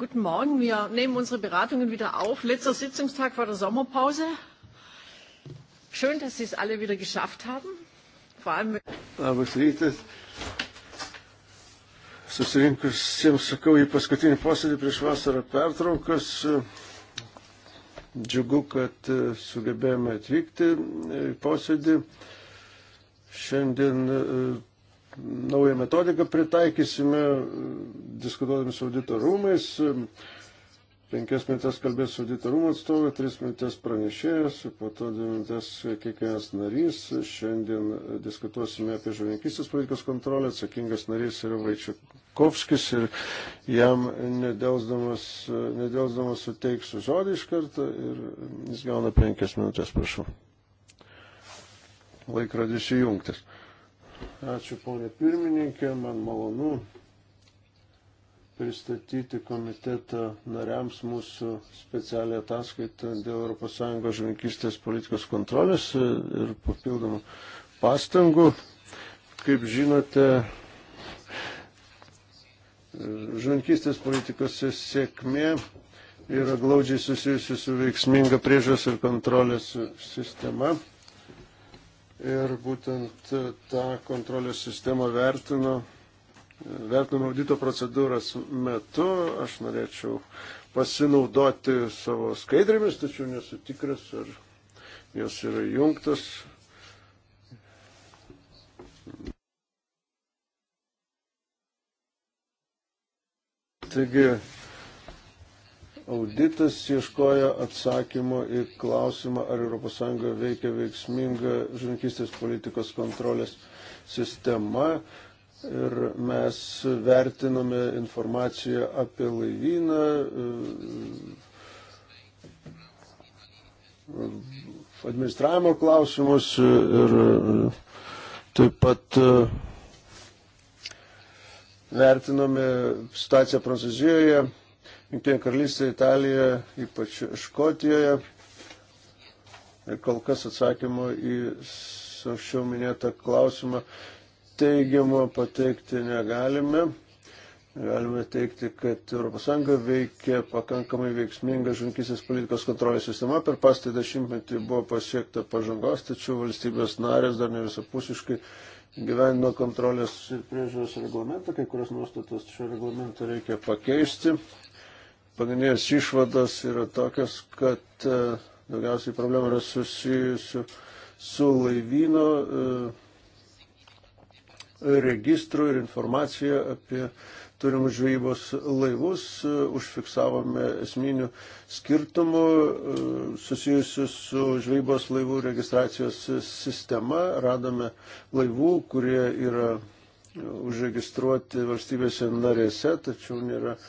Guten Morgen. Wir nehmen unsere Beratungen wieder auf. Letzter Sitzungstag vor der Sommerpause. Schön, dass Sie es alle wieder geschafft haben. Vor allem. Labas rytas. Susirinkusiems sakau į paskutinį posėdį prieš vasarą pertraukas. Džiugu, kad e, sugebėjome atvykti e, į posėdį. Šiandien e, naują metodiką pritaikysime, diskutuodami su auditorumais. Penkias minutės kalbės auditorumo atstovai, tris minutės pranešėjas, po to dvi minutės kiekvienas narys. Šiandien diskutuosime apie žuvininkistės politikos kontrolę. Atsakingas narys yra Vaičiakovskis ir jam nedelsdamas, nedelsdamas suteiksiu žodį iš karto ir jis gauna penkias minutės, prašau. Laikrodis įjungtas. Ačiū ponė pirmininkė, man malonu pristatyti komiteto nariams mūsų specialią ataskaitą dėl ES žvinkistės politikos kontrolės ir papildomų pastangų. Kaip žinote, žvinkistės politikos sėkmė yra glaudžiai susijusi su veiksminga priežas ir kontrolės sistema ir būtent tą kontrolės sistemą vertino, vertino audito procedūros metu. Aš norėčiau pasinaudoti savo skaidrėmis, tačiau nesu tikras, ar jos yra jungtas. Taigi, Auditas ieškojo atsakymo į klausimą, ar ES veikia veiksminga žininkistės politikos kontrolės sistema. Ir mes vertinome informaciją apie laivyną, e, administravimo klausimus ir e, taip pat e, vertinome situaciją Prancūzijoje Junktinė karalystė, Italija, ypač Škotijoje. Ir kol kas atsakymo į anksčiau minėtą klausimą teigiamo pateikti negalime. Galime teikti, kad ES veikia pakankamai veiksminga žankysės politikos kontrolės sistema. Per pastą dešimtmetį buvo pasiekta pažangos, tačiau valstybės narės dar ne visapusiškai gyvenino kontrolės ir priežiūros reglamentą, kai kurias nuostatas šio reglamento reikia pakeisti pagrindinės išvados yra tokios, kad e, daugiausiai problemų yra susijusių su laivyno e, registru ir informacija apie turimus žvejybos laivus. E, užfiksavome esminių skirtumų susijusių su žvejybos laivų registracijos sistema. Radome laivų, kurie yra užregistruoti valstybėse narėse, tačiau nėra uh,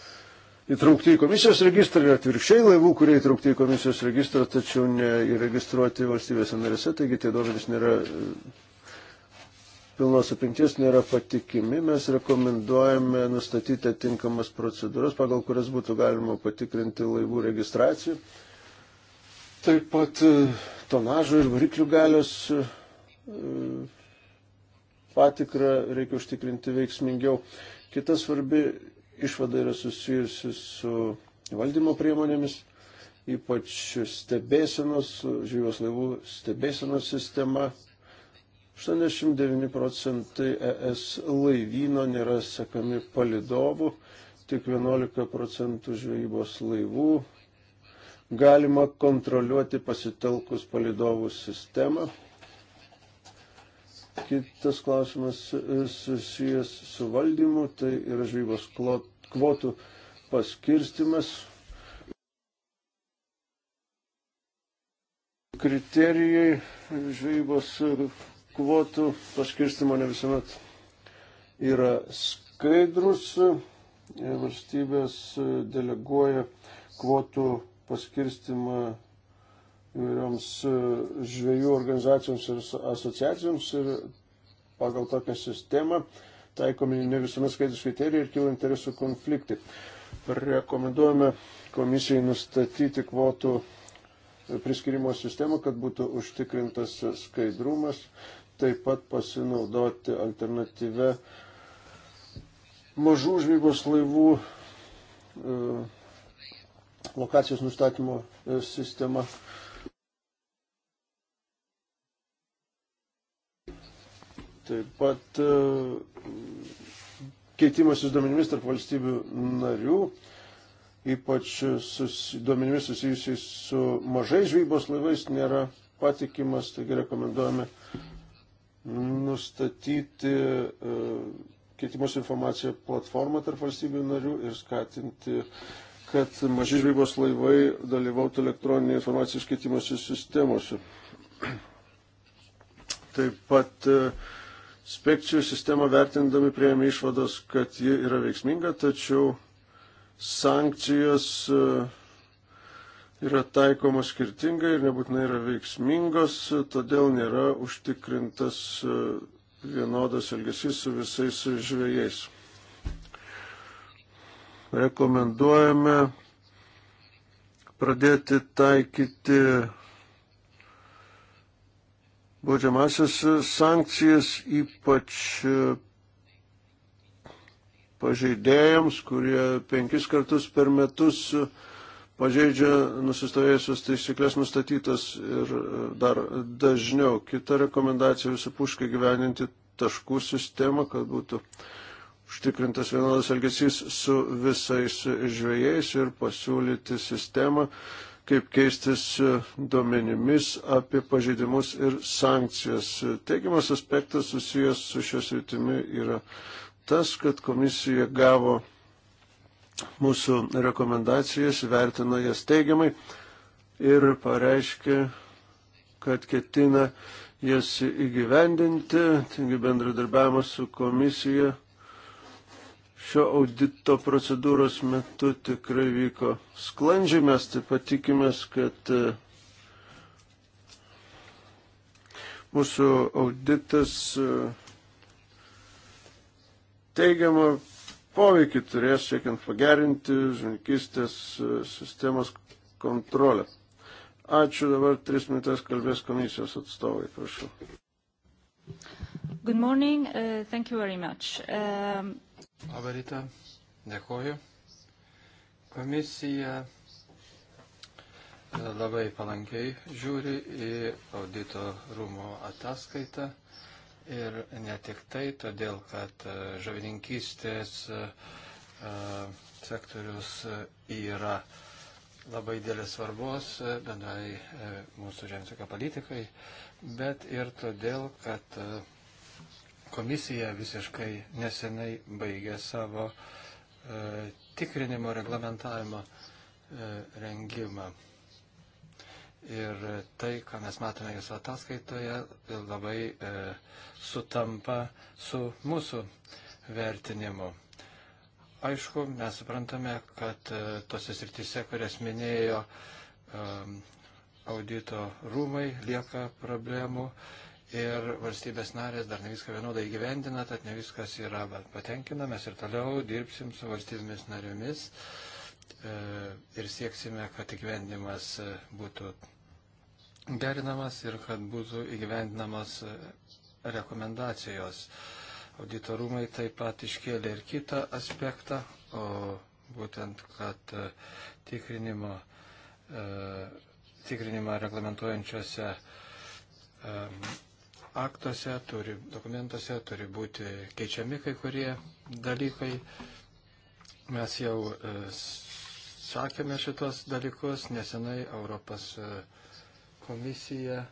įtraukti į komisijos registrą ir atvirkščiai laivų, kurie įtraukti į komisijos registrą, tačiau neįregistruoti valstybėse narėse, taigi tie duomenys nėra e, pilnos apimties, nėra patikimi. Mes rekomenduojame nustatyti atinkamas procedūras, pagal kurias būtų galima patikrinti laivų registraciją. Taip pat e, tonažo ir variklių galios e, patikrą reikia užtikrinti veiksmingiau. Kita svarbi išvada yra susijusi su valdymo priemonėmis, ypač stebėsenos, žvėjos laivų stebėsenos sistema. 89 procentai ES laivyno nėra sekami palidovų, tik 11 procentų žvejybos laivų galima kontroliuoti pasitelkus palidovų sistemą. Kitas klausimas e, susijęs su valdymu, tai yra žvybos klot, kvotų paskirstimas. Kriterijai žvejybos kvotų paskirstimo ne visuomet yra skaidrus. Valstybės deleguoja kvotų paskirstimą įvairioms žvėjų organizacijoms ir asociacijoms ir pagal tokią sistemą taikomi ne visuomet skaidrus kriterijai ir kyla interesų konfliktai. Rekomenduojame komisijai nustatyti kvotų priskirimo sistemą, kad būtų užtikrintas skaidrumas, taip pat pasinaudoti alternatyvę mažų žvybos laivų e, lokacijos nustatymo e, sistema. Taip pat e, keitimasis duomenimis tarp valstybių narių, ypač susi, duomenimis susijusiais su mažais žvybos laivais, nėra patikimas, taigi rekomenduojame nustatyti e, keitimos informaciją platformą tarp valstybių narių ir skatinti kad maži žvybos laivai dalyvautų elektroninėje informacijos keitimosi sistemose. Taip pat uh, Spekcijų sistemą vertindami prieėmė išvados, kad ji yra veiksminga, tačiau sankcijos e, yra taikomos skirtingai ir nebūtinai yra veiksmingos, todėl nėra užtikrintas e, vienodas elgesys su visais žvėjais. Rekomenduojame pradėti taikyti baudžiamasias sankcijas, ypač e, pažeidėjams, kurie penkis kartus per metus pažeidžia nusistovėjusios taisyklės nustatytas ir e, dar dažniau. Kita rekomendacija visapuškai gyveninti taškų sistemą, kad būtų užtikrintas vienodas elgesys su visais žvėjais ir pasiūlyti sistemą, kaip keistis e, duomenimis apie pažeidimus ir sankcijas. Teigiamas aspektas susijęs su šios rytimi yra tas, kad komisija gavo mūsų rekomendacijas, vertino jas teigiamai ir pareiškė, kad ketina jas įgyvendinti, taigi bendradarbiavimas su komisija šio audito procedūros metu tikrai vyko sklandžiai, mes taip pat tikimės, kad e, mūsų auditas e, teigiamą poveikį turės, siekiant pagerinti žininkistės e, sistemos kontrolę. Ačiū, dabar tris minutės kalbės komisijos atstovai, prašau. Good morning, uh, thank you very much. Um, Labą rytą. Dėkoju. Komisija e, labai palankiai žiūri į audito rūmo ataskaitą. Ir ne tik tai, todėl, kad e, žavininkystės e, sektorius yra labai dėlės svarbos bendrai mūsų žemės ūkio politikai, bet ir todėl, kad Komisija visiškai nesenai baigė savo e, tikrinimo reglamentavimo e, rengimą. Ir tai, ką mes matome jūsų ataskaitoje, labai e, sutampa su mūsų vertinimu. Aišku, mes suprantame, kad e, tose srityse, kurias minėjo e, audito rūmai, lieka problemų. E, ir valstybės narės dar ne viską vienodai gyvendina, tad ne viskas yra patenkina, mes ir toliau dirbsim su valstybėmis narėmis e, ir sieksime, kad įgyvendimas e, būtų gerinamas ir kad būtų įgyvendinamas e, rekomendacijos. Auditorumai taip pat iškėlė ir kitą aspektą, o būtent, kad tikrinimo, tikrinimą reglamentuojančiose aktuose, turi, dokumentuose turi būti keičiami kai kurie dalykai. Mes jau e, sakėme šitos dalykus, nesenai Europos e, komisija e,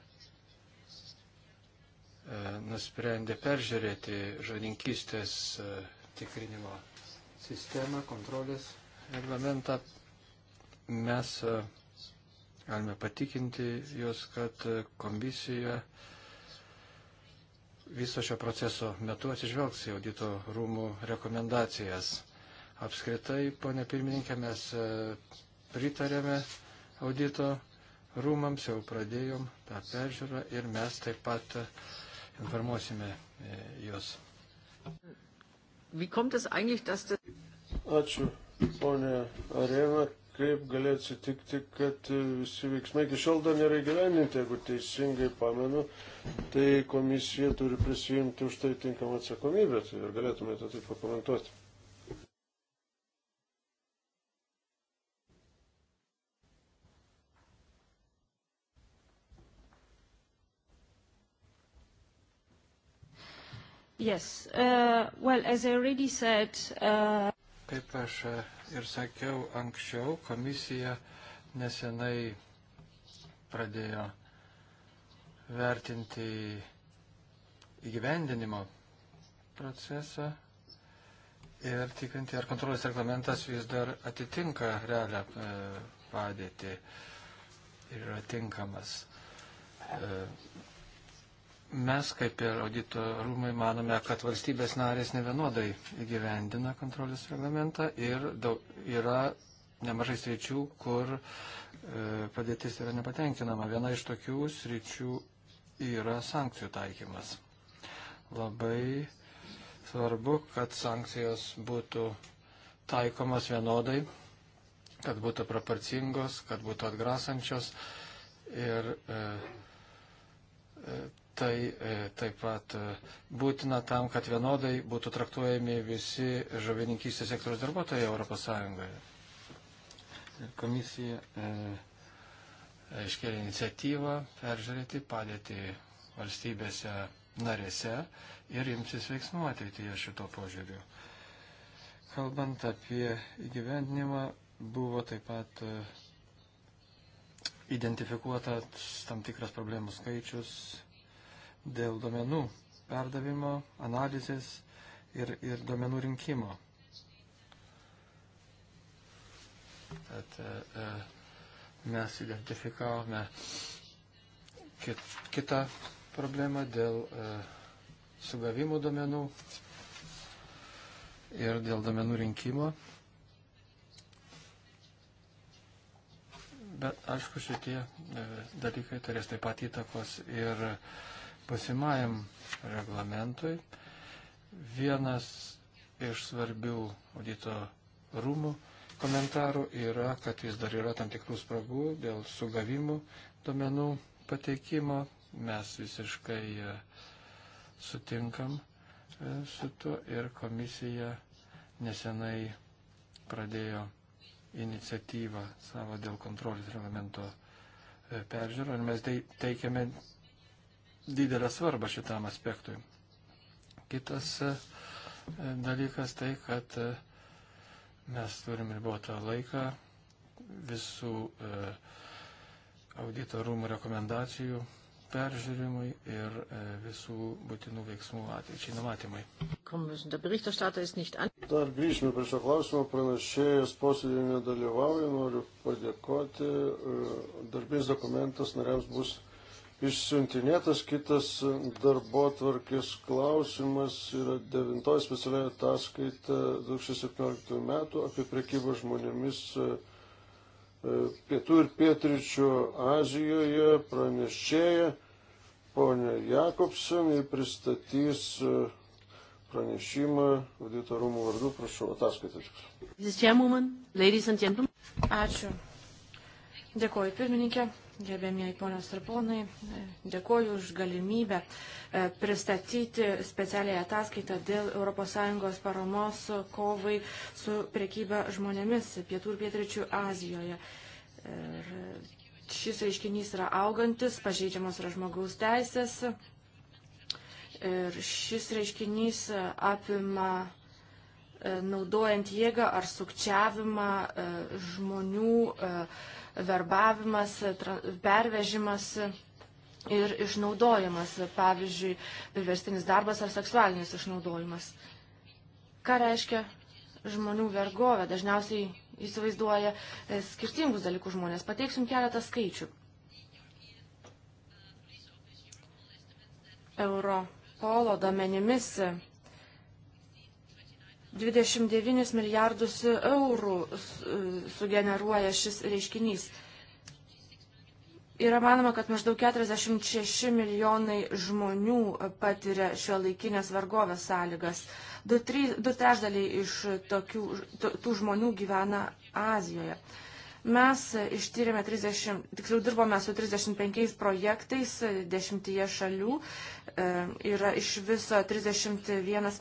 nusprendė peržiūrėti žodinkystės e, tikrinimo sistemą, kontrolės reglamentą. Mes e, galime patikinti jūs, kad e, komisija e, viso šio proceso metu atsižvelgs į audito rūmų rekomendacijas. Apskritai, ponė pirmininkė, mes e, pritarėme audito rūmams, jau pradėjom tą peržiūrą ir mes taip pat e, informuosime e, juos. Ačiū, ponė Arena kaip gali atsitikti, kad e, visi veiksmai iki šiol dar nėra įgyveninti, jeigu teisingai pamenu, tai komisija turi prisijimti už tai tinkamą atsakomybę. Tai ar galėtumėte tai pakomentuoti? Yes. Uh, well, as I already said, uh... Kaip aš e, ir sakiau anksčiau, komisija nesenai pradėjo vertinti įgyvendinimo procesą ir tikrinti, ar kontrolės reglamentas vis dar atitinka realią e, padėtį ir yra tinkamas. E, Mes, kaip ir audito rūmai, manome, kad valstybės narės nevienodai įgyvendina kontrolės reglamentą ir daug, yra nemažai sričių, kur e, padėtis yra nepatenkinama. Viena iš tokių sričių yra sankcijų taikymas. Labai svarbu, kad sankcijos būtų taikomos vienodai, kad būtų proporcingos, kad būtų atgrasančios ir e, e, Tai e, taip pat e, būtina tam, kad vienodai būtų traktuojami visi žavininkystės sektoriaus darbuotojai Europos Sąjungoje. Komisija e, iškėlė iniciatyvą peržiūrėti padėtį valstybėse narėse ir imtis veiksmų ateityje šito požiūriu. Kalbant apie įgyvendinimą, buvo taip pat e, identifikuotas tam tikras problemų skaičius dėl duomenų perdavimo, analizės ir, ir duomenų rinkimo. Tad e, mes identifikavome kit, kitą problemą dėl e, sugavimų duomenų ir dėl duomenų rinkimo. Bet aišku, šitie e, dalykai turės taip pat įtakos ir e, pasimajam reglamentui vienas iš svarbių audito rūmų komentarų yra, kad vis dar yra tam tikrų spragų dėl sugavimų domenų pateikimo. Mes visiškai e, sutinkam e, su tuo ir komisija nesenai pradėjo iniciatyvą savo dėl kontrolės reglamento e, peržiūrą ir mes teikiame didelę svarbą šitam aspektui. Kitas e, dalykas tai, kad e, mes turim ribotą laiką visų e, audito rūmų rekomendacijų peržiūrimui ir visų būtinų veiksmų ateičiai numatymai. Dar grįžime prie šio klausimo. Pranešėjas posėdėje nedalyvauja. Noriu padėkoti. Darbės dokumentas nariams bus išsiuntinėtas. Kitas darbo tvarkės klausimas yra 9 specialioje ataskaita 2017 metų apie prekybą žmonėmis e, e, pietų ir pietryčių Azijoje pranešėja ponė Jakobsen ir pristatys e, pranešimą auditorumų vardu, prašau, ataskaitą. Ačiū. Dėkuoju, pirmininkė gerbėmiai ponios ir ponai, dėkoju už galimybę e, pristatyti specialiai ataskaitą dėl ES paramos kovai su priekyba žmonėmis pietų ir pietričių Azijoje. Ir šis reiškinys yra augantis, pažeidžiamos yra žmogaus teisės. Ir šis reiškinys apima e, naudojant jėgą ar sukčiavimą e, žmonių verbavimas, pervežimas ir išnaudojimas, pavyzdžiui, priverstinis darbas ar seksualinis išnaudojimas. Ką reiškia žmonių vergovė? Dažniausiai įsivaizduoja e, skirtingus dalykus žmonės. Pateiksim keletą skaičių. Europolo domenimis 29 milijardus eurų sugeneruoja šis reiškinys. Yra manoma, kad maždaug 46 milijonai žmonių patiria šio laikinės vargovės sąlygas. Du, tri, du trešdaliai iš tokių, tų žmonių gyvena Azijoje. Uh, Mes ištyrėme 30, tiksliau dirbome su 35 projektais 10 šalių. E, yra iš viso 31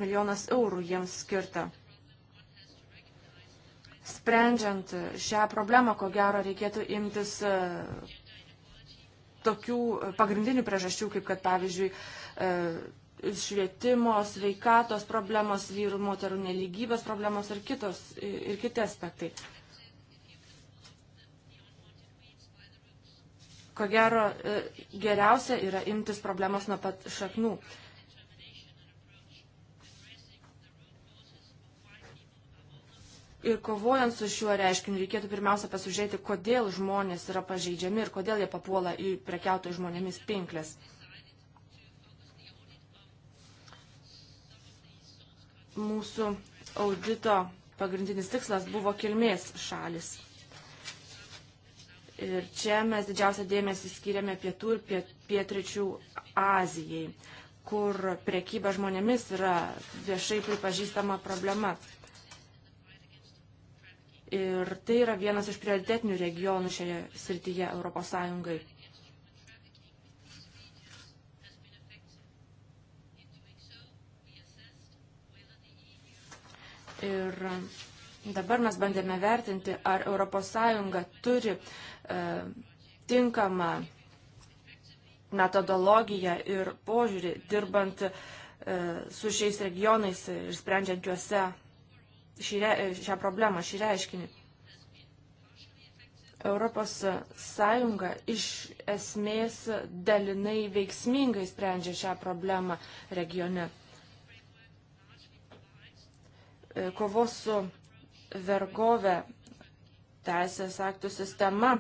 milijonas eurų jiems skirta. Sprendžiant šią problemą, ko gero, reikėtų imtis e, tokių pagrindinių priežasčių, kaip kad pavyzdžiui e, švietimo, sveikatos problemos, vyrų moterų neligybės problemos ir, kitos, ir kiti aspektai. ko gero e, geriausia yra imtis problemos nuo pat šaknų. Ir kovojant su šiuo reiškiniu reikėtų pirmiausia pasižiūrėti, kodėl žmonės yra pažeidžiami ir kodėl jie papuola į prekiautojų žmonėmis pinklės. Mūsų audito pagrindinis tikslas buvo kilmės šalis. Ir čia mes didžiausią dėmesį skiriame pietų ir piet, pietričių Azijai, kur priekyba žmonėmis yra viešai pripažįstama problema. Ir tai yra vienas iš prioritetinių regionų šioje srityje Europos Sąjungai. Ir dabar mes bandėme vertinti, ar ES turi E, tinkamą metodologiją ir požiūrį dirbant e, su šiais regionais ir sprendžiant juose šį, šią problemą, šį reiškinį. Europos Sąjunga iš esmės dalinai veiksmingai sprendžia šią problemą regione. E, kovos su vergove teisės aktų sistema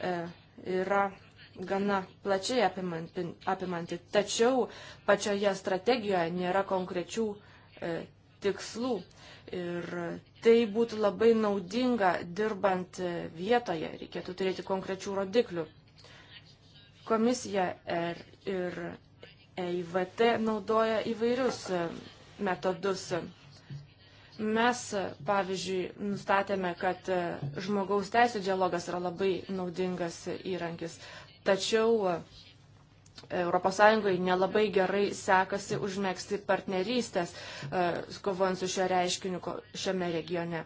E, yra gana plačiai apimanti, apimanti. Tačiau pačioje strategijoje nėra konkrečių e, tikslų. Ir tai būtų labai naudinga dirbant e, vietoje. Reikėtų turėti konkrečių rodiklių. Komisija ir, e ir EIVT naudoja įvairius metodus Mes, pavyzdžiui, nustatėme, kad e, žmogaus teisų dialogas yra labai naudingas įrankis, tačiau ES nelabai gerai sekasi užmėgsti partnerystės, e, kovant su šio reiškiniu šiame regione.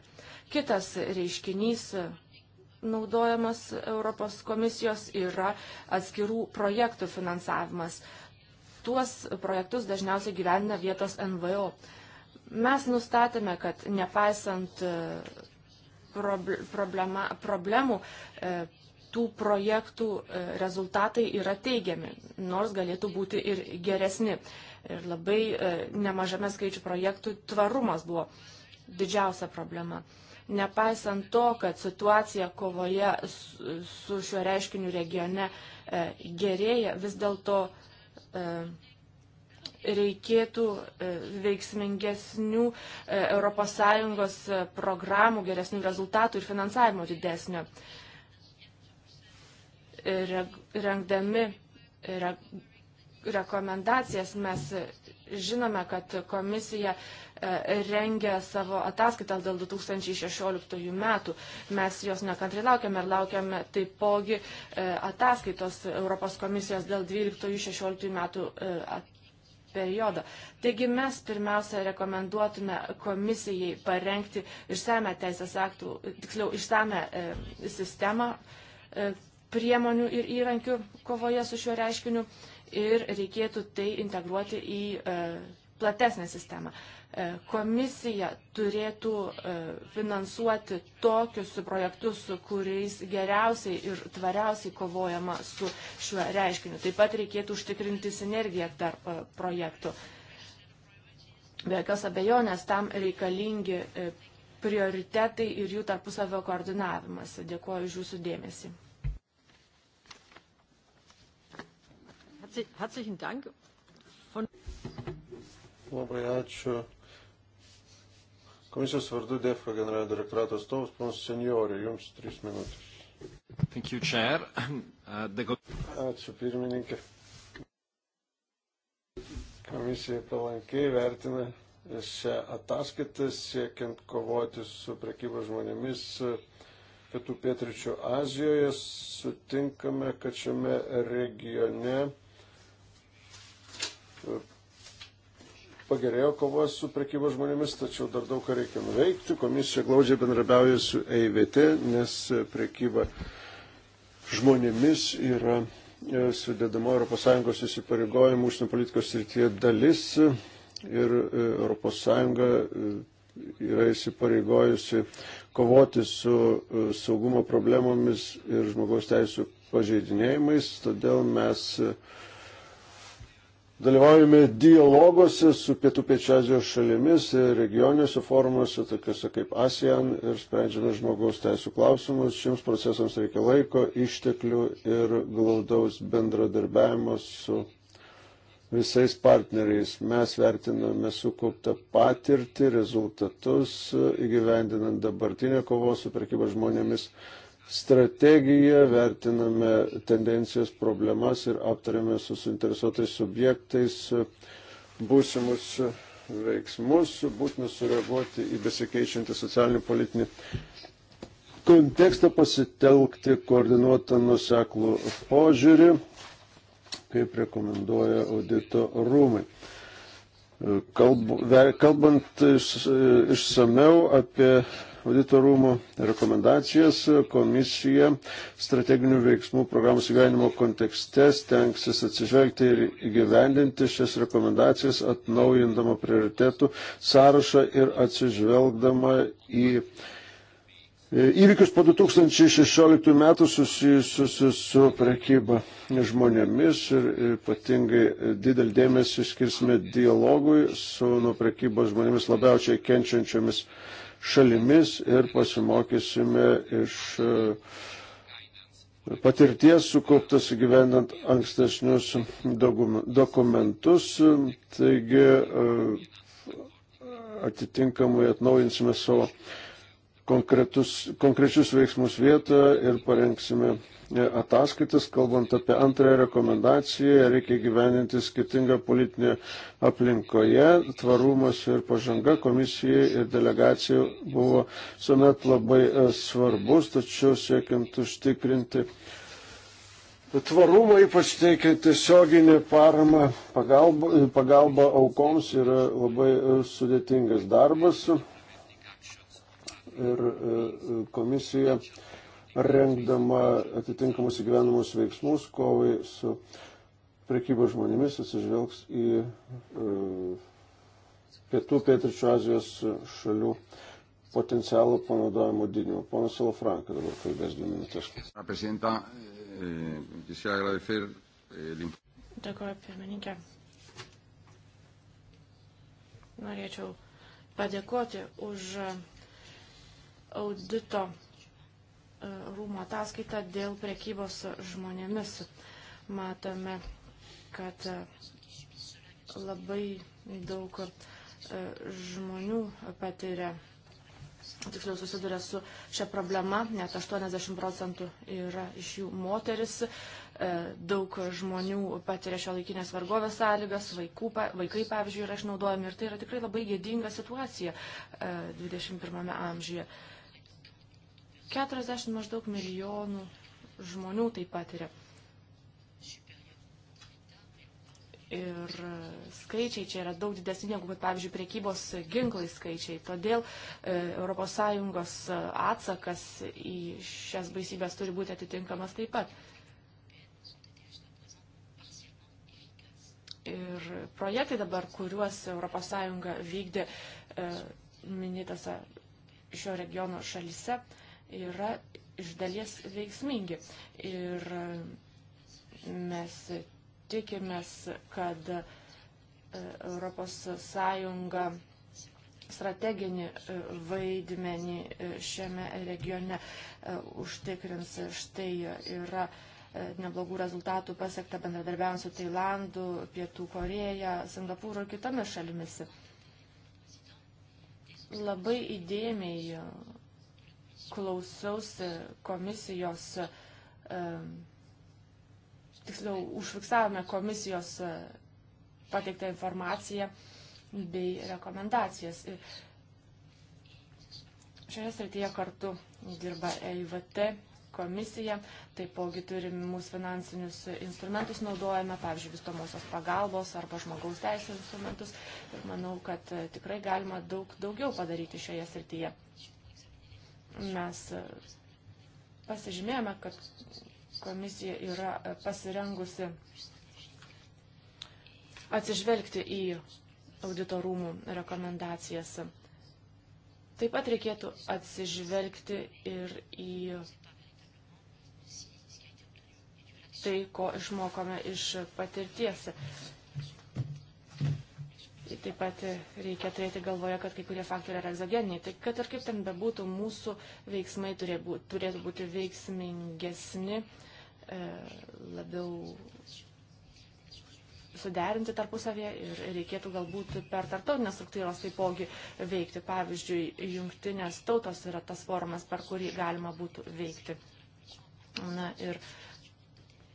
Kitas reiškinys e, naudojamas Europos komisijos yra atskirų projektų finansavimas. Tuos projektus dažniausiai gyvena vietos NVO. Mes nustatėme, kad nepaisant e, problema, problemų, e, tų projektų e, rezultatai yra teigiami, nors galėtų būti ir geresni. Ir labai nemažame skaičių projektų tvarumas buvo didžiausia problema. Nepaisant to, kad situacija kovoje su šiuo reiškiniu regione gerėja, vis dėlto reikėtų e, veiksmingesnių ES e, programų, geresnių rezultatų ir finansavimo didesnio. E, rengdami re, rekomendacijas mes žinome, kad komisija rengia savo ataskaitas dėl 2016 metų. Mes jos nekantrai laukiame ir laukiame taipogi ataskaitos Europos komisijos dėl 2012-2016 metų ataskaitos periodo. Taigi mes pirmiausia rekomenduotume komisijai parengti išsame teisės aktų, tiksliau išsame e, sistemą e, priemonių ir įrankių kovoje su šiuo reiškiniu ir reikėtų tai integruoti į e, platesnę sistemą. E, E, komisija turėtų e, finansuoti tokius projektus, su kuriais geriausiai ir tvariausiai kovojama su šiuo reiškiniu. Taip pat reikėtų užtikrinti sinergiją tarp e, projektų. Be jokios abejonės tam reikalingi prioritetai ir jų tarpusavio koordinavimas. Dėkuoju už jūsų dėmesį. Herzlichen Dank. Labai ačiū Komisijos vardu DEFA generalinio direktorato atstovas, ponas senjorė, jums trys minutės. Thank you, Chair. Uh, the... Ačiū pirmininkė. Komisija palankiai vertina šią ataskaitą siekiant kovoti su prekyba žmonėmis pietų pietričių Azijoje. Sutinkame, kad šiame regione pagerėjo kovos su prekybo žmonėmis, tačiau dar daug ką reikia nuveikti. Komisija glaudžiai bendrabiauja su EIVT, nes prekyba žmonėmis yra e, sudėdama ES įsipareigojimų užsienio politikos srityje dalis ir e, ES e, yra įsipareigojusi kovoti su saugumo problemomis ir žmogaus teisų pažeidinėjimais, todėl mes uh, Dalyvaujame dialoguose su pietų pečiazijos šalimis, regioniuose forumuose, tokiuose kaip ASEAN ir sprendžiame žmogaus teisų klausimus. Šiems procesams reikia laiko, išteklių ir glaudaus bendradarbiavimo su visais partneriais. Mes vertiname sukauptą patirtį, rezultatus, įgyvendinant dabartinę kovos su prekyba žmonėmis strategiją, vertiname tendencijas, problemas ir aptarėme su suinteresuotais subjektais būsimus veiksmus, būtina sureaguoti į besikeičiantį socialinį politinį kontekstą, pasitelkti koordinuotą nuseklų požiūrį, kaip rekomenduoja audito rūmai. Kalb, kalbant iš, išsameu apie auditorumo rekomendacijas. Komisija strateginių veiksmų programos įgyvenimo kontekste stengsis atsižvelgti ir įgyvendinti šias rekomendacijas, atnaujindama prioritetų sąrašą ir atsižvelgdama į Įvykius po 2016 metų susijusius su prekyba žmonėmis ir ypatingai didelį dėmesį skirsime dialogui su nuo prekybos žmonėmis labiausiai kenčiančiomis šalimis ir pasimokysime iš e, patirties sukauptas įgyvendant ankstesnius dokumentus. Taigi e, atitinkamai atnaujinsime savo konkretus, konkrečius veiksmus vietoje ir parengsime E, ataskaitas, kalbant apie antrąją rekomendaciją, reikia gyveninti skirtingą politinę aplinkoje. Tvarumas ir pažanga komisijai ir delegacijai buvo visuomet labai e, svarbus, tačiau siekiant užtikrinti Tvarumą ypač teikia tiesioginė parama pagalba, e, pagalba aukoms yra labai sudėtingas darbas ir komisija rengdama atitinkamus įgyvenamus veiksmus kovai su prekybo žmonėmis atsižvelgs į e, pietų pietričių Azijos šalių potencialų panaudojimo didinimą. Ponas Salafranka dabar kalbės dvi minutės. Eh, eh, Dėkuoju, pirmininkė. Norėčiau padėkoti už eh, audito rūmo ataskaitą dėl priekybos žmonėmis. Matome, kad e, labai daug e, žmonių patiria, tiksliau susiduria su šia problema, net 80 procentų yra iš jų moteris, e, daug žmonių patiria šio laikinės vargovės sąlygas, vaikų, vaikai, pavyzdžiui, yra išnaudojami ir tai yra tikrai labai gėdinga situacija 21 amžiuje. 40 maždaug milijonų žmonių tai patiria. Ir skaičiai čia yra daug didesni negu, kad, pavyzdžiui, priekybos ginklai skaičiai. Todėl ES atsakas į šias baisybės turi būti atitinkamas taip pat. Ir projektai dabar, kuriuos ES vykdė e, minėtose šio regiono šalise, yra iš dalies veiksmingi. Ir mes tikimės, kad e, Europos Sąjunga strateginį e, vaidmenį e, šiame regione užtikrins. Štai yra neblogų rezultatų pasiekta bendradarbiavant su Tailandu, Pietų Koreja, Singapūru ir kitomis šalimis. Labai įdėmiai klausiausi komisijos, tiksliau, užfiksavome komisijos e, pateiktą informaciją bei rekomendacijas. Ir šioje srityje kartu dirba EIVT komisija, taipogi turimus finansinius instrumentus naudojame, pavyzdžiui, vystomosios pagalbos arba žmogaus teisės instrumentus. Ir manau, kad e, tikrai galima daug daugiau padaryti šioje srityje. Mes e, pasižymėjome, kad komisija yra e, pasirengusi atsižvelgti į auditorumų rekomendacijas. Taip pat reikėtų atsižvelgti ir į tai, ko išmokome iš patirties. Taip pat reikia turėti galvoje, kad kai kurie faktoriai yra egzogeniniai. Tai kad ir kaip ten bebūtų, mūsų veiksmai turėtų būti veiksmingesni, e, labiau suderinti tarpusavėje ir reikėtų galbūt per tartautinės struktūros taipogi veikti. Pavyzdžiui, jungtinės tautos yra tas formas, per kurį galima būtų veikti. Na ir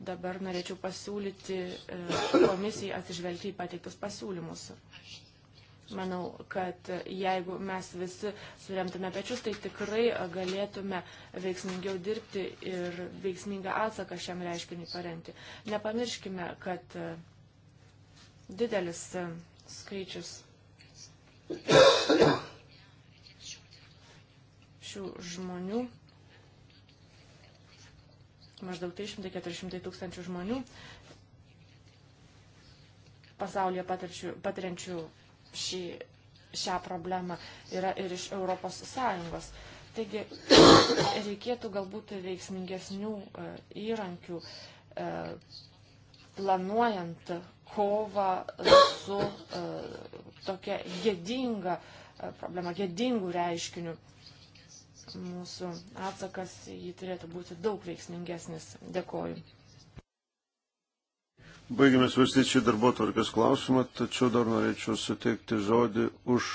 Dabar norėčiau pasiūlyti e, komisijai atsižvelgti į pateiktus pasiūlymus. Manau, kad jeigu mes visi suremtume pečius, tai tikrai galėtume veiksmingiau dirbti ir veiksmingą atsaką šiam reiškiniui parengti. Nepamirškime, kad e, didelis e, skaičius šių žmonių maždaug 300-400 tūkstančių žmonių pasaulyje patiriančių šį, šią problemą yra ir iš Europos Sąjungos. Taigi reikėtų galbūt veiksmingesnių e, įrankių e, planuojant kovą su e, tokia gėdinga problema, gėdingų reiškinių mūsų atsakas jį turėtų būti daug veiksmingesnis. Dėkoju. Baigėme svarstyti šį darbo tvarkės klausimą, tačiau dar norėčiau suteikti žodį už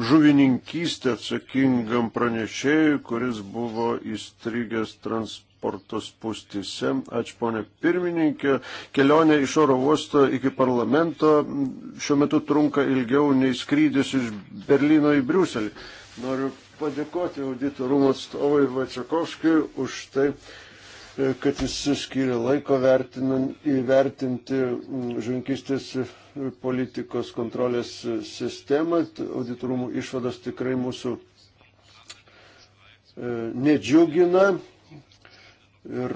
žuvininkystę atsakingam pranešėjui, kuris buvo įstrigęs transporto spūstyse. Ačiū, ponė pirmininkė. Kelionė iš oro uosto iki parlamento šiuo metu trunka ilgiau nei skrydis iš Berlyno į Briuselį. Noriu padėkoti auditorumo atstovui Vačiakovskiui už tai, e, kad jis skiria laiko įvertinti žuvinkistės politikos kontrolės sistemą. Auditorumų išvados tikrai mūsų e, nedžiugina ir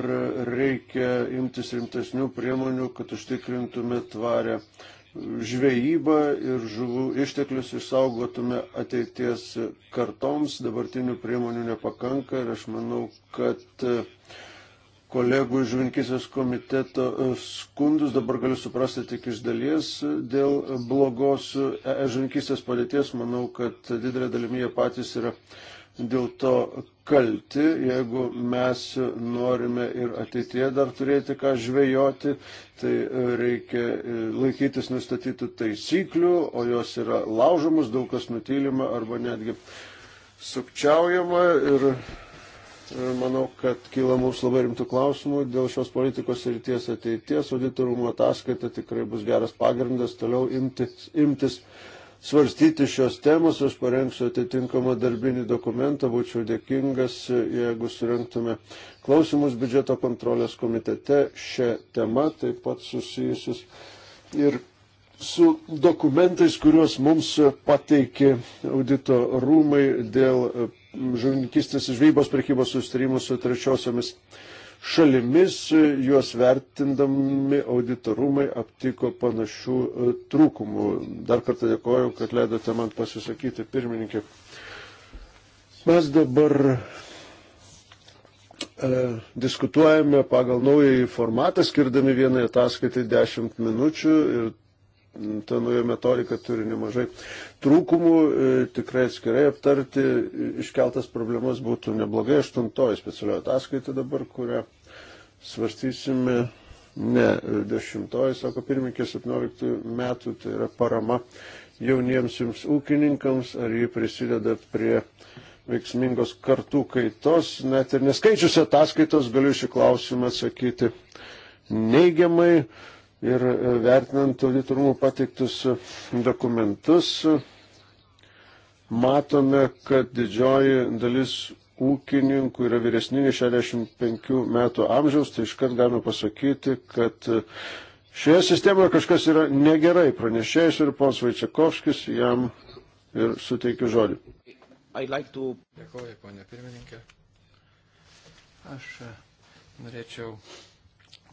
reikia imtis rimtesnių priemonių, kad užtikrintume tvarę žvejybą ir žuvų išteklius išsaugotume ateities kartoms. Dabartinių priemonių nepakanka ir aš manau, kad e, kolegų iš žuvinkisės komiteto e, skundus dabar galiu suprasti tik iš dalies e, dėl blogos žuvinkisės padėties. Manau, kad didelė dalimi jie patys yra dėl to kalti, jeigu mes norime ir ateitie dar turėti ką žvejoti, tai e, reikia e, laikytis nustatytų taisyklių, o jos yra laužomus, daug kas nutylima arba netgi sukčiaujama ir e, manau, kad kyla mums labai rimtų klausimų dėl šios politikos ir ties ateities. Auditorumo ataskaita tikrai bus geras pagrindas toliau imtis, imtis svarstyti šios temos, aš parengsiu atitinkamą darbinį dokumentą, būčiau dėkingas, jeigu surinktume klausimus biudžeto kontrolės komitete šią temą, taip pat susijusius ir su dokumentais, kuriuos mums pateikė audito rūmai dėl žuvininkistės žvejybos prekybos sustarimų su trečiosiomis šalimis, juos vertindami auditorumai aptiko panašių e, trūkumų. Dar kartą dėkoju, kad leidote man pasisakyti, pirmininkė. Mes dabar e, diskutuojame pagal naująjį formatą, skirdami vienai ataskaitai 10 minučių ir ta nauja metodika turi nemažai trūkumų, e, tikrai atskirai aptarti, iškeltas problemas būtų neblogai, aštuntoji specialioji ataskaita dabar, kurią svarstysime ne 10, sako pirmininkė, 17 metų, tai yra parama jauniems jums ūkininkams, ar jį prisidedat prie veiksmingos kartų kaitos, net ir neskaičius ataskaitos galiu šį klausimą atsakyti neigiamai ir e, vertinant auditorumų pateiktus e, dokumentus, matome, kad didžioji dalis ūkininkų yra vyresni 65 metų amžiaus, tai iškart galime pasakyti, kad e, šioje sistemoje kažkas yra negerai. Pranešėjas ir pons Vaičiakovskis jam ir suteikiu žodį. Like to... Dėkuoju, ponė pirmininkė. Aš e, norėčiau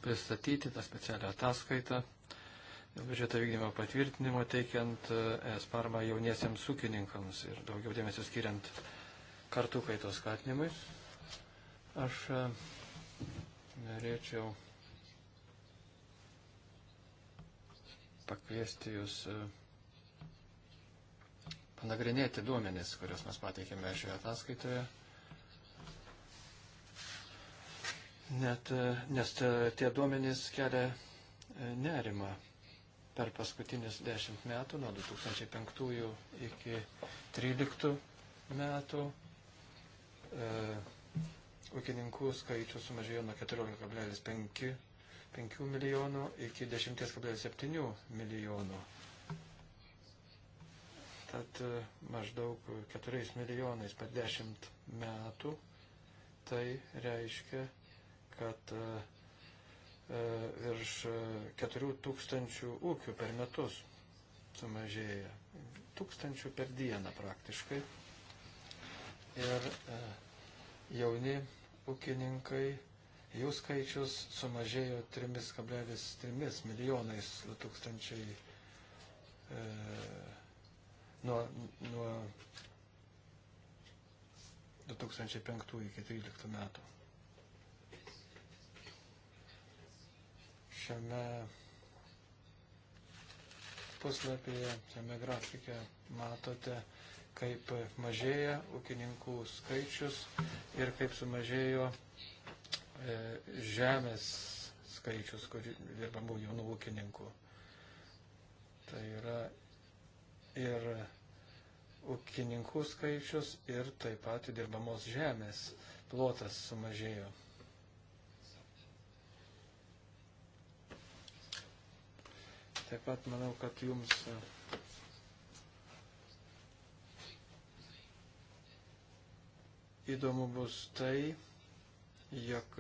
pristatyti tą specialią ataskaitą dėl biudžeto vykdymo patvirtinimo, teikiant e, ES parmą jauniesiems ūkininkams ir daugiau dėmesio skiriant uh, kartų kaitos skatinimui. Aš e, norėčiau pakviesti jūs e, panagrinėti duomenis, kuriuos mes pateikėme šioje ataskaitoje. Net, e, nes tie duomenys kelia nerimą per paskutinius dešimt metų, nuo 2005 iki 2013 metų, E, ūkininkų skaičius sumažėjo nuo 14,5 milijonų iki 10,7 milijonų. Tad e, maždaug 4 milijonais per 10 metų tai reiškia, kad e, virš 4 tūkstančių ūkių per metus sumažėja. Tūkstančių per dieną praktiškai ir e, jauni ūkininkai, jų skaičius sumažėjo 3,3 milijonais 2000 e, nuo, nuo 2005 iki 2013 metų. Šiame puslapyje, šiame grafike matote, kaip mažėja ūkininkų skaičius ir kaip sumažėjo e, žemės skaičius, kur dirbamų jaunų ūkininkų. Tai yra ir ūkininkų skaičius ir taip pat dirbamos žemės plotas sumažėjo. Taip pat manau, kad jums įdomu bus tai, jog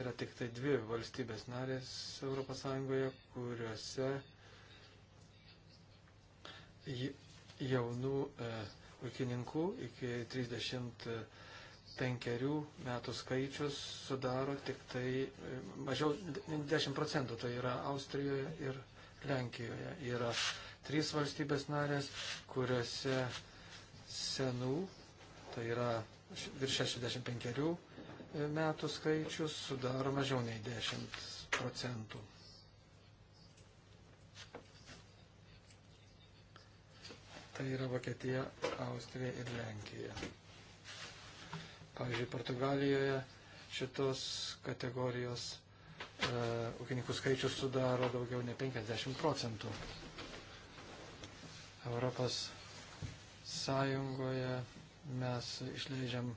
yra tik tai dvi valstybės narės ES, kuriuose jaunų e, ūkininkų iki 35 e, metų skaičius sudaro tik tai e, mažiau 10 procentų, tai yra Austrijoje ir Lenkijoje. Yra trys valstybės narės, kuriuose senų, tai yra virš 65 e, metų skaičius sudaro mažiau nei 10 procentų. Tai yra Vokietija, Austrija ir Lenkija. Pavyzdžiui, Portugalijoje šitos kategorijos e, ūkininkų skaičius sudaro daugiau nei 50 procentų. Europos Sąjungoje mes išleidžiam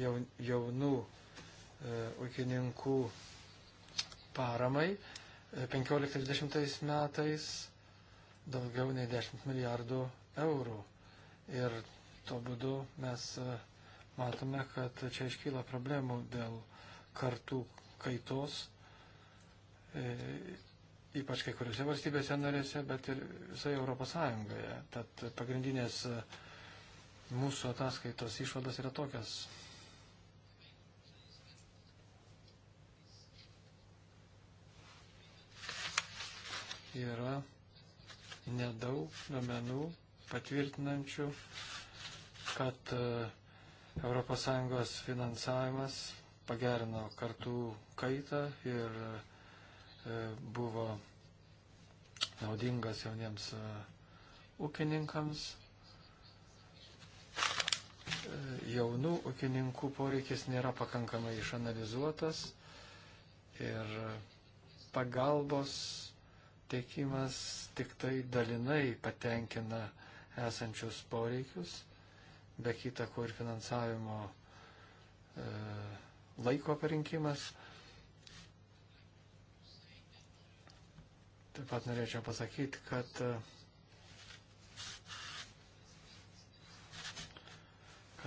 jaun, jaunų e, ūkininkų paramai. 15-20 e, metais daugiau nei 10 milijardų eurų. Ir tuo būdu mes e, matome, kad čia iškyla problemų dėl kartų kaitos, e, ypač kai kuriuose valstybėse narėse, bet ir visoje Europos Sąjungoje. Tad pagrindinės e, Mūsų ataskaitos išvados yra tokios. Yra nedaug duomenų patvirtinančių, kad ES finansavimas pagerino kartų kaitą ir e, buvo naudingas jauniems e, ūkininkams jaunų ūkininkų poreikis nėra pakankamai išanalizuotas ir pagalbos teikimas tik tai dalinai patenkina esančius poreikius, be kita ko ir finansavimo e, laiko parinkimas. Taip pat norėčiau pasakyti, kad e,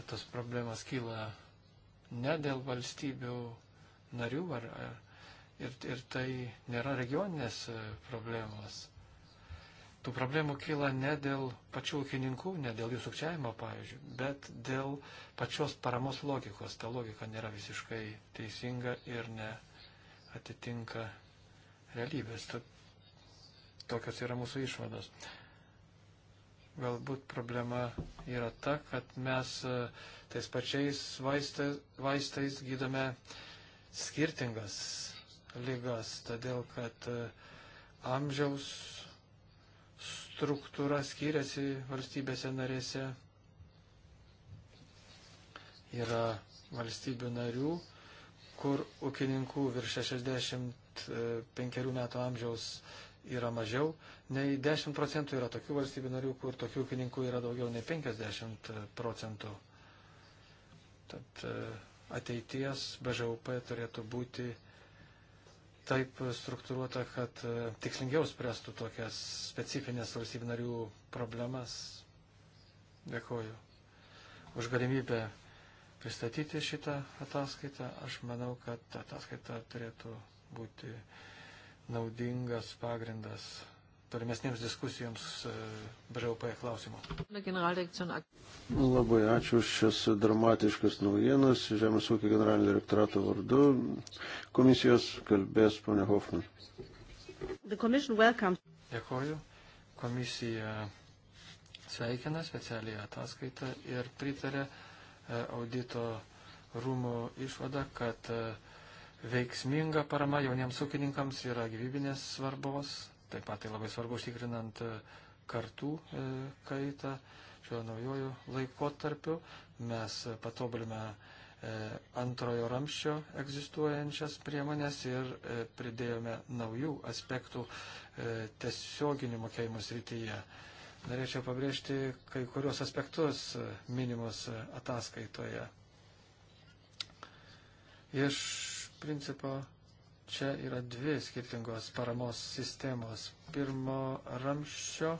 kad tos problemas kyla ne dėl valstybių narių ar, ar, ir, ir tai nėra regioninės e, problemos. Tų problemų kyla ne dėl pačių ūkininkų, ne dėl jų sukčiavimo, pavyzdžiui, bet dėl pačios paramos logikos. Ta logika nėra visiškai teisinga ir neatitinka realybės. Tad tokios yra mūsų išvados. Galbūt problema yra ta, kad mes e, tais pačiais vaistais, vaistais gydome skirtingas lygas, todėl kad e, amžiaus struktūra skiriasi valstybėse narėse. Yra valstybių narių, kur ūkininkų virš 65 e, metų amžiaus yra mažiau nei 10 procentų, yra tokių valstybių narių, kur tokių ūkininkų yra daugiau nei 50 e, procentų. Tad e, ateities BŽUP turėtų būti taip struktūruota, kad e, tikslingiau spręstų tokias specifines valstybių narių problemas. Dėkoju už galimybę pristatyti šitą ataskaitą. Aš manau, kad ataskaita turėtų būti naudingas pagrindas tolimesniems diskusijoms e, BŽOP klausimų. Labai ačiū už šias dramatiškas naujienas. Žemės ūkio generalinio direktorato vardu komisijos kalbės ponia Hoffman. Dėkoju. Komisija sveikina specialiai ataskaitą ir pritarė e, audito rūmų išvadą, kad uh, Veiksminga parama jauniems ūkininkams yra gyvybinės svarbos, taip pat tai labai svarbu užtikrinant e, kartų e, kaitą. Šiuo naujoju laikotarpiu mes patobulime e, antrojo ramščio egzistuojančias priemonės ir pridėjome naujų aspektų tiesioginių mokėjimų srityje. Norėčiau pabrėžti kai kurios aspektus minimus ataskaitoje. Iš principo čia yra dvi skirtingos paramos sistemos. Pirmo ramščio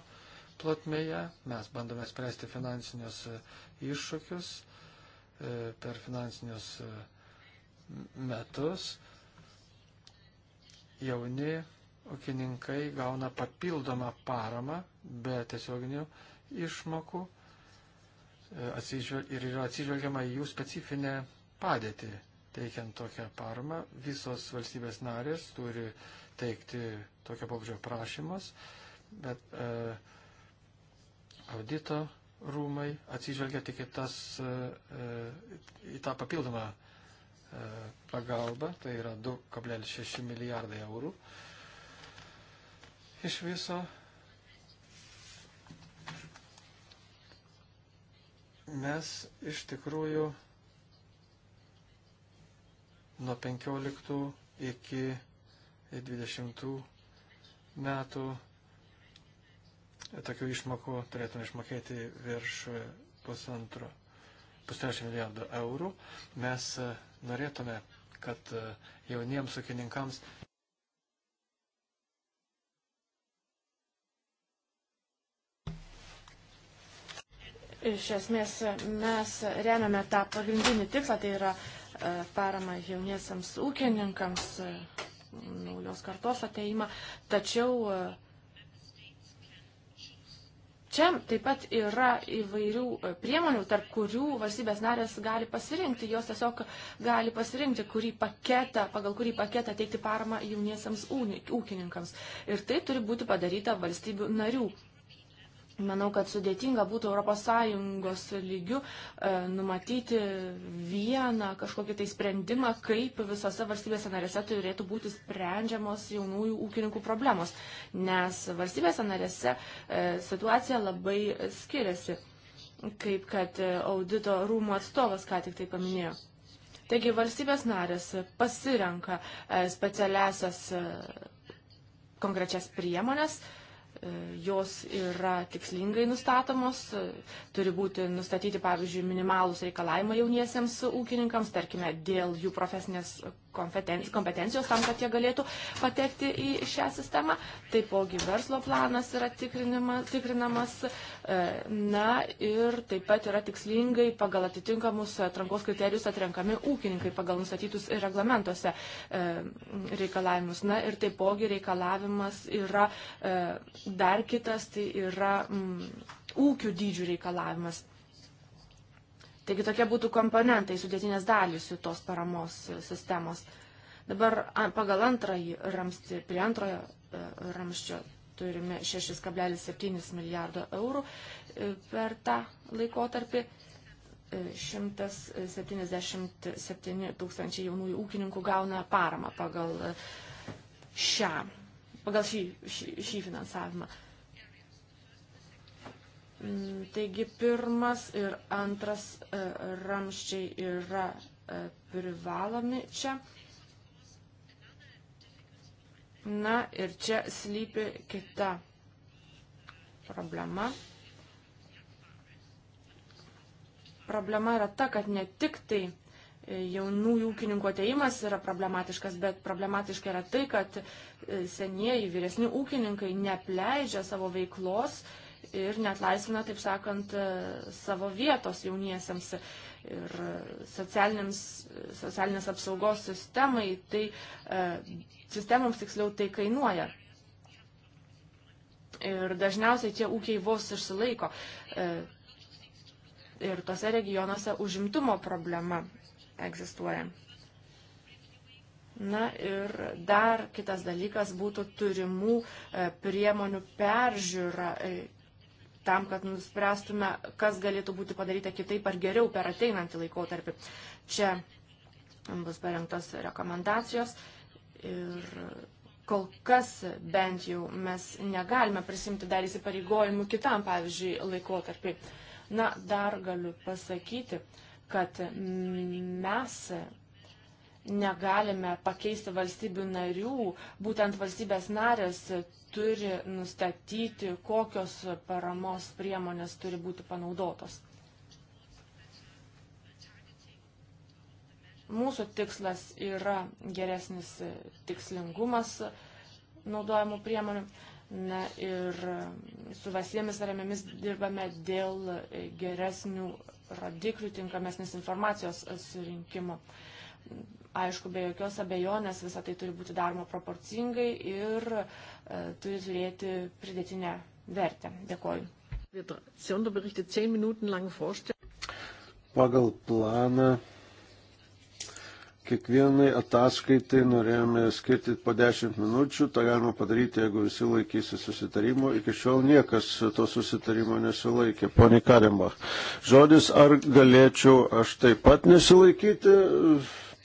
plotmėje mes bandome spręsti finansinius iššūkius e, per finansinius e, metus. Jauni ūkininkai gauna papildomą paramą be tiesioginių išmokų e, ir yra atsižvelgiama į jų specifinę padėtį teikiant tokią paramą. Visos valstybės narės turi teikti tokio pobūdžio prašymus, bet e, audito rūmai atsižvelgia tik į, tas, e, e į tą papildomą e, pagalbą, tai yra 2,6 milijardai eurų. Iš viso mes iš tikrųjų nuo 15 iki 20 metų tokių išmokų turėtume išmokėti virš pusantro, pustrečio milijardo eurų. Mes e, norėtume, kad e, jauniems ūkininkams Iš esmės mes remiame tą pagrindinį tikslą, tai yra uh, E, paramą jauniesiams ūkininkams, e, naujos kartos ateimą. Tačiau e, čia taip pat yra įvairių priemonių, tarp kurių valstybės narės gali pasirinkti. Jos tiesiog gali pasirinkti, kurį paketą, pagal kurį paketą teikti paramą jauniesiams ūkininkams. Ir tai turi būti padaryta valstybių narių Manau, kad sudėtinga būtų ES lygių e, numatyti vieną kažkokį tai sprendimą, kaip visose valstybėse narėse turėtų būti sprendžiamos jaunųjų ūkininkų problemos, nes valstybėse narėse e, situacija labai skiriasi, kaip kad audito rūmų atstovas ką tik tai paminėjo. Taigi valstybės narės pasirenka e, specialiasias e, konkrečias priemonės, e, E, jos yra tikslingai nustatomos, e, turi būti nustatyti, pavyzdžiui, minimalus reikalavimai jauniesiems ūkininkams, tarkime, dėl jų profesinės kompetencijos tam, kad jie galėtų patekti į šią sistemą. Taipogi verslo planas yra tikrinamas. E, na ir taip pat yra tikslingai pagal atitinkamus atrankos kriterijus atrenkami ūkininkai pagal nustatytus reglamentuose e, reikalavimus. Na ir taipogi reikalavimas yra e, dar kitas, tai yra mm, ūkių dydžių reikalavimas. Taigi tokie būtų komponentai, sudėtinės dalys jų tos paramos sistemos. Dabar pagal antrąjį ramstį, prie antrojo e, ramščio turime 6,7 milijardo eurų e, per tą laikotarpį. 177 e, tūkstančiai jaunųjų ūkininkų gauna paramą pagal šią, pagal šį, šį, šį finansavimą. Mm, taigi pirmas ir antras e, ramščiai yra e, privalomi čia. Na ir čia slypi kita problema. Problema yra ta, kad ne tik tai e, jaunų ūkininkų ateimas yra problematiškas, bet problematiška yra tai, kad senieji, vyresni ūkininkai nepleidžia savo veiklos, uh, ir net laisvina, taip sakant, e, savo vietos jauniesiems ir socialinės apsaugos sistemai, tai e, sistemoms tiksliau tai kainuoja. Ir dažniausiai tie ūkiai vos išsilaiko. E, ir tose regionuose užimtumo problema egzistuoja. Na ir dar kitas dalykas būtų turimų priemonių peržiūra tam, kad nuspręstume, kas galėtų būti padaryta kitaip ar geriau per ateinantį laikotarpį. Čia bus parengtos rekomendacijos ir kol kas bent jau mes negalime prisimti dar įsipareigojimų kitam, pavyzdžiui, laikotarpiai. Na, dar galiu pasakyti, kad mes negalime pakeisti valstybių narių, būtent valstybės narės turi nustatyti, kokios paramos priemonės turi būti panaudotos. Mūsų tikslas yra geresnis tikslingumas naudojamų priemonių. Na ir su Vasilėmis Ramėmis dirbame dėl geresnių rodiklių, tinkamesnės informacijos surinkimo aišku, be jokios abejonės visą tai turi būti daroma proporcingai ir e, turi turėti pridėtinę vertę. Dėkoju. Pagal planą kiekvienai ataskaitai norėjome skirti po 10 minučių, tą galima padaryti, jeigu visi laikysi susitarimo. Iki šiol niekas to susitarimo nesilaikė. Pone Karima, žodis, ar galėčiau aš taip pat nesilaikyti?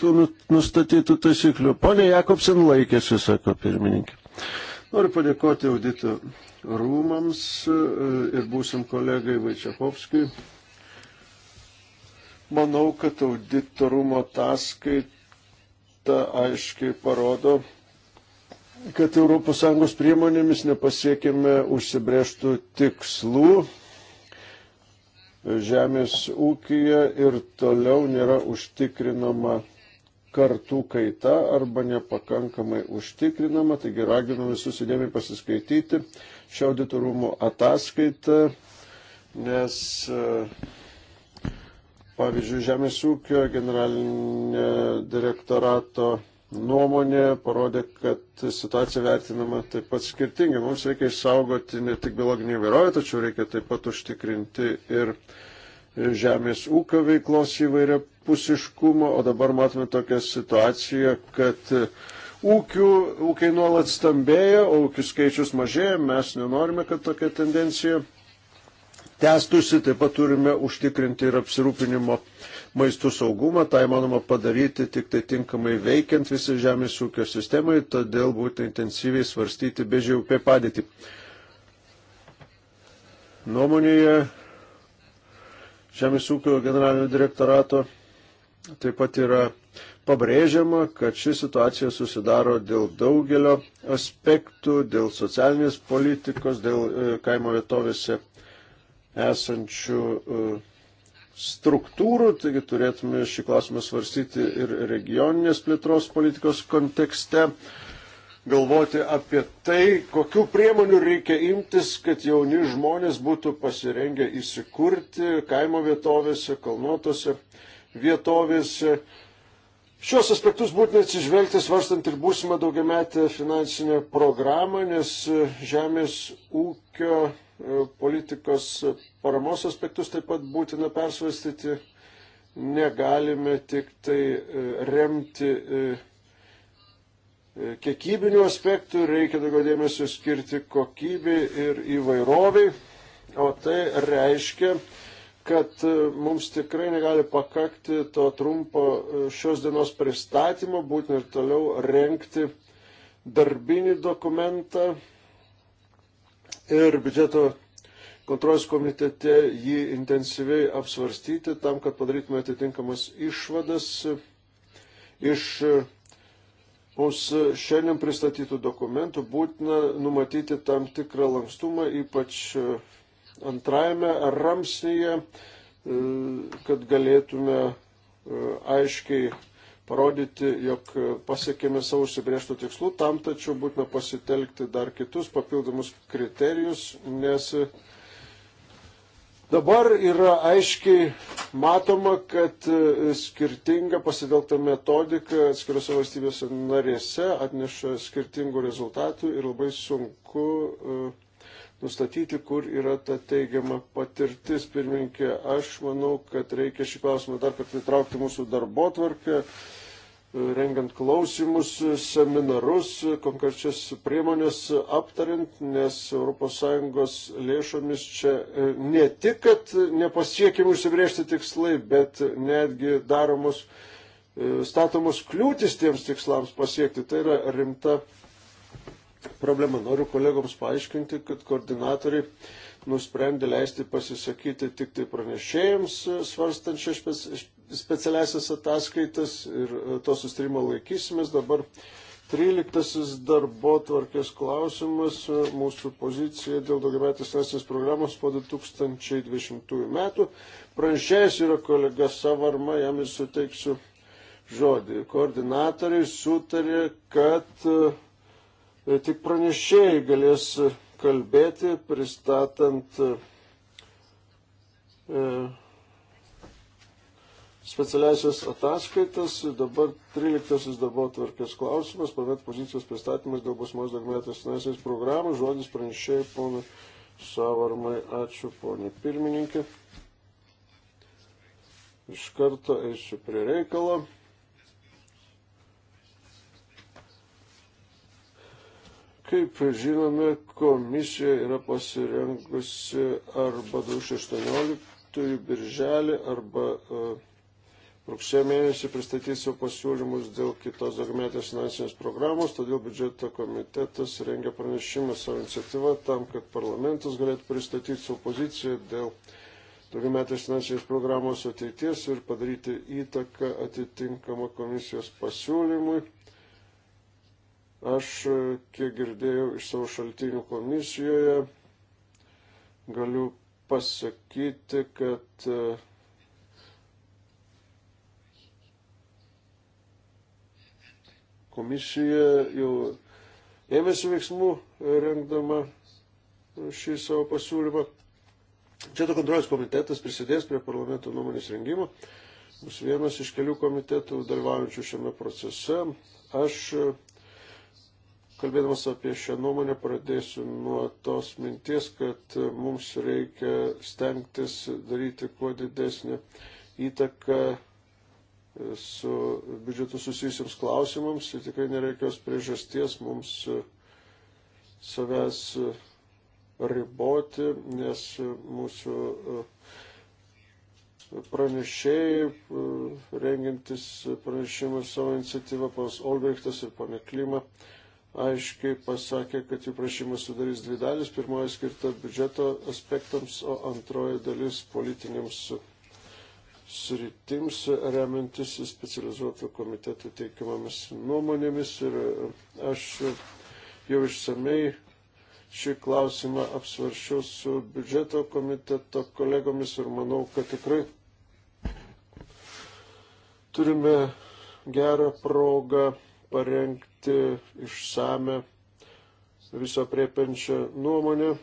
tų nu, nustatytų taisyklių. Pone Jakobsen laikėsi, sako pirmininkė. Noriu padėkoti audito rūmams e, ir būsim kolegai Vaičiakovskijui. Manau, kad auditorumo ataskaita aiškiai parodo, kad ES priemonėmis nepasiekėme užsibrėžtų tikslų. Žemės ūkija ir toliau nėra užtikrinama kartų kaita arba nepakankamai užtikrinama, taigi raginu visus įdėmiai pasiskaityti šią auditorumo ataskaitą, nes e, pavyzdžiui, Žemės ūkio generalinė direktorato nuomonė parodė, kad situacija vertinama taip pat skirtingai. Mums reikia išsaugoti ne tik biologinį įvairovę, tačiau reikia taip pat užtikrinti ir žemės ūkio veiklos įvairia pusiškumo, o dabar matome tokią situaciją, kad e, ūkių, ūkiai nuolat stambėja, o ūkių skaičius mažėja, mes nenorime, kad tokia tendencija testusi, taip pat turime užtikrinti ir apsirūpinimo maistų saugumą, tai manoma padaryti tik tai tinkamai veikiant visą žemės ūkio sistemai, todėl būtų intensyviai svarstyti bežiaupė padėtį. Nuomonėje Žemės ūkio generalinio direktorato Taip pat yra pabrėžiama, kad ši situacija susidaro dėl daugelio aspektų, dėl socialinės politikos, dėl e, kaimo vietovėse esančių e, struktūrų, taigi turėtume šį klausimą svarstyti ir regioninės plėtros politikos kontekste, galvoti apie tai, kokiu priemonių reikia imtis, kad jauni žmonės būtų pasirengę įsikurti kaimo vietovėse, kalnuotose vietovėse. Šios aspektus būtina atsižvelgti svarstant ir būsimą daugiametę finansinę programą, nes žemės ūkio e, politikos paramos aspektus taip pat būtina persvarstyti. Negalime tik tai e, remti e, kiekybinių aspektų, reikia daugiau dėmesio skirti kokybei ir įvairoviai, o tai reiškia, kad e, mums tikrai negali pakakti to trumpo e, šios dienos pristatymo, būtent ir toliau renkti darbinį dokumentą ir biudžeto kontrolės komitete jį intensyviai apsvarstyti tam, kad padarytume atitinkamas išvadas iš e, mums šiandien pristatytų dokumentų būtina numatyti tam tikrą lankstumą, ypač antrajame ramsėje, e, kad galėtume e, aiškiai parodyti, jog pasiekėme savo užsibrieštų tikslų, tam tačiau būtina pasitelkti dar kitus papildomus kriterijus, nes dabar yra aiškiai matoma, kad e, skirtinga pasitelkta metodika atskirose valstybėse narėse atneša skirtingų rezultatų ir labai sunku uh, nustatyti, kur yra ta teigiama patirtis. Pirminkė, aš manau, kad reikia šį klausimą dar kartą įtraukti mūsų darbo tvarkę, rengiant klausimus, seminarus, konkrečias priemonės aptariant, nes ES lėšomis čia e, ne tik, kad nepasiekimų užsibriežti tikslai, bet netgi daromos e, statomos kliūtis tiems tikslams pasiekti. Tai yra rimta problema. Noriu kolegoms paaiškinti, kad koordinatoriai nusprendė leisti pasisakyti tik tai pranešėjams e, svarstančią specialiasias ataskaitas ir e, to sustrimo laikysimės. Dabar 13 darbo tvarkės klausimas, e, mūsų pozicija dėl daugiametės nacinės programos po 2020 metų. Pranešėjas yra kolega Savarma, jam ir suteiksiu žodį. Koordinatoriai sutarė, kad E, tik pranešėjai galės kalbėti, pristatant e, specialiasias ataskaitas. Dabar 13 darbo tvarkės klausimas, pamet pozicijos pristatymas dėl busmos dokumentos finansinės programos. Žodis pranešėjai ponui Savarmai. Ačiū ponė pirmininkė. Iš karto eisiu prie reikalo. Kaip žinome, komisija yra pasirengusi arba 2018 birželį arba e, rugsėjo mėnesį pristatys jau pasiūlymus dėl kitos dogmetės finansinės programos, todėl biudžeto komitetas rengia pranešimą savo iniciatyvą tam, kad parlamentas galėtų pristatyti savo poziciją dėl dogmetės finansinės programos ateities ir padaryti įtaką atitinkamą komisijos pasiūlymui. Aš, e, kiek girdėjau iš savo šaltinių komisijoje, galiu pasakyti, kad e, komisija jau ėmėsi veiksmų e, rengdama šį savo pasiūlymą. Čia to kontrolės komitetas prisidės prie parlamento nuomonės rengimo. Bus vienas iš kelių komitetų dalyvaujančių šiame procese. Aš Kalbėdamas apie šią nuomonę, pradėsiu nuo tos minties, kad mums reikia stengtis daryti kuo didesnį įtaką e, su biudžetu susijusiams klausimams ir tikrai nereikios priežasties mums e, savęs e, riboti, nes mūsų pranešėjai, rengintis pranešimą savo iniciatyvą, pas Olbrechtas ir pane Klima, aiškiai pasakė, kad jų prašymas sudarys dvi dalis. Pirmoji skirta biudžeto aspektams, o antroji dalis politiniams sritims, remiantis specializuotų komitetų teikiamomis nuomonėmis. Ir aš jau išsamei šį klausimą apsvaršiau su biudžeto komiteto kolegomis ir manau, kad tikrai turime gerą progą parengti parengti išsame viso priepenčią nuomonę.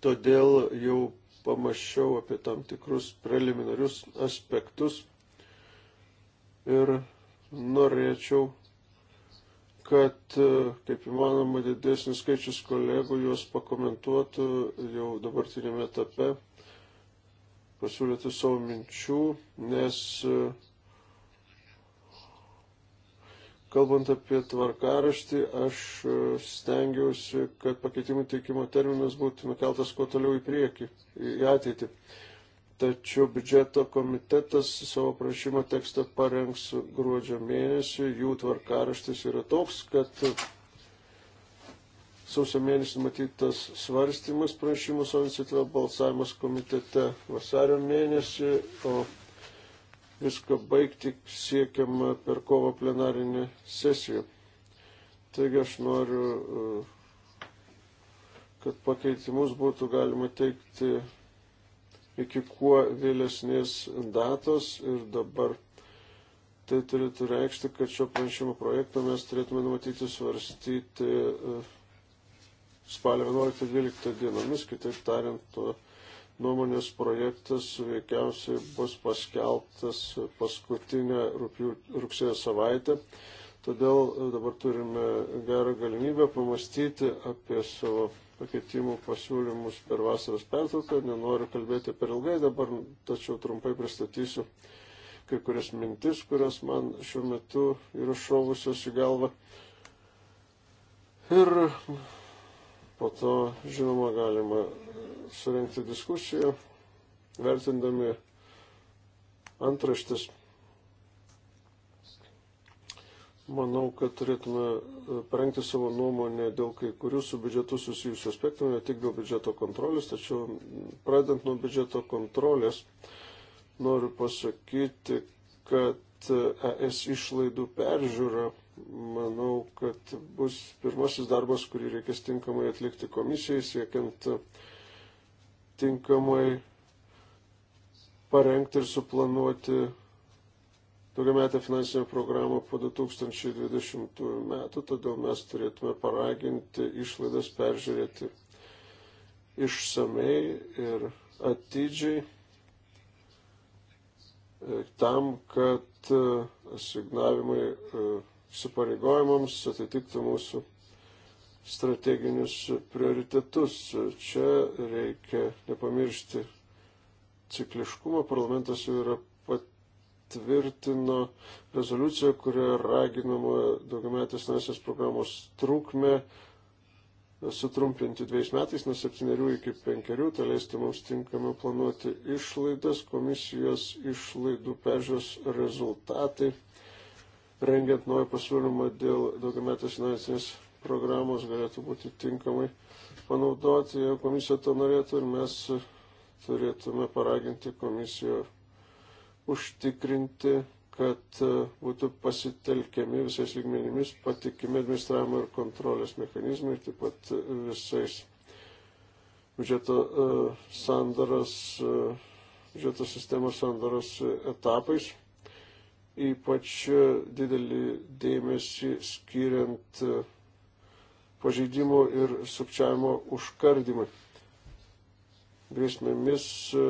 Todėl jau pamačiau apie tam tikrus preliminarius aspektus ir norėčiau, kad e, kaip įmanoma didesnis skaičius kolegų juos pakomentuotų jau dabartinėme etape, pasiūlytų savo minčių, nes e, Kalbant apie tvarkaraštį, aš e, stengiausi, kad pakeitimų teikimo terminas būtų nukeltas kuo toliau į priekį, į ateitį. Tačiau biudžeto komitetas savo prašymo tekstą parengs gruodžio mėnesį. Jų tvarkaraštis yra toks, kad sausio mėnesį matytas svarstymas prašymų savo iniciatyvą balsavimas komitete vasario mėnesį, o viską baigti siekiama per kovo plenarinę sesiją. Taigi aš noriu, uh, kad pakeitimus būtų galima teikti iki kuo vėlesnės datos ir dabar tai turėtų reikšti, kad šio pranešimo projektą mes turėtume numatyti svarstyti uh, spalio 11-12 dienomis, kitaip tariant, to nuomonės projektas veikiausiai bus paskelbtas paskutinę rugsėjo savaitę. Todėl e, dabar turime gerą galimybę pamastyti apie savo pakeitimų pasiūlymus per vasaros pertrauką. Nenoriu kalbėti per ilgai dabar, tačiau trumpai pristatysiu kai kurias mintis, kurios man šiuo metu yra šovusios į galvą. Ir Po to, žinoma, galima surinkti diskusiją, vertindami antraštis. Manau, kad turėtume e, parengti savo nuomonę dėl kai kurių su biudžetu susijusių aspektų, ne tik dėl biudžeto kontrolės, tačiau pradant nuo biudžeto kontrolės, noriu pasakyti, kad ES e išlaidų peržiūra manau, kad bus pirmasis darbas, kurį reikės tinkamai atlikti komisijai, siekiant tinkamai parengti ir suplanuoti daugiametę finansinę programą po 2020 metų, todėl mes turėtume paraginti išlaidas peržiūrėti išsamei ir atidžiai e, tam, kad e, asignavimai e, įsipareigojimams atitiktų mūsų strateginius prioritetus. Čia reikia nepamiršti cikliškumo. Parlamentas jau yra patvirtino rezoliuciją, kurioje raginama daugiametės naisės programos trukmė sutrumpinti dviejais metais nuo septyniarių iki penkerių, tai leisti mums tinkamiau planuoti išlaidas, komisijos išlaidų pežios rezultatai rengiant naują pasiūlymą dėl daugiametės finansinės programos galėtų būti tinkamai panaudoti, jeigu komisija to norėtų ir mes turėtume paraginti komisiją užtikrinti, kad būtų pasitelkiami visais lygmenimis patikimi administravimo ir kontrolės mechanizmai, taip pat visais biudžeto e, sandaros, e, biudžeto sistemos sandaros etapais ypač didelį dėmesį skiriant e, pažeidimo ir sukčiavimo užkardimui. Grėsmėmis e,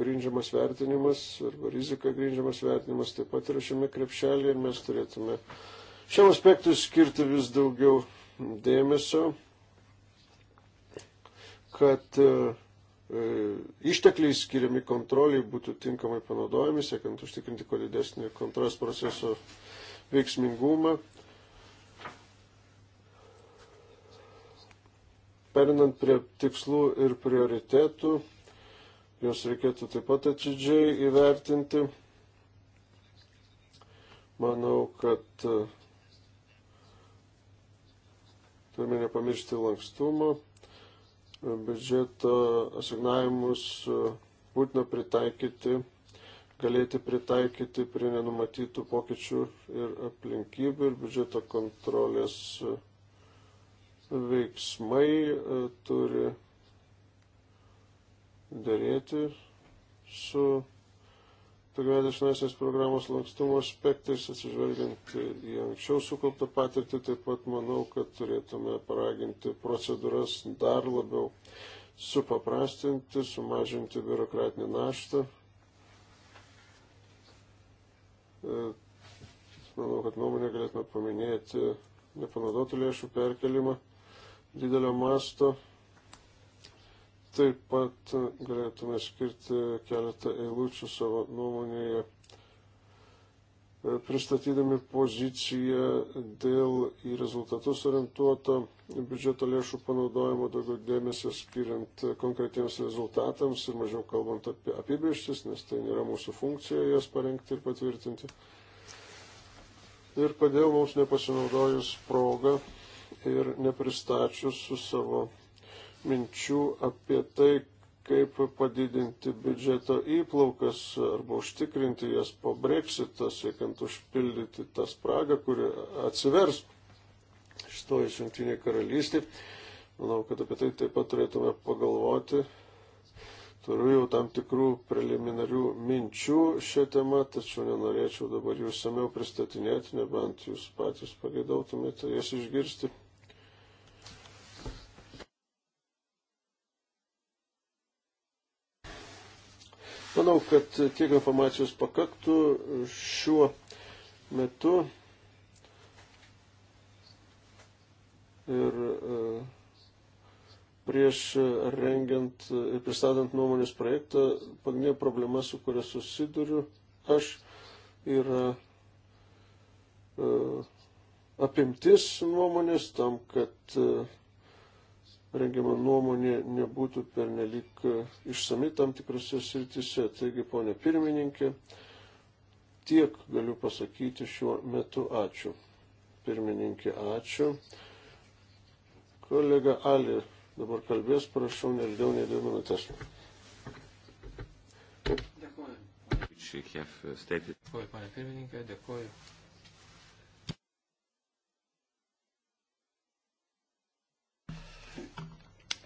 grindžiamas vertinimas arba rizika grindžiamas vertinimas taip pat yra šiame krepšelėje ir mes turėtume šiam aspektui skirti vis daugiau dėmesio, kad uh, E, ištekliai skiriami kontroliai būtų tinkamai panaudojami, siekiant užtikrinti kuo didesnį kontrolės proceso veiksmingumą. Perinant prie tikslų ir prioritetų, juos reikėtų taip pat atidžiai įvertinti. Manau, kad e, turime nepamiršti lankstumo biudžeto asignavimus būtina pritaikyti, galėti pritaikyti prie nenumatytų pokyčių ir aplinkybių ir biudžeto kontrolės veiksmai e, turi dėrėti su Toliuodešinėsios programos lankstumo aspektais, atsižvelgiant į anksčiau sukauptą patirtį, taip pat manau, kad turėtume paraginti procedūras dar labiau supaprastinti, sumažinti biurokratinį naštą. E, manau, kad nuomonė galėtume paminėti nepanaudotų lėšų perkelimą didelio masto Taip pat galėtume skirti keletą eilučių savo nuomonėje, e, pristatydami poziciją dėl į rezultatus orientuoto biudžeto lėšų panaudojimo, daugiau dėmesio skiriant konkretiems rezultatams ir mažiau kalbant apie apibrieštis, nes tai nėra mūsų funkcija jas parengti ir patvirtinti. Ir kodėl mums nepasinaudojus progą ir nepristačius su savo minčių apie tai, kaip padidinti biudžeto įplaukas arba užtikrinti jas po breksito, siekiant užpildyti tą spragą, kuri atsivers išstojus iš Junktinė karalystė. Manau, kad apie tai taip pat turėtume pagalvoti. Turiu jau tam tikrų preliminarių minčių šią temą, tačiau nenorėčiau dabar jų samiau pristatinėti, nebent jūs patys pageidautumėte jas išgirsti. Manau, kad tiek informacijos pakaktų šiuo metu. Ir e, prieš rengiant ir pristatant nuomonės projektą, pagrindinė problema, su kuria susiduriu aš, yra e, apimtis nuomonės tam, kad e, rengiama nuomonė nebūtų pernelik e, išsami tam tikrose sritise. Taigi, ponė pirmininkė, tiek galiu pasakyti šiuo metu ačiū. Pirmininkė, ačiū. Kolega Ali dabar kalbės, prašau, nelgiau nei dvi minutės. Dėkuoju. Dėkuoju, panė pirmininkė, dėkuoju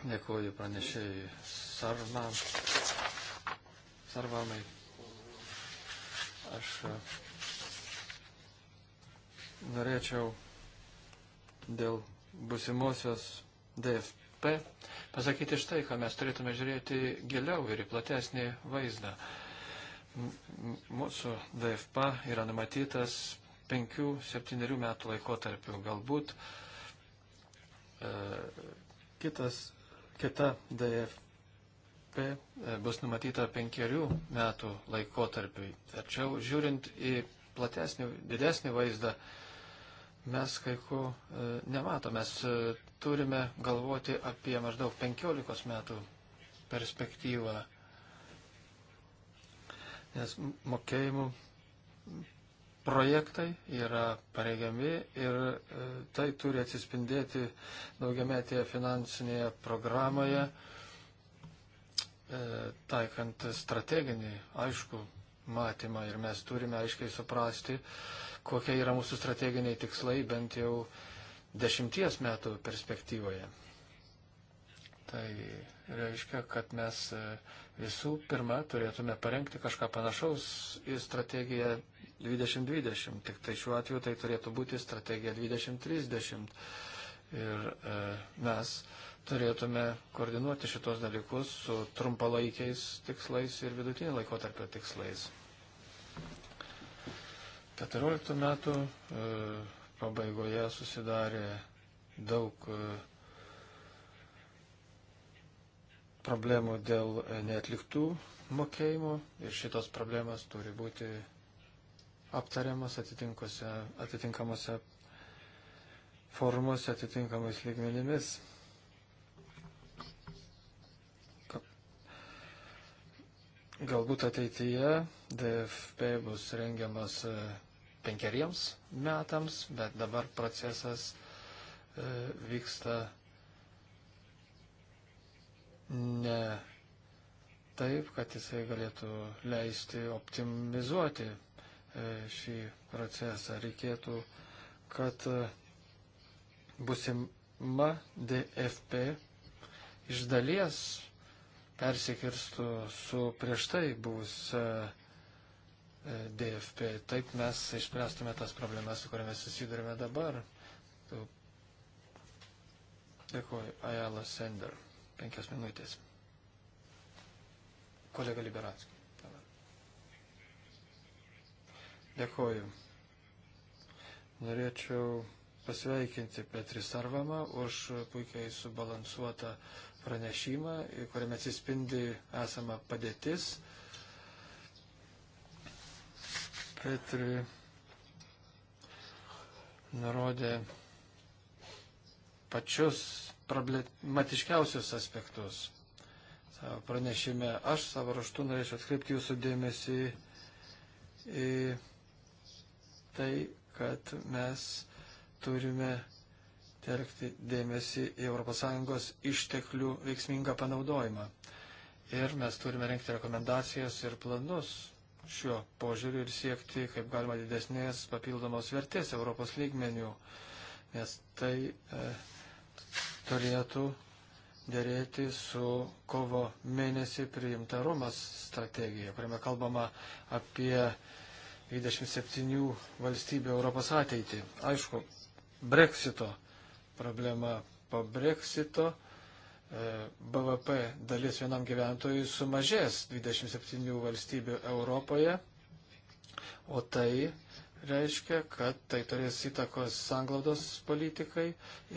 Dėkuoju pranešėjai Sarva, Sarvamai. Aš e, norėčiau dėl busimosios DFP pasakyti štai, ką mes turėtume žiūrėti giliau ir į platesnį vaizdą. Mūsų DFP yra numatytas 5-7 metų laikotarpiu. Galbūt e, kitas Kita DFP e, bus numatyta penkerių metų laikotarpiui. Tačiau žiūrint į platesnį, didesnį vaizdą, mes kai ko e, nematom. Mes e, turime galvoti apie maždaug 15 metų perspektyvą, nes mokėjimų projektai yra pareigiami ir e, tai turi atsispindėti daugiametėje finansinėje programoje, e, taikant strateginį, aišku, matymą ir mes turime aiškiai suprasti, kokie yra mūsų strateginiai tikslai bent jau dešimties metų perspektyvoje. Tai reiškia, kad mes e, visų pirma turėtume parengti kažką panašaus į strategiją 2020. Tik tai šiuo atveju tai turėtų būti strategija 2030. Ir e, mes turėtume koordinuoti šitos dalykus su trumpalaikiais tikslais ir vidutinio laikotarpio tikslais. 14 metų e, pabaigoje susidarė daug e, problemų dėl e, neatliktų mokėjimų ir šitos problemas turi būti aptariamas atitinkamuose forumuose, atitinkamais lygmenimis. Galbūt ateityje DFP bus rengiamas e, penkeriems metams, bet dabar procesas e, vyksta ne taip, kad jisai galėtų leisti optimizuoti E, šį procesą. Reikėtų, kad e, busima DFP iš dalies persikirstų su prieš tai bus e, DFP. Taip mes išspręstume tas problemas, su kuriamis susidurime dabar. Dėkuoju, Ajala Sender. Penkias minutės. Kolega Liberatskis. Dėkoju. Norėčiau pasveikinti Petri Sarvamą už puikiai subalansuotą pranešimą, kuriame atsispindi esama padėtis. Petri nurodė pačius problematiškiausius aspektus savo pranešime. Aš savo raštu norėčiau atkreipti jūsų dėmesį į tai, kad mes turime telkti dėmesį į ES išteklių veiksmingą panaudojimą. Ir mes turime renkti rekomendacijas ir planus šiuo požiūriu ir siekti kaip galima didesnės papildomos vertės Europos lygmenių, nes tai e, turėtų dėrėti su kovo mėnesį priimta Romas strategija, kuriame kalbama apie 27 valstybių Europos ateitį. Aišku, Brexito problema po Brexito. E, BVP dalis vienam gyventojui sumažės 27 valstybių Europoje, o tai reiškia, kad tai turės įtakos sanglaudos politikai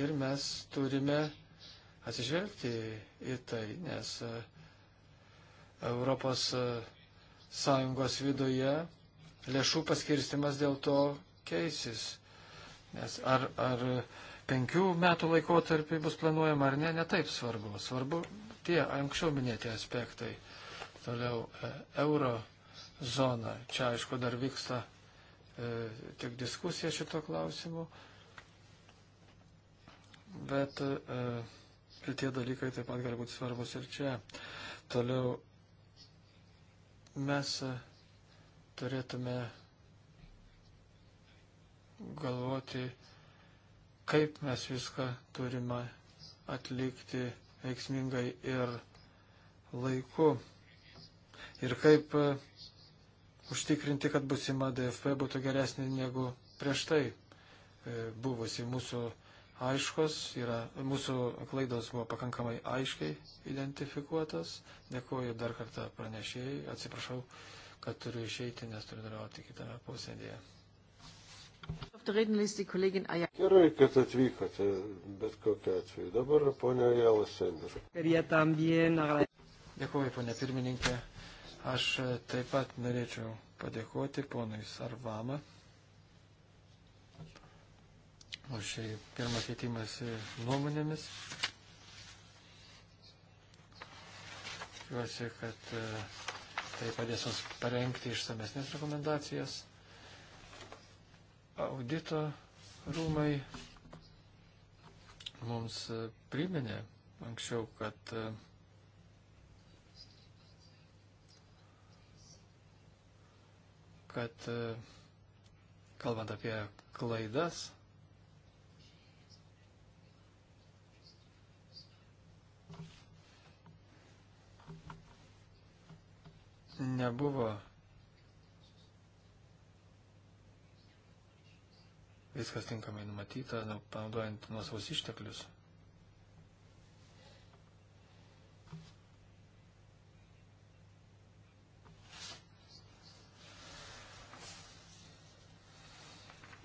ir mes turime atsižvelgti į tai, nes e, Europos e, Sąjungos viduje lėšų paskirstimas dėl to keisis. Nes ar, ar penkių metų laikotarpį bus planuojama ar ne, netaip svarbu. Svarbu tie anksčiau minėti aspektai. Toliau e, euro zona. Čia aišku dar vyksta e, tik diskusija šito klausimu. Bet e, tie dalykai taip pat gali būti svarbus ir čia. Toliau mes. E, turėtume galvoti, kaip mes viską turime atlikti veiksmingai ir laiku. Ir kaip e, užtikrinti, kad busima DFP būtų geresnė negu prieš tai e, buvusi. Mūsų aiškos yra, mūsų klaidos buvo pakankamai aiškiai identifikuotos. Dėkuoju dar kartą pranešėjai, atsiprašau kad turiu išeiti, nes turiu dalyvauti kitame posėdėje. Gerai, kad atvykote, bet kokiu atveju. Dabar ponia Jela Sender. Dėkuoju, ponia pirmininkė. Aš taip pat norėčiau padėkoti ponui Sarvama už šį pirmą keitimąsi nuomonėmis. Tikiuosi, kad Tai padės mums parengti išsamesnės rekomendacijas. Audito rūmai mums e, priminė anksčiau, kad e, kad e, kalbant apie klaidas, nebuvo viskas tinkamai numatyta, nu, panaudojant nuosavus išteklius.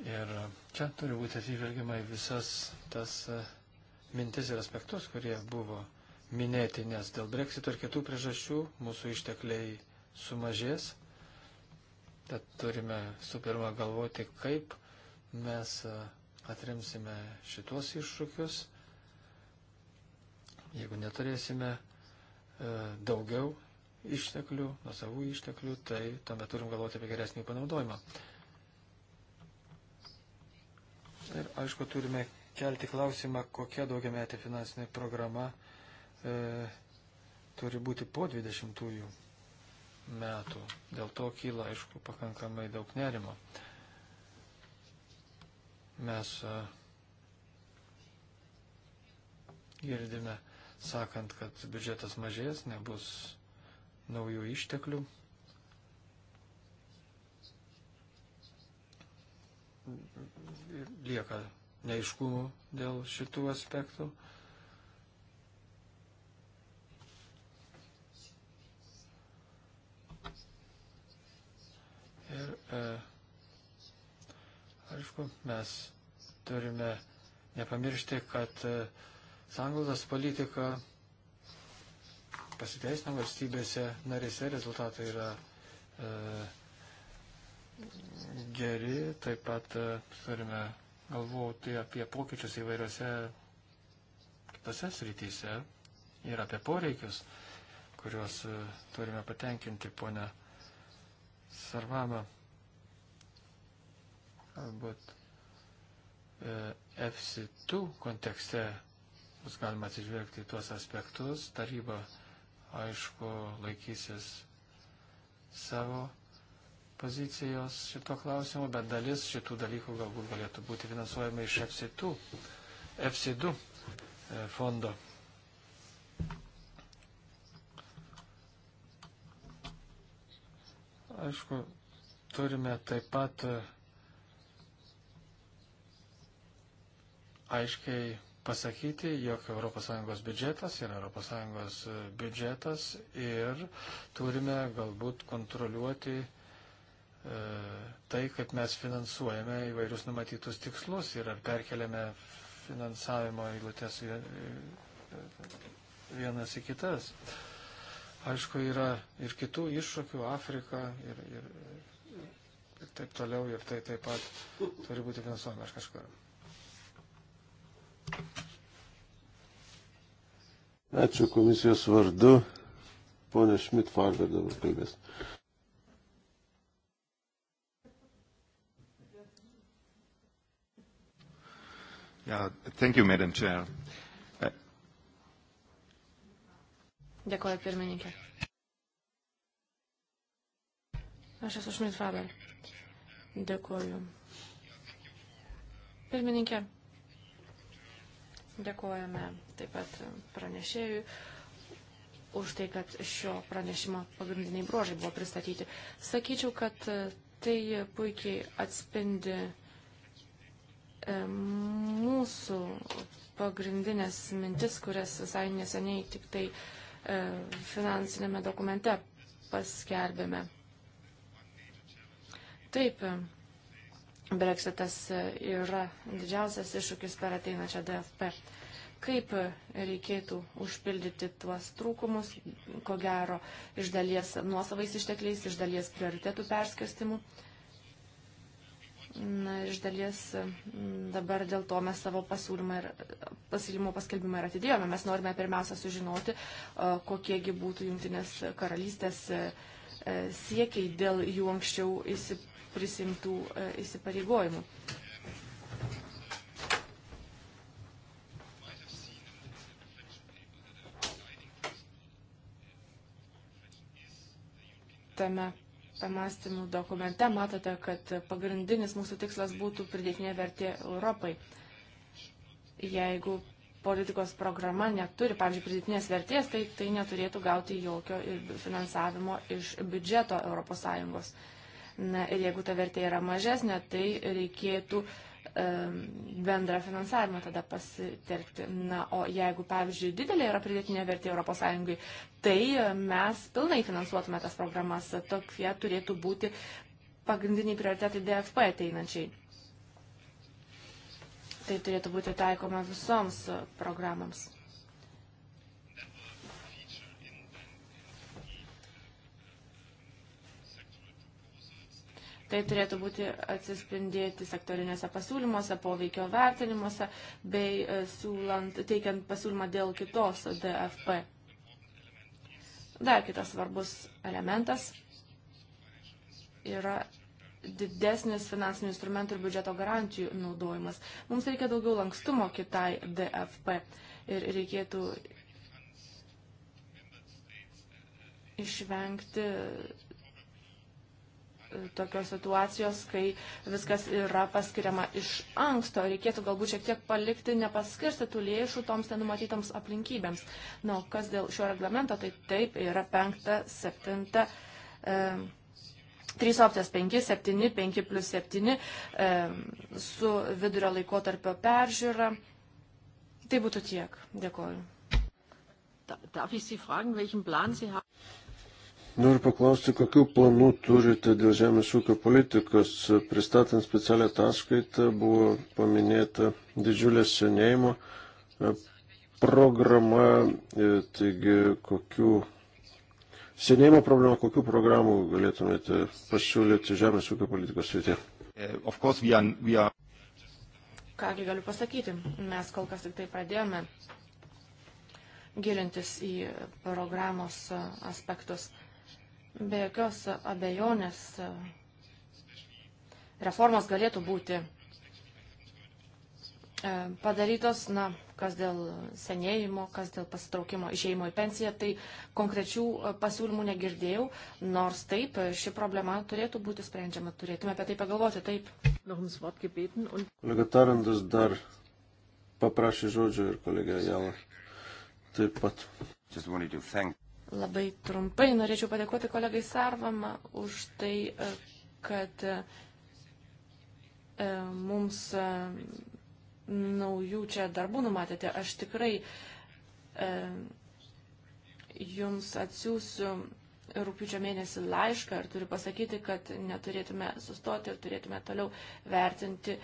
Ir čia turi būti atsižvelgiama į visas tas e, mintis ir aspektus, kurie buvo minėti, nes dėl breksito ir kitų priežasčių mūsų ištekliai sumažės. Tad turime su pirma galvoti, kaip mes e, atremsime šitos iššūkius. Jeigu neturėsime e, daugiau išteklių, nuo savų išteklių, tai tuomet turim galvoti apie geresnį panaudojimą. Ir aišku, turime kelti klausimą, kokia daugiametė finansinė programa e, turi būti po 20-ųjų metų. Dėl to kyla, aišku, pakankamai daug nerimo. Mes e, girdime, sakant, kad biudžetas mažės, nebus naujų išteklių. Lieka neiškumų dėl šitų aspektų. Ir e, aišku, mes turime nepamiršti, kad e, sanglaudos politika pasiteisina valstybėse narėse, rezultatai yra e, geri, taip pat e, turime galvoti apie pokyčius įvairiose kitose srityse ir apie poreikius, kuriuos e, turime patenkinti, ponia Sarvama. Galbūt e, FC2 kontekste bus galima atsižvelgti tuos aspektus. Taryba, aišku, laikysis savo pozicijos šito klausimu, bet dalis šitų dalykų galbūt galėtų būti finansuojama iš FC2, FC2 e, fondo. Aišku, turime taip pat e, aiškiai pasakyti, jog ES biudžetas yra ES biudžetas ir turime galbūt kontroliuoti e, tai, kaip mes finansuojame įvairius numatytus tikslus ir ar perkeliame finansavimo eilutės e, vienas į kitas. Uh, Aišku, yra ir kitų iššūkių, Afrika ir, ir, ir taip toliau, ir tai taip pat turi būti finansuojama iš kažkur. Ačiū komisijos vardu. Pone Šmit Farber dabar kalbės. Yeah, thank you, Madam Chair. Uh, Dėkoju pirmininkė. Aš esu Šmit Faber. Dėkoju. Pirmininkė, dėkojame taip pat pranešėjui už tai, kad šio eh, pranešimo pagrindiniai bruožai buvo pristatyti. Sakyčiau, kad tai puikiai atspindi eh, mūsų pagrindinės mintis, kurias visai neseniai tik tai uh, E, finansinėme dokumente paskelbėme. Taip, Brexitas yra didžiausias iššūkis per ateinančią DFP. Kaip reikėtų užpildyti tuos trūkumus, ko gero, iš dalies nuosavais ištekliais, iš dalies prioritetų perskirstimu. Uh, Na, iš dalies mm, dabar dėl to mes savo pasiūlymą ir pasiūlymo paskelbimą ir atidėjome. Mes norime pirmiausia sužinoti, kokiegi būtų jungtinės karalystės siekiai dėl jų anksčiau prisimtų įsipareigojimų. Tame pamastymų dokumente matote, kad pagrindinis mūsų tikslas būtų pridėtinė vertė Europai. Jeigu politikos programa neturi, pavyzdžiui, pridėtinės vertės, tai tai neturėtų gauti jokio finansavimo iš biudžeto ES. Na ir jeigu ta vertė yra mažesnė, tai reikėtų uh, bendrą finansavimą tada pasitelkti. Na, o jeigu, pavyzdžiui, didelė yra pridėtinė vertė ES, tai mes pilnai finansuotume tas programas. Tokie turėtų būti pagrindiniai prioritetai DFP ateinančiai. Tai turėtų būti taikoma visoms programams. Tai turėtų būti atsispindėti sektorinėse pasiūlymuose, poveikio vertinimuose bei e, siūlant, teikiant pasiūlymą dėl kitos DFP. Dar kitas svarbus elementas yra didesnis finansinių instrumentų ir biudžeto garantijų naudojimas. Mums reikia daugiau lankstumo kitai DFP ir reikėtų išvengti tokios situacijos, kai viskas yra paskiriama iš anksto. Reikėtų galbūt šiek tiek palikti nepaskirstytų lėšų toms nenumatytoms aplinkybėms. Na, nu, kas dėl šio reglamento, tai taip yra penkta, septinta. E, 3 opcijas 5, 7, 5 plus 7 e, su vidurio laikotarpio peržiūra. Tai būtų tiek. Dėkoju. Darf ich Sie fragen, welchen Plan Sie haben? Noriu paklausti, kokiu planu turite dėl žemės ūkio politikos. Pristatant specialią ataskaitą buvo paminėta didžiulė senėjimo e, programa, e, taigi kokiu senėjimo problema, kokiu programu galėtumėte pasiūlyti žemės ūkio politikos srityje? E, are... Kągi galiu pasakyti, mes kol kas tik tai pradėjome gilintis į programos aspektus. Be jokios abejonės reformos galėtų būti e, padarytos, na, kas dėl senėjimo, kas dėl pasitraukimo išeimo į pensiją, tai konkrečių e, pasiūlymų negirdėjau, nors taip, e, ši problema turėtų būti sprendžiama, turėtume apie tai pagalvoti, taip. Kolega Tarandas dar paprašė žodžio ir kolega Jala taip pat. Labai trumpai norėčiau padėkoti kolegai Sarvama už tai, kad e, mums e, naujų čia darbų numatėte. Aš tikrai e, jums atsiųsiu rūpiučio mėnesį laišką ir turiu pasakyti, kad neturėtume sustoti ir turėtume toliau vertinti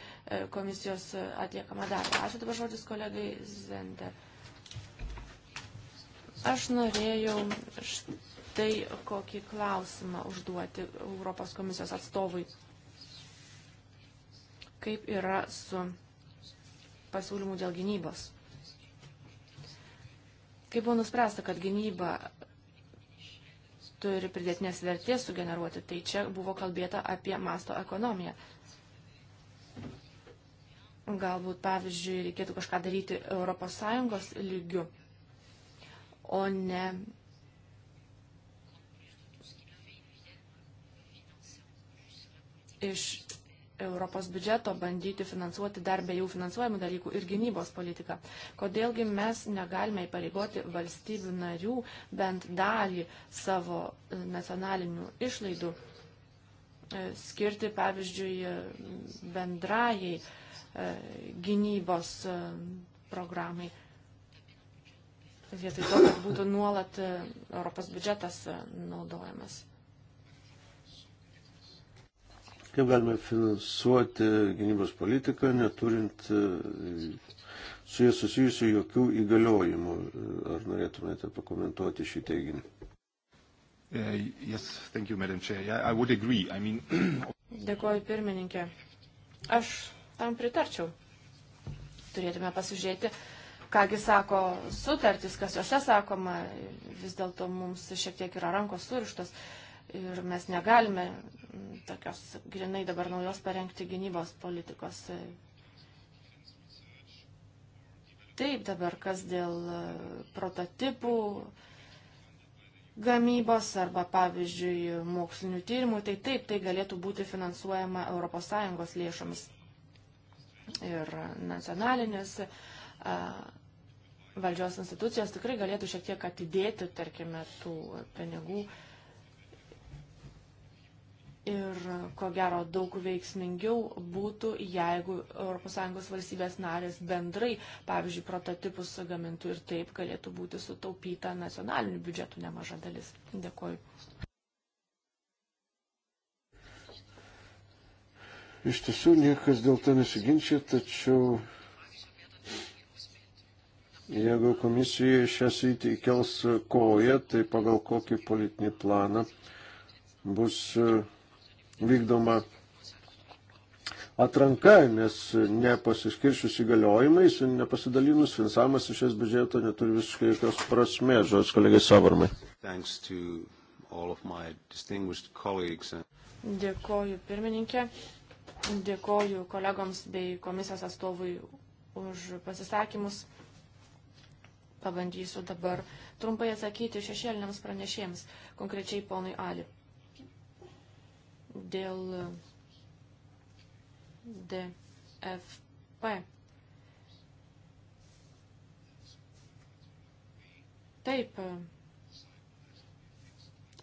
komisijos atliekamą darbą. Ačiū dabar žodis kolegai Zender. Aš norėjau štai kokį klausimą užduoti Europos komisijos atstovui. Kaip yra su pasiūlymu dėl gynybos? Kaip buvo nuspręsta, kad gynyba turi pridėtinės vertės sugeneruoti, tai čia buvo kalbėta apie masto ekonomiją. Galbūt, pavyzdžiui, reikėtų kažką daryti ES lygiu o ne iš Europos biudžeto bandyti finansuoti dar be jau finansuojamų dalykų ir gynybos politiką. Kodėlgi mes negalime įpareigoti valstybių narių bent dalį savo e, nacionalinių išlaidų e, skirti, pavyzdžiui, bendrajai e, gynybos programai vietoj to, kad būtų nuolat e, Europos biudžetas e, naudojamas. Kaip galime finansuoti gynybos politiką, neturint e, su jie susijusių jokių įgaliojimų? Ar norėtumėte pakomentuoti šį teiginį? Uh, yes, thank you, Madam Chair. Yeah, I would agree. I mean... Dėkuoju pirmininkė. Aš tam pritarčiau. Turėtume pasižiūrėti, uh, kągi sako sutartys, kas juose sakoma, vis dėlto mums šiek tiek yra rankos surištos ir mes negalime tokios grinai dabar naujos parengti gynybos politikos. Taip dabar, kas dėl e, prototipų gamybos arba, pavyzdžiui, mokslinių tyrimų, tai taip, tai galėtų būti finansuojama ES lėšomis ir nacionalinės valdžios institucijos tikrai galėtų šiek tiek atidėti, tarkime, tų pinigų Ir ko gero daug veiksmingiau būtų, jeigu ES valstybės narės bendrai, pavyzdžiui, prototipus sugamintų ir taip galėtų būti sutaupyta nacionalinių biudžetų nemaža dalis. Dėkuoju. Iš tiesų niekas dėl to nesiginčia, tačiau Jeigu komisija šią sritį įkels koją, tai pagal kokį politinį planą bus e, vykdoma atranka, nes nepasiskiršius įgaliojimais ir nepasidalinus finansavimas iš šias biudžeto neturi visiškai jokios prasmės, žodis kolegai Savarmai. Dėkoju pirmininkė, dėkoju kolegoms bei komisijos atstovui už pasisakymus pabandysiu dabar trumpai atsakyti šešėliniams pranešėjams, konkrečiai ponui Ali. Dėl DFP. Taip,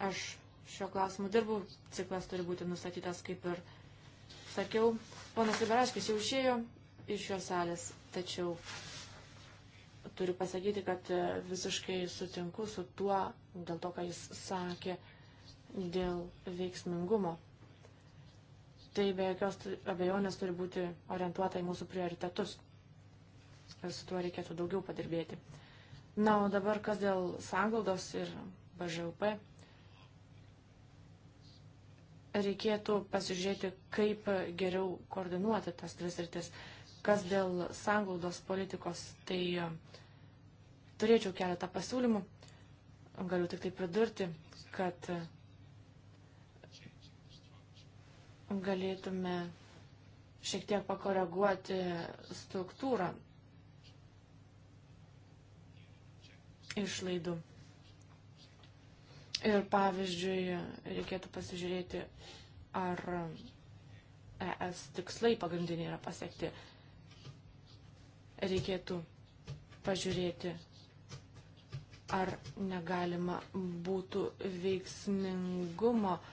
aš šio klausimu dirbu, ciklas turi būti nustatytas kaip ir sakiau. Ponas Liberaškis jau išėjo iš šios salės, tačiau turiu pasakyti, kad e, visiškai sutinku su tuo, dėl to, ką jis sakė, dėl veiksmingumo. Tai be jokios abejonės turi būti orientuota į mūsų prioritetus. Ir su tuo reikėtų daugiau padirbėti. Na, o dabar kas dėl sanglaudos ir BŽUP. Reikėtų pasižiūrėti, kaip geriau koordinuoti tas dvi sritis. Ir Kas dėl sanglaudos politikos, tai e, turėčiau keletą pasiūlymų. Galiu tik tai pridurti, kad e, galėtume šiek tiek pakoreguoti struktūrą išlaidų. Ir pavyzdžiui, reikėtų pasižiūrėti, ar e, ES tikslai pagrindiniai yra pasiekti reikėtų pažiūrėti, ar negalima būtų veiksmingumo e,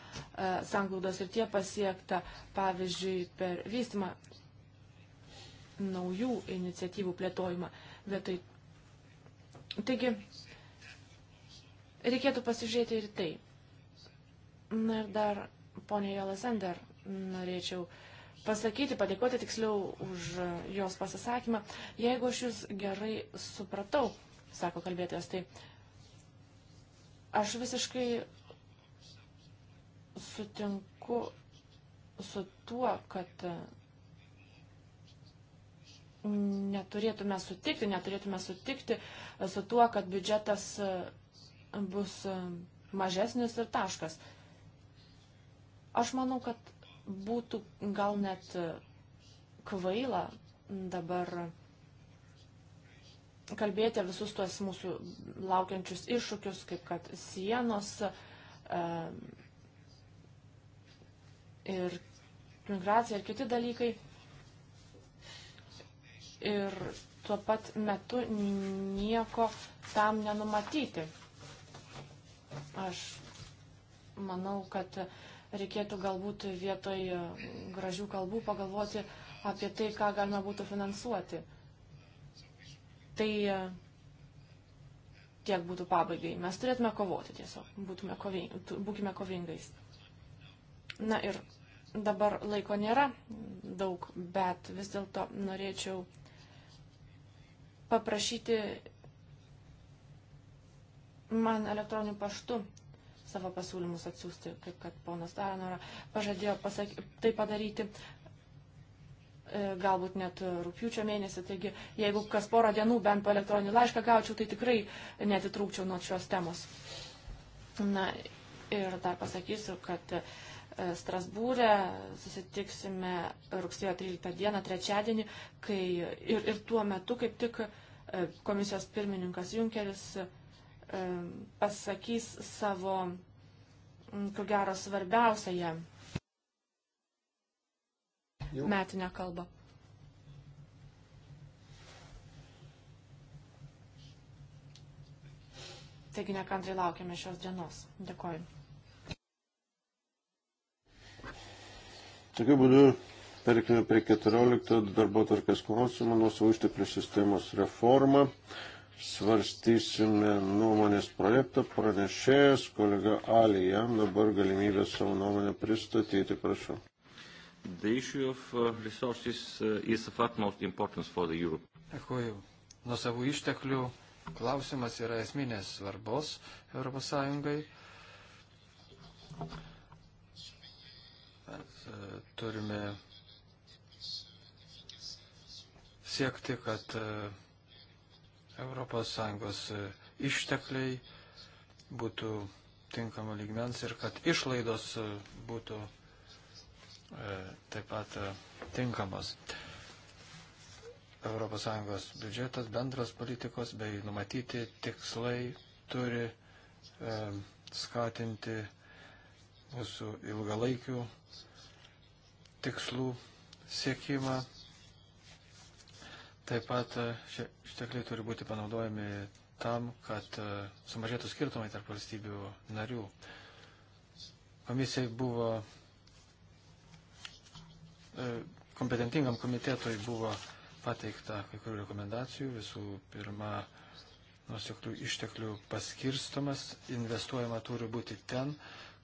sanglaudos ir tie pasiekta, pavyzdžiui, per vystimą naujų iniciatyvų plėtojimą. Vietoj... Taigi, reikėtų pasižiūrėti ir tai. Na ir dar, ponė Jolasender, norėčiau uh, pasakyti, padėkoti tiksliau už jos pasisakymą. Jeigu aš jūs gerai supratau, sako kalbėtojas, tai aš visiškai sutinku su tuo, kad neturėtume sutikti, neturėtume sutikti su tuo, kad biudžetas bus mažesnis ir taškas. Aš manau, kad būtų gal net kvaila dabar kalbėti visus tuos mūsų laukiančius iššūkius, kaip kad sienos e, ir migracija ir kiti dalykai. Ir tuo pat metu nieko tam nenumatyti. Aš manau, kad e, reikėtų galbūt vietoj gražių kalbų pagalvoti apie tai, ką galima būtų finansuoti. Tai e, tiek būtų pabaigai. Mes turėtume kovoti tiesiog, Būtume koving, būkime kovingais. Na ir dabar laiko nėra daug, bet vis dėlto norėčiau paprašyti man elektroniniu paštu savo pasiūlymus atsiųsti, kaip kad ponas Daranora pažadėjo pasak... tai padaryti e, galbūt net rūpjūčio mėnesį. Taigi, jeigu kas porą dienų bent po elektroninį laišką gaučiau, tai tikrai netitrūkčiau nuo šios temos. Na ir dar pasakysiu, kad e, Strasbūrė susitiksime rugsėjo 13 dieną, trečiadienį, kai ir, ir tuo metu kaip tik e, komisijos pirmininkas Junkeris E, pasakys savo, ko gero, svarbiausiąją metinę kalbą. Taigi nekantrai laukiame šios dienos. Dėkoju. Tokiu būdu perkime prie 14 darbo tarkės klausimų nuo savo išteklių sistemos reformą svarstysime nuomonės projektą. Pranešėjas kolega Ali, jam dabar galimybę savo nuomonę pristatyti, prašau. The issue of uh, resources uh, is of utmost importance for the Europe. Dėkuoju. Nuo savų išteklių klausimas yra esminės svarbos ES. Mes e, turime siekti, kad uh, ES e, ištekliai būtų tinkamo lygmens ir kad išlaidos e, būtų e, taip pat tinkamos. ES biudžetas, bendros politikos bei numatyti tikslai turi e, skatinti mūsų ilgalaikių tikslų siekimą Taip pat e, šie ištekliai turi būti panaudojami tam, kad e, sumažėtų skirtumai tarp valstybių narių. Komisijai buvo, e, kompetentingam komitetui buvo pateikta kai kurių rekomendacijų. Visų pirma, nusiklių išteklių paskirstomas, investuojama turi būti ten,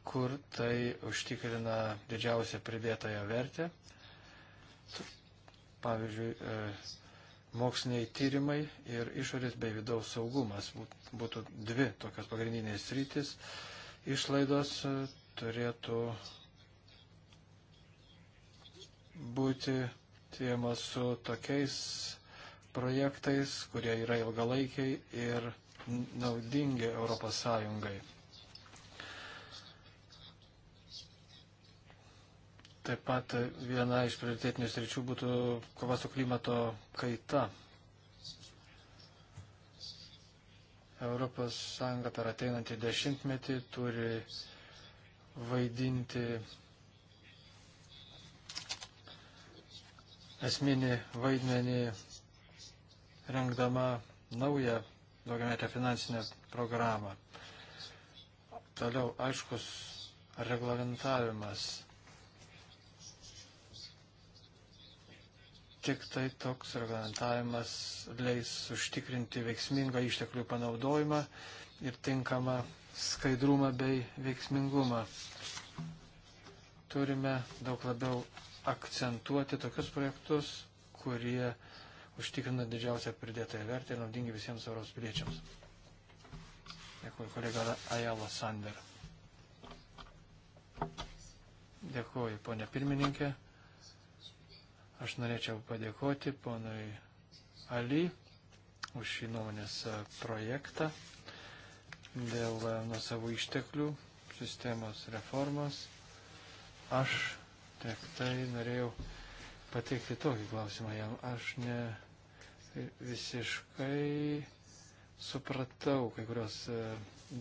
kur tai užtikrina didžiausią pridėtąją vertę. Pavyzdžiui, moksliniai tyrimai ir išorės bei vidaus saugumas. Būtų dvi tokios pagrindinės rytis. Išlaidos e, turėtų būti siejamos su tokiais projektais, kurie yra ilgalaikiai ir naudingi Europos Sąjungai. Taip pat viena iš prioritetinių sričių būtų kova su klimato kaita. Europos Sąjunga per ateinantį dešimtmetį turi vaidinti esminį vaidmenį rengdama naują daugiametę finansinę programą. Toliau aiškus reglamentavimas tik tai toks reglamentavimas leis užtikrinti veiksmingą išteklių panaudojimą ir tinkamą skaidrumą bei veiksmingumą. Turime daug labiau akcentuoti tokius projektus, kurie užtikrina didžiausią pridėtąją vertę ir naudingi visiems Europos piliečiams. Dėkuoju kolega Ajala Sander. Dėkuoju, ponė pirmininkė. Aš norėčiau padėkoti ponui Ali už šį nuomonės e, projektą dėl e, nuo savo išteklių sistemos reformos. Aš tik tai norėjau pateikti tokį klausimą jam. Aš ne visiškai supratau kai kurios e,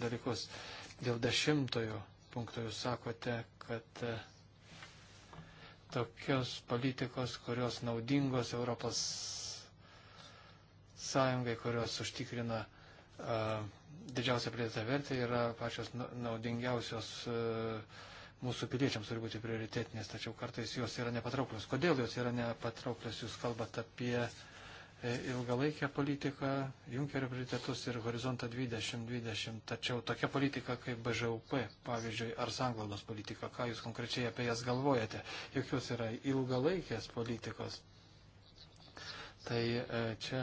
dalykus. Dėl dešimtojo punkto jūs sakote, kad uh, tokios politikos, kurios naudingos Europos Sąjungai, kurios užtikrina uh, didžiausią pridėtą vertę, yra pačios naudingiausios uh, mūsų piliečiams turi būti prioritetinės, tačiau kartais jos yra nepatrauklios. Kodėl jos yra nepatrauklios? Jūs kalbate apie uh, E, ilgalaikę politiką, Junkerio prioritetus ir horizontą 2020. Tačiau tokia politika kaip BŽUP, pavyzdžiui, ar sanglaudos politika, ką jūs konkrečiai apie jas galvojate, jokios yra ilgalaikės politikos. Tai e, čia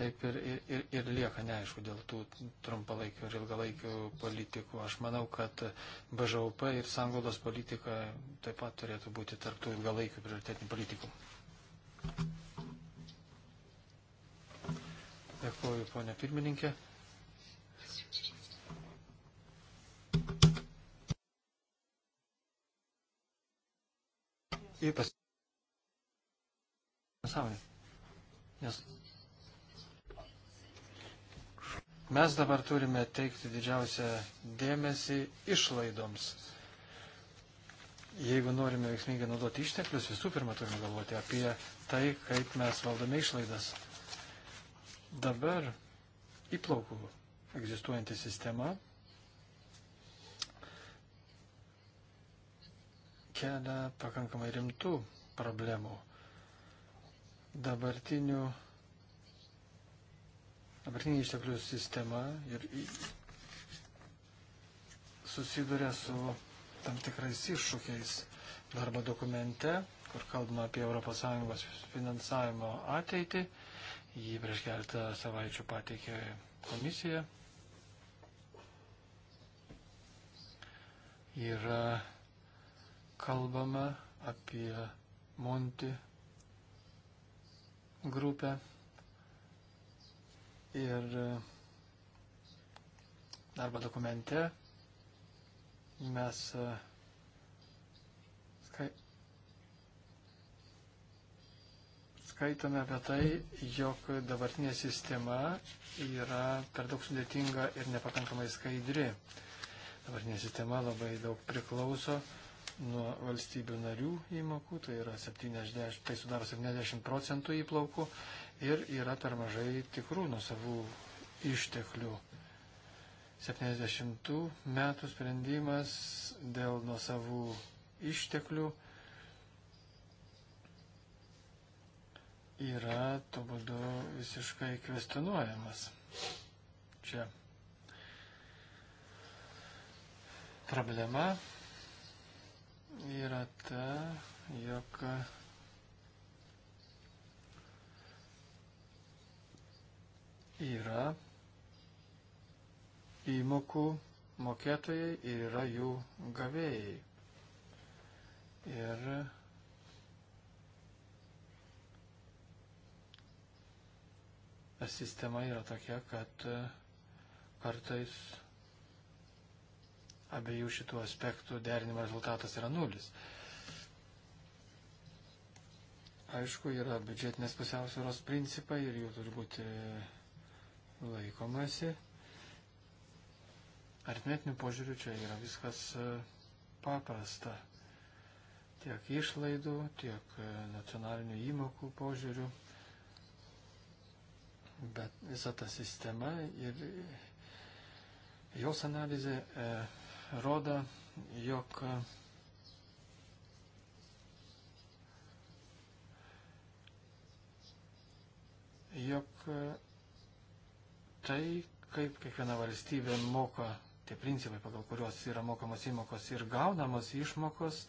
taip ir, ir, ir lieka neaišku dėl tų trumpalaikių ir ilgalaikių politikų. Aš manau, kad BŽUP ir sanglaudos politika taip pat turėtų būti tarptų ilgalaikių prioritetinių politikų. Dėkuoju, ponė pirmininkė. į pasaulį. Nes mes dabar turime teikti didžiausią dėmesį išlaidoms. Jeigu norime veiksmingai naudoti išteklius, visų pirma turime galvoti apie tai, kaip mes valdome išlaidas. Dabar įplaukų egzistuojanti sistema kelia pakankamai rimtų problemų. Dabartinių, dabartinė išteklių sistema ir susiduria su tam tikrais iššūkiais darbo dokumente, kur kalbama apie ES finansavimo ateitį. Jį prieš keletą savaičių pateikė komisija. Yra kalbama apie Monti grupę ir darbo dokumente mes uh, skaitome apie tai, jog dabartinė sistema yra per daug sudėtinga ir nepakankamai skaidri. Dabartinė sistema labai daug priklauso nuo valstybių narių įmokų, tai, yra 70, tai sudaro 70 procentų įplaukų ir yra per mažai tikrų nuo savų išteklių. 70 metų sprendimas dėl nuo savų išteklių yra tuo būdu visiškai kvestionuojamas. Čia problema yra ta, jog yra įmokų mokėtojai ir yra jų gavėjai. Ir ta sistema yra tokia, kad e, kartais abiejų šitų aspektų derinimo rezultatas yra nulis. Aišku, yra biudžetinės pusiausvėros principai ir jų turi būti e, laikomasi. Artmetinių požiūrių čia yra viskas e, paprasta. Tiek išlaidų, tiek nacionalinių įmokų požiūrių bet visa ta sistema ir jos analizė e, rodo, jog e, jog e, tai, kaip kiekviena valstybė moka, tie principai, pagal kuriuos yra mokamos įmokos ir gaunamos išmokos,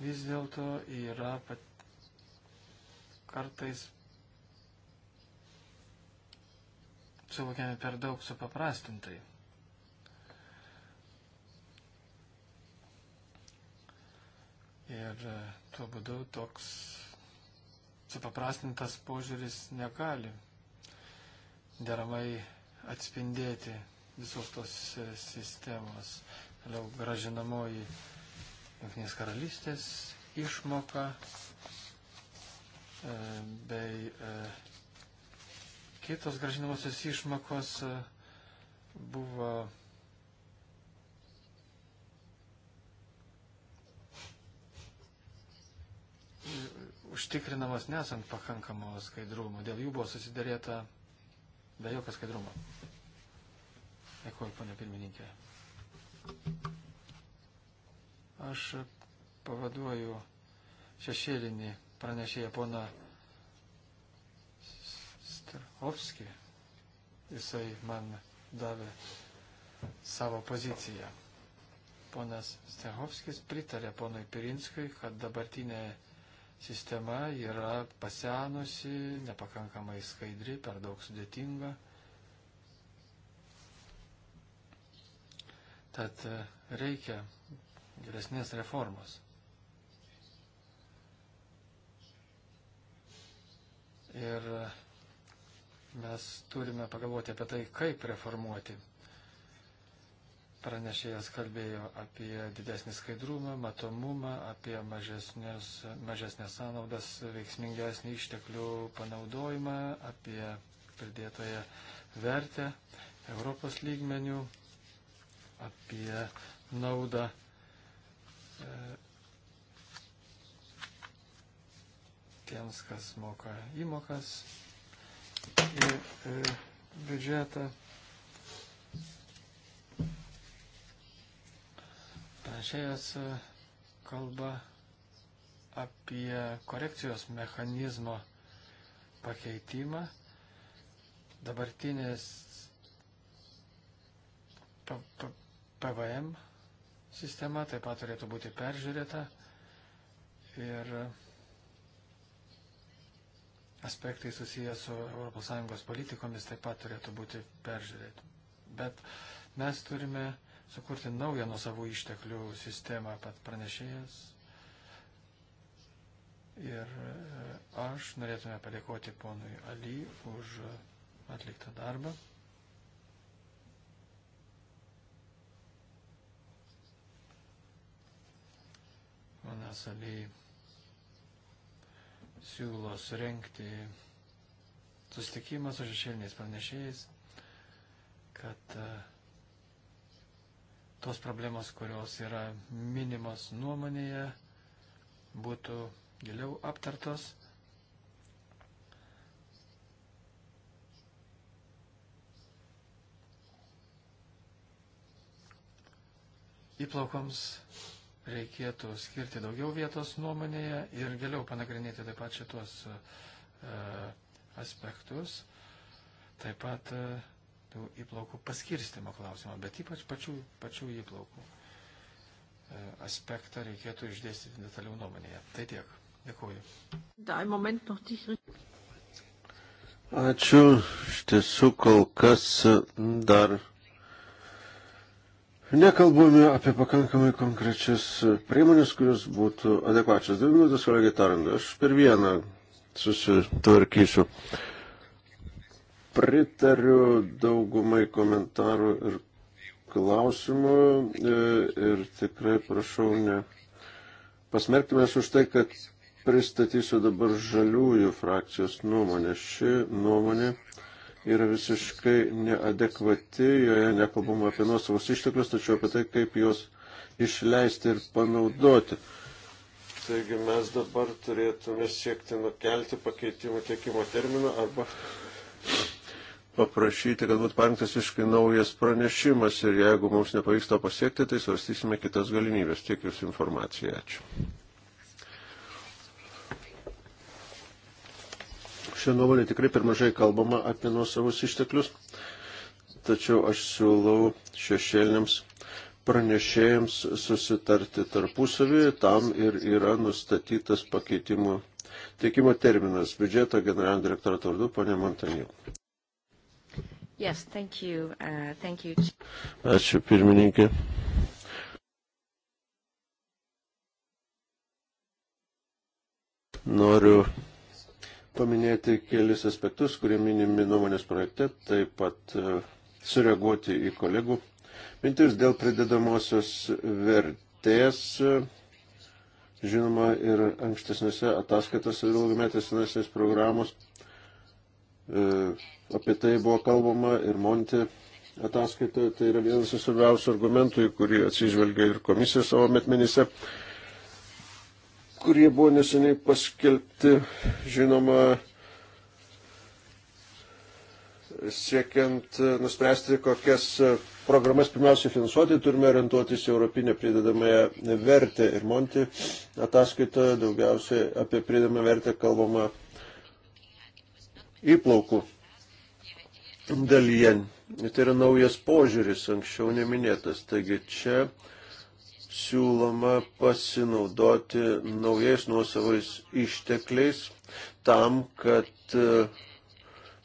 vis dėlto yra pat, kartais suvokiami per daug supaprastintai. Ir e, tuo būdu toks supaprastintas požiūris negali deramai atspindėti visos tos e, sistemos. Vėliau gražinamoji Junktinės karalystės išmoka e, bei kitos gražinamosios išmokos e, buvo užtikrinamos nesant pakankamo skaidrumo. Dėl jų buvo susidarėta be jokio skaidrumo. Dėkuoju, ponia pirmininkė. Aš pavaduoju šešėlinį pranešėją poną Tarkovski. Jisai man davė savo poziciją. Ponas Stehovskis pritarė ponui Pirinskui, kad dabartinė sistema yra pasenusi, nepakankamai skaidri, per daug sudėtinga. Tad e, reikia geresnės reformos. Ir mes turime pagalvoti apie tai, kaip reformuoti. Pranešėjas kalbėjo apie didesnį skaidrumą, matomumą, apie mažesnės, mažesnės sąnaudas, veiksmingesnį išteklių panaudojimą, apie pridėtoje vertę Europos lygmenių, apie naudą e, tiems, kas moka įmokas, į biudžetą. Pranešėjas e, kalba apie korekcijos mechanizmo pakeitimą. Dabartinės PVM sistema taip pat turėtų būti peržiūrėta ir aspektai susijęs su ES politikomis taip pat turėtų būti peržiūrėti. Bet mes turime sukurti naują nuo savų išteklių sistemą, pat pranešėjas. Ir e, aš norėtume padėkoti ponui Ali už atliktą darbą. Ponas Ali siūlo surenkti susitikimą su šešėliniais pranešėjais, kad e, tos problemos, kurios yra minimos nuomonėje, būtų giliau aptartos. Įplaukoms reikėtų skirti daugiau vietos nuomonėje ir giliau panagrinėti taip pat šitos e, aspektus, taip pat e, įplaukų paskirstimo klausimą, bet ypač pačių, pačių įplaukų e, aspektą reikėtų išdėstyti detaliau nuomonėje. Tai tiek. Dėkuoju. Ačiū. Iš tiesų kol kas dar Nekalbame apie pakankamai konkrečias priemonės, kurios būtų adekvačios. Dvi minutės, kolegė Taranda, aš per vieną susitvarkysiu. Pritariu daugumai komentarų ir klausimų e, ir tikrai prašau ne. Pasmerkime už tai, kad pristatysiu dabar žaliųjų frakcijos nuomonę. Ši nuomonė yra visiškai neadekvati, joje nekalbama apie nuosavus išteklius, tačiau apie tai, kaip juos išleisti ir panaudoti. Taigi mes dabar turėtume siekti nukelti pakeitimų tiekimo terminą arba paprašyti, kad būtų parinktas visiškai naujas pranešimas ir jeigu mums nepavyksta pasiekti, tai svarstysime kitas galimybės. Tiek jūsų informacija. Ačiū. šią nuomonę tikrai per mažai kalbama apie nuosavus išteklius, tačiau aš siūlau šešėliniams pranešėjams susitarti tarpusavį, tam ir yra nustatytas pakeitimų teikimo terminas. Biudžeto generalinio direktorato vardu, ponė Montanė. Yes, thank you. Uh, thank you. Ačiū pirmininkė. Noriu paminėti kelis aspektus, kurie minimi nuomonės projekte, taip pat e, sureaguoti į kolegų mintis dėl pridedamosios vertės. Žinoma, ir ankstesnėse ataskaitose ir ilgametės finansinės programos e, apie tai buvo kalbama ir Monti ataskaitoje. Tai yra vienas iš svarbiausių argumentų, į kurį atsižvelgia ir komisija savo metmenyse kurie buvo neseniai paskelbti, žinoma, siekiant e, nuspręsti, kokias e, programas pirmiausia finansuoti, turime orientuotis į Europinę pridedamąją vertę. Ir Monti ataskaitoje daugiausiai apie pridedamą vertę kalbama įplaukų dalyje. Tai yra naujas požiūris, anksčiau neminėtas. Taigi čia siūloma pasinaudoti naujais nuosavais ištekliais tam, kad e,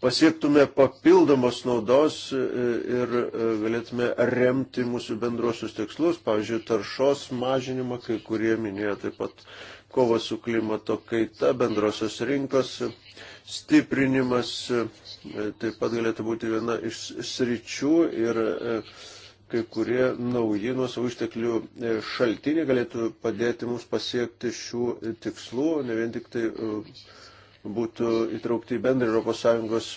pasiektume papildomos naudos e, ir e, galėtume remti mūsų bendruosius tikslus, pavyzdžiui, taršos mažinimą, kai kurie minėjo taip pat kova su klimato kaita, bendrosios rinkos stiprinimas, taip pat galėtų būti viena iš sričių ir kai kurie nauji nuosavų išteklių e, šaltiniai galėtų padėti mums pasiekti šių tikslų, ne vien tik tai e, būtų įtraukti į bendrą ES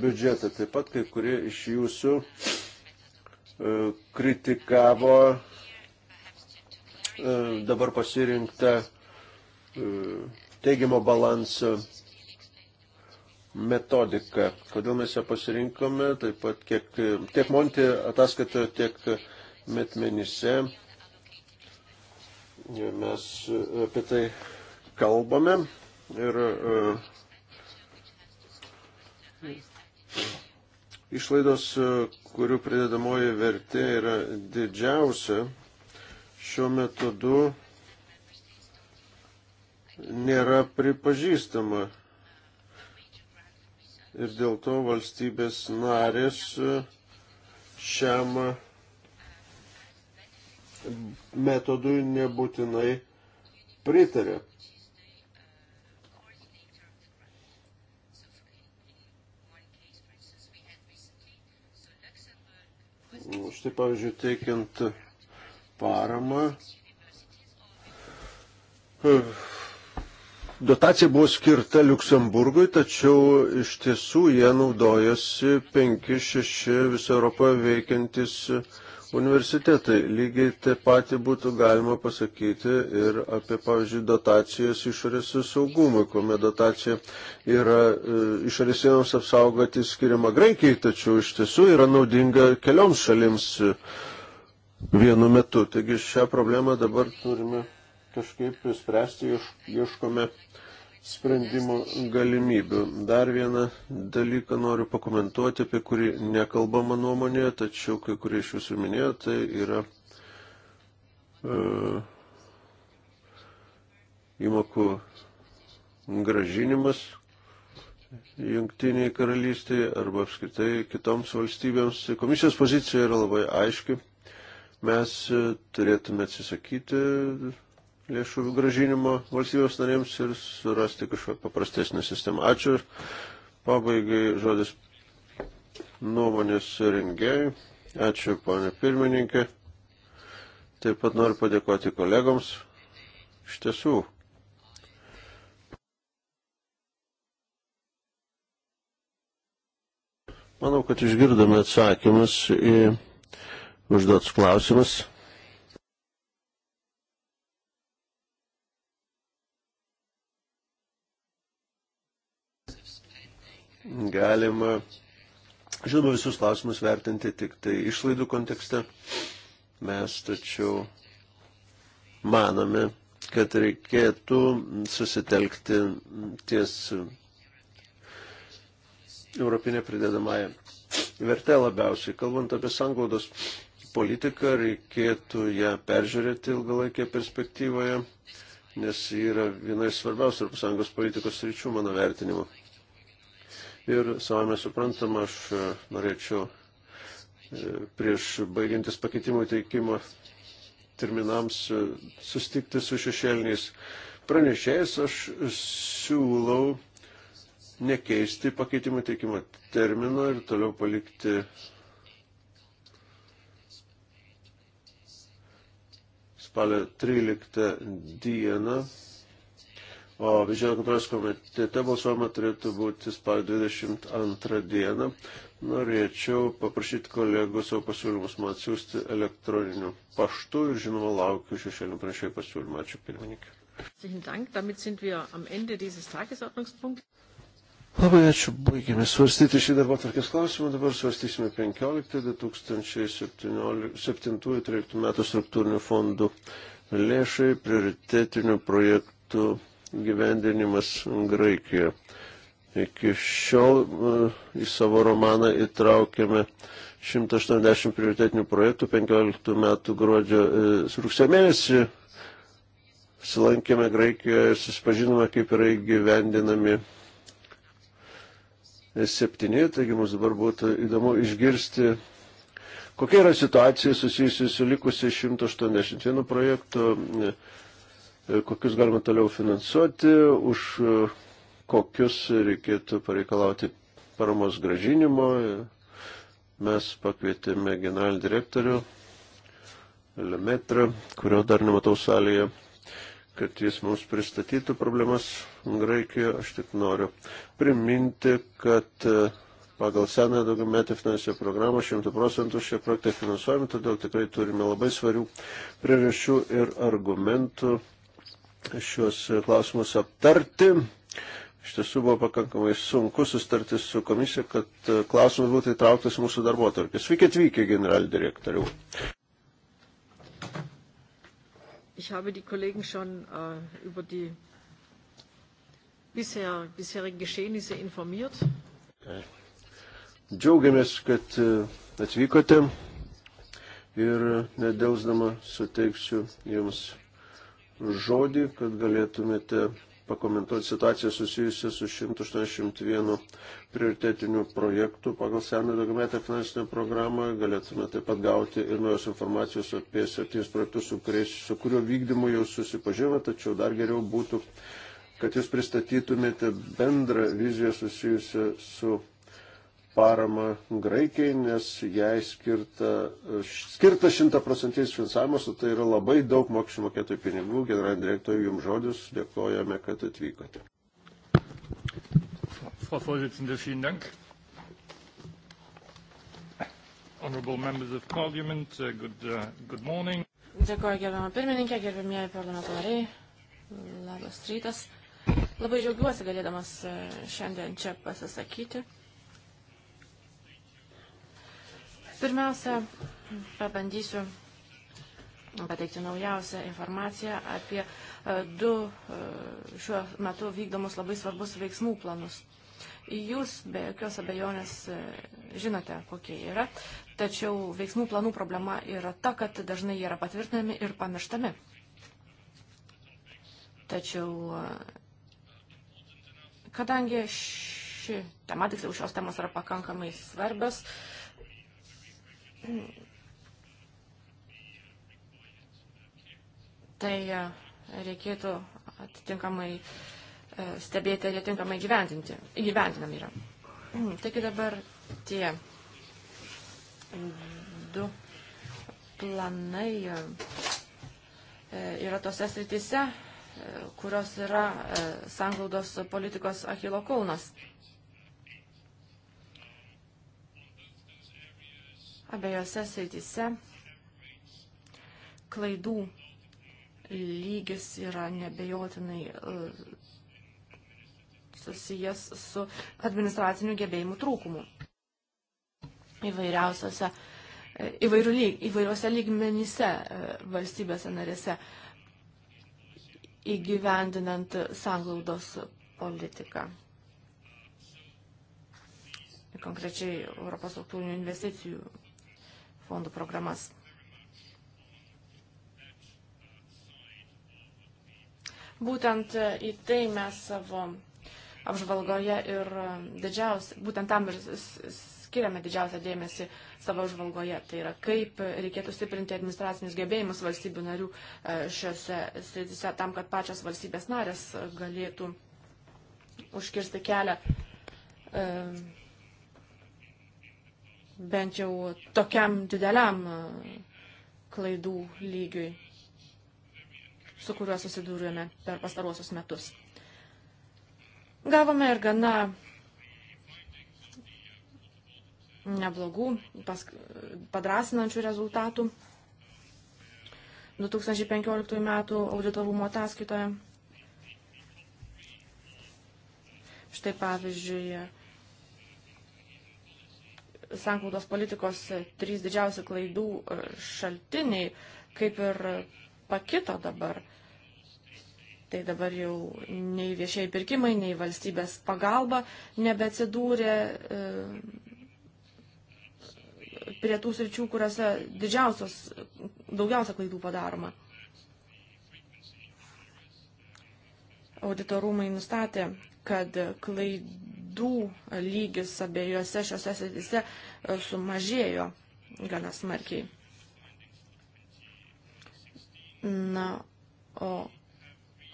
biudžetą. Taip pat kai kurie iš jūsų e, kritikavo dabar pasirinktą teigiamo balanso metodiką. Kodėl mes ją pasirinkome, taip pat kiek, tiek Monti ataskaitoje, tiek metmenyse mes apie tai kalbame ir e, išlaidos, e, kurių pridedamoji vertė yra didžiausia, šiuo metodu nėra pripažįstama ir dėl to valstybės narės e, šiam e, metodui nebūtinai pritarė. Nu, štai pavyzdžiui, teikiant paramą e, dotacija buvo skirta Luksemburgui, tačiau iš tiesų jie naudojosi 5-6 viso Europoje veikiantis universitetai. Lygiai taip pat būtų galima pasakyti ir apie, pavyzdžiui, dotacijas išorės saugumui, kuomet dotacija yra e, išorės sienoms apsaugoti skiriama Graikijai, tačiau iš tiesų yra naudinga kelioms šalims vienu metu. Taigi šią problemą dabar turime kažkaip spręsti, ieškome sprendimo galimybių. Dar vieną dalyką noriu pakomentuoti, apie kurį nekalbama nuomonė, tačiau kai kurie iš jūsų minėjo, tai yra uh, įmokų gražinimas jungtiniai karalystiai arba apskritai kitoms valstybėms. Komisijos pozicija yra labai aiški. Mes turėtume atsisakyti lėšų gražinimo valstybės narėms ir surasti kažkokią paprastesnę sistemą. Ačiū. Pabaigai žodis nuomonės rengėjai. Ačiū, ponė pirmininkė. Taip pat noriu padėkoti kolegoms. Iš tiesų. Manau, kad išgirdome atsakymus į užduotus klausimus. galima, žinoma, visus klausimus vertinti tik tai išlaidų kontekste. Mes tačiau manome, kad reikėtų susitelkti ties Europinė pridedamąją vertę labiausiai. Kalbant apie sanglaudos politiką, reikėtų ją peržiūrėti ilgalaikėje perspektyvoje, nes yra viena iš svarbiausių Europos Sąjungos politikos ryčių mano vertinimu. Ir savame suprantama, aš e, norėčiau e, prieš baigiantis pakeitimų teikimo terminams e, sustikti su šešėliniais pranešėjais. Aš siūlau nekeisti pakeitimų teikimo termino ir toliau palikti spalio 13 dieną o biudžeto kontrolės komitete balsuojama turėtų būti spalio 22 dieną. Norėčiau paprašyti kolegų savo pasiūlymus man atsiųsti elektroniniu paštu ir žinoma laukiu šešėlinių pranešėjų pasiūlymą. Ačiū pirmininkė. Labai ačiū, baigėme svarstyti šį darbo tvarkės klausimą, dabar svarstysime 15-2017-2013 metų struktūrinių fondų lėšai prioritetinių projektų gyvendinimas Graikijoje. Iki šiol e, į savo romaną įtraukėme 180 prioritetinių projektų 15 metų gruodžio e, rugsėjo mėnesį. Silankėme Graikijoje ir susipažinome, kaip yra įgyvendinami septyni, taigi mums dabar būtų įdomu išgirsti Kokia yra situacija susijusi su likusiais 181 projektu, kokius galima toliau finansuoti, už e, kokius reikėtų pareikalauti paramos gražinimo. Mes pakvietėme generalinį direktorių Lemetrą, kurio dar nematau salėje, kad jis mums pristatytų problemas Graikijoje. Aš tik noriu priminti, kad e, pagal senąją daugiametę finansinę programą 100 procentų šie projektai finansuojami, todėl tikrai turime labai svarių priežasčių ir argumentų šiuos klausimus aptarti. Iš tiesų buvo pakankamai sunku sustarti su komisija, kad e, klausimas būtų įtrauktas mūsų darbo tarpės. Sveiki atvykę, generalinį direktorių. Ich habe die Kollegen schon äh, über die bisher, bisherigen Geschehnisse informiert. Džiaugiamės, kad e, atvykote ir e, nedelsdama suteiksiu Jums žodį, kad galėtumėte pakomentuoti situaciją susijusią su 181 prioritetiniu projektu pagal seną daugiametę finansinę programą. Galėtume taip pat gauti ir naujos informacijos apie septynis projektus, su, kuriais, su kuriuo vykdymu jau susipažinome, tačiau dar geriau būtų, kad jūs pristatytumėte bendrą viziją susijusią su paramą Graikijai, nes jai skirta, skirta 100 procentinis finansavimas, o tai yra labai daug mokesčių mokėtojų pinigų. Generalinė direktorė, jums žodis, dėkojame, kad atvykote. Frau Vorsitzende, vielen Dank. Honorable members of parliament, uh, good, uh, good morning. Dėkoju gerbiamą pirmininkę, gerbimieji parlamento nariai. Labas rytas. Labai džiaugiuosi galėdamas uh, šiandien čia pasisakyti. Pirmiausia, pabandysiu pateikti naujausią informaciją apie e, du e, šiuo metu vykdomus labai svarbus veiksmų planus. Jūs be jokios abejonės e, žinote, kokie yra, tačiau veiksmų planų problema yra ta, kad dažnai jie yra patvirtinami ir pamirštami. Tačiau, kadangi ši tema, tiksliau šios temos yra pakankamai svarbios, tai e, reikėtų atitinkamai e, stebėti ir atitinkamai gyventinami yra. Taigi dabar tie du planai e, yra tose sritise, kurios yra sanglaudos politikos Achilo Kaunas. Abiejose srityse klaidų lygis yra nebejotinai e, susijęs su administracinių gebėjimų trūkumu. Įvairiausiose, e, įvairių lyg, įvairiuose lygmenyse e, valstybėse narėse įgyvendinant sanglaudos politiką. Konkrečiai Europos struktūrinių investicijų fondų programas. Būtent e, į tai mes savo apžvalgoje ir e, didžiausia, būtent tam ir skiriame didžiausią dėmesį savo žvalgoje. Tai yra, kaip reikėtų stiprinti administracinius gebėjimus valstybių narių e, šiuose srityse tam, kad pačios valstybės narės galėtų užkirsti kelią e, bent jau tokiam dideliam e, klaidų lygiui, su kuriuo susidūrėme per pastaruosius metus. Gavome ir gana neblogų, pask... padrasinančių rezultatų 2015 metų auditorumo ataskaitoje. Štai pavyzdžiui, sanklaudos politikos trys didžiausi klaidų e, šaltiniai kaip ir pakito dabar. Tai dabar jau nei viešieji pirkimai, nei valstybės pagalba nebeatsidūrė e, prie tų sričių, kuriuose didžiausios, daugiausia klaidų padaroma. Auditorumai nustatė, kad klaidų klaidų lygis abiejose šiose srityse e, sumažėjo gana smarkiai. Na, o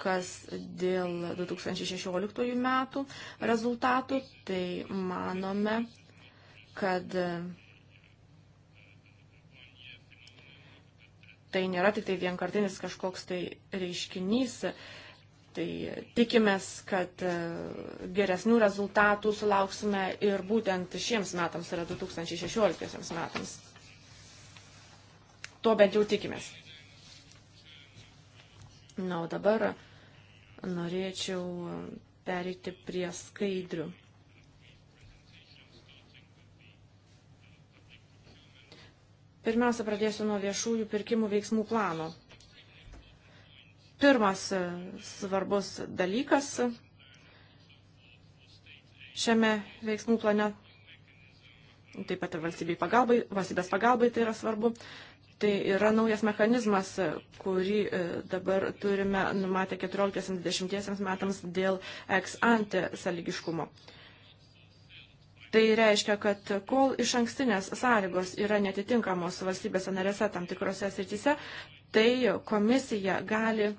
kas dėl 2016 metų rezultatų, tai manome, kad e, tai nėra tik tai vienkartinis kažkoks tai reiškinys, Tai tikimės, kad e, geresnių rezultatų sulauksime ir būtent šiems metams, tai yra 2016 metams. Tuo bent jau tikimės. Na, o dabar norėčiau pereiti prie skaidrių. Pirmiausia, pradėsiu nuo viešųjų pirkimų veiksmų plano pirmas e, svarbus dalykas šiame veiksmų plane, taip pat ir pagalbai, valstybės pagalbai tai yra svarbu. Tai yra naujas mechanizmas, kurį e, dabar turime numatę 14-20 metams dėl ex ante sąlygiškumo. Tai reiškia, kad kol iš ankstinės sąlygos yra netitinkamos valstybės narėse tam tikrose srityse, tai komisija gali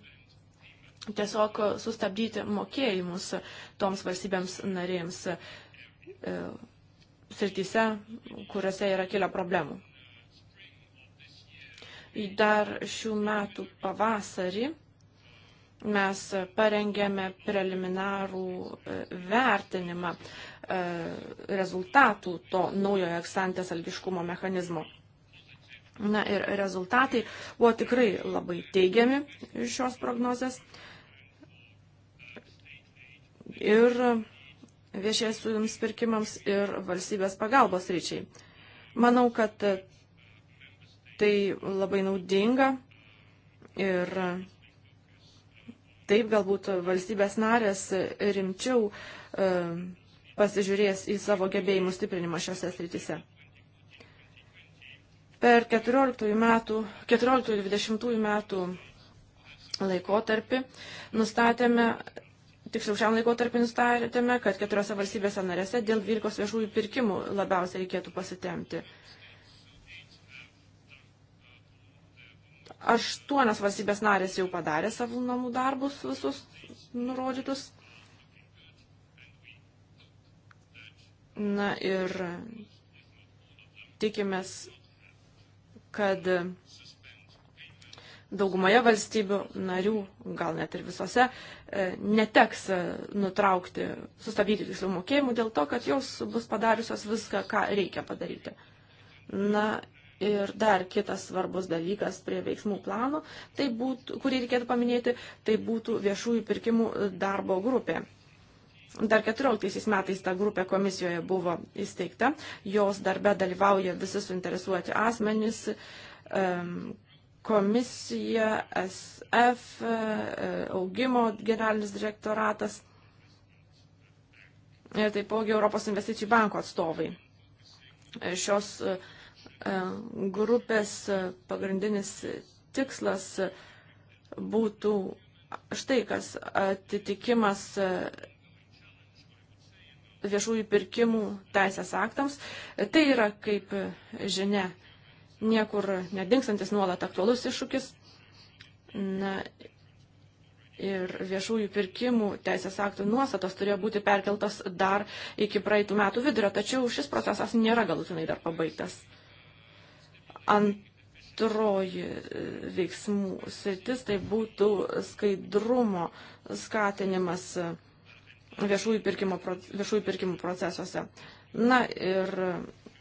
tiesiog sustabdyti mokėjimus toms valstybėms narėms e, srityse, kuriuose yra kilę problemų. Dar šių metų pavasarį mes parengėme preliminarų e, vertinimą e, rezultatų to naujojo eksantės algiškumo mechanizmo. Na ir rezultatai buvo tikrai labai teigiami šios prognozės. E, ir viešiesiams pirkimams ir valstybės pagalbos ryčiai. Manau, kad tai labai naudinga ir taip galbūt valstybės narės rimčiau e, pasižiūrės į savo gebėjimų stiprinimą šiose srityse. Per 14-20 metų, 14 metų laikotarpį nustatėme tiksliau šiam laikotarpį nustatėme, kad keturiose valstybėse narėse dėl 12 viešųjų pirkimų labiausiai reikėtų pasitemti. Aštuonios valstybės narės jau padarė savo namų darbus visus nurodytus. Na ir tikimės, kad daugumoje valstybių narių, gal net ir visose, e, neteks e, nutraukti, sustabdyti tiksliau mokėjimų dėl to, kad jos bus padariusios viską, ką reikia padaryti. Na ir dar kitas svarbus dalykas prie veiksmų plano, tai būtų, kurį reikėtų paminėti, tai būtų viešųjų pirkimų darbo grupė. Dar 14 metais ta grupė komisijoje buvo įsteigta, jos darbe dalyvauja visi suinteresuoti asmenys, um, komisija, SF, e, augimo generalinis direktoratas ir taipogi Europos investicijų banko atstovai. E, šios e, grupės pagrindinis tikslas būtų štai kas atitikimas viešųjų pirkimų teisės aktams. Tai yra, kaip žinia, niekur nedingsantis nuolat aktualus iššūkis. Na, ir viešųjų pirkimų teisės aktų nuostatos turėjo būti perkeltos dar iki praeitų metų vidurio, tačiau šis procesas nėra galutinai dar pabaigtas. Antroji e, veiksmų sritis tai būtų skaidrumo skatinimas e, viešųjų, pirkimo, viešųjų pirkimų procesuose. Na ir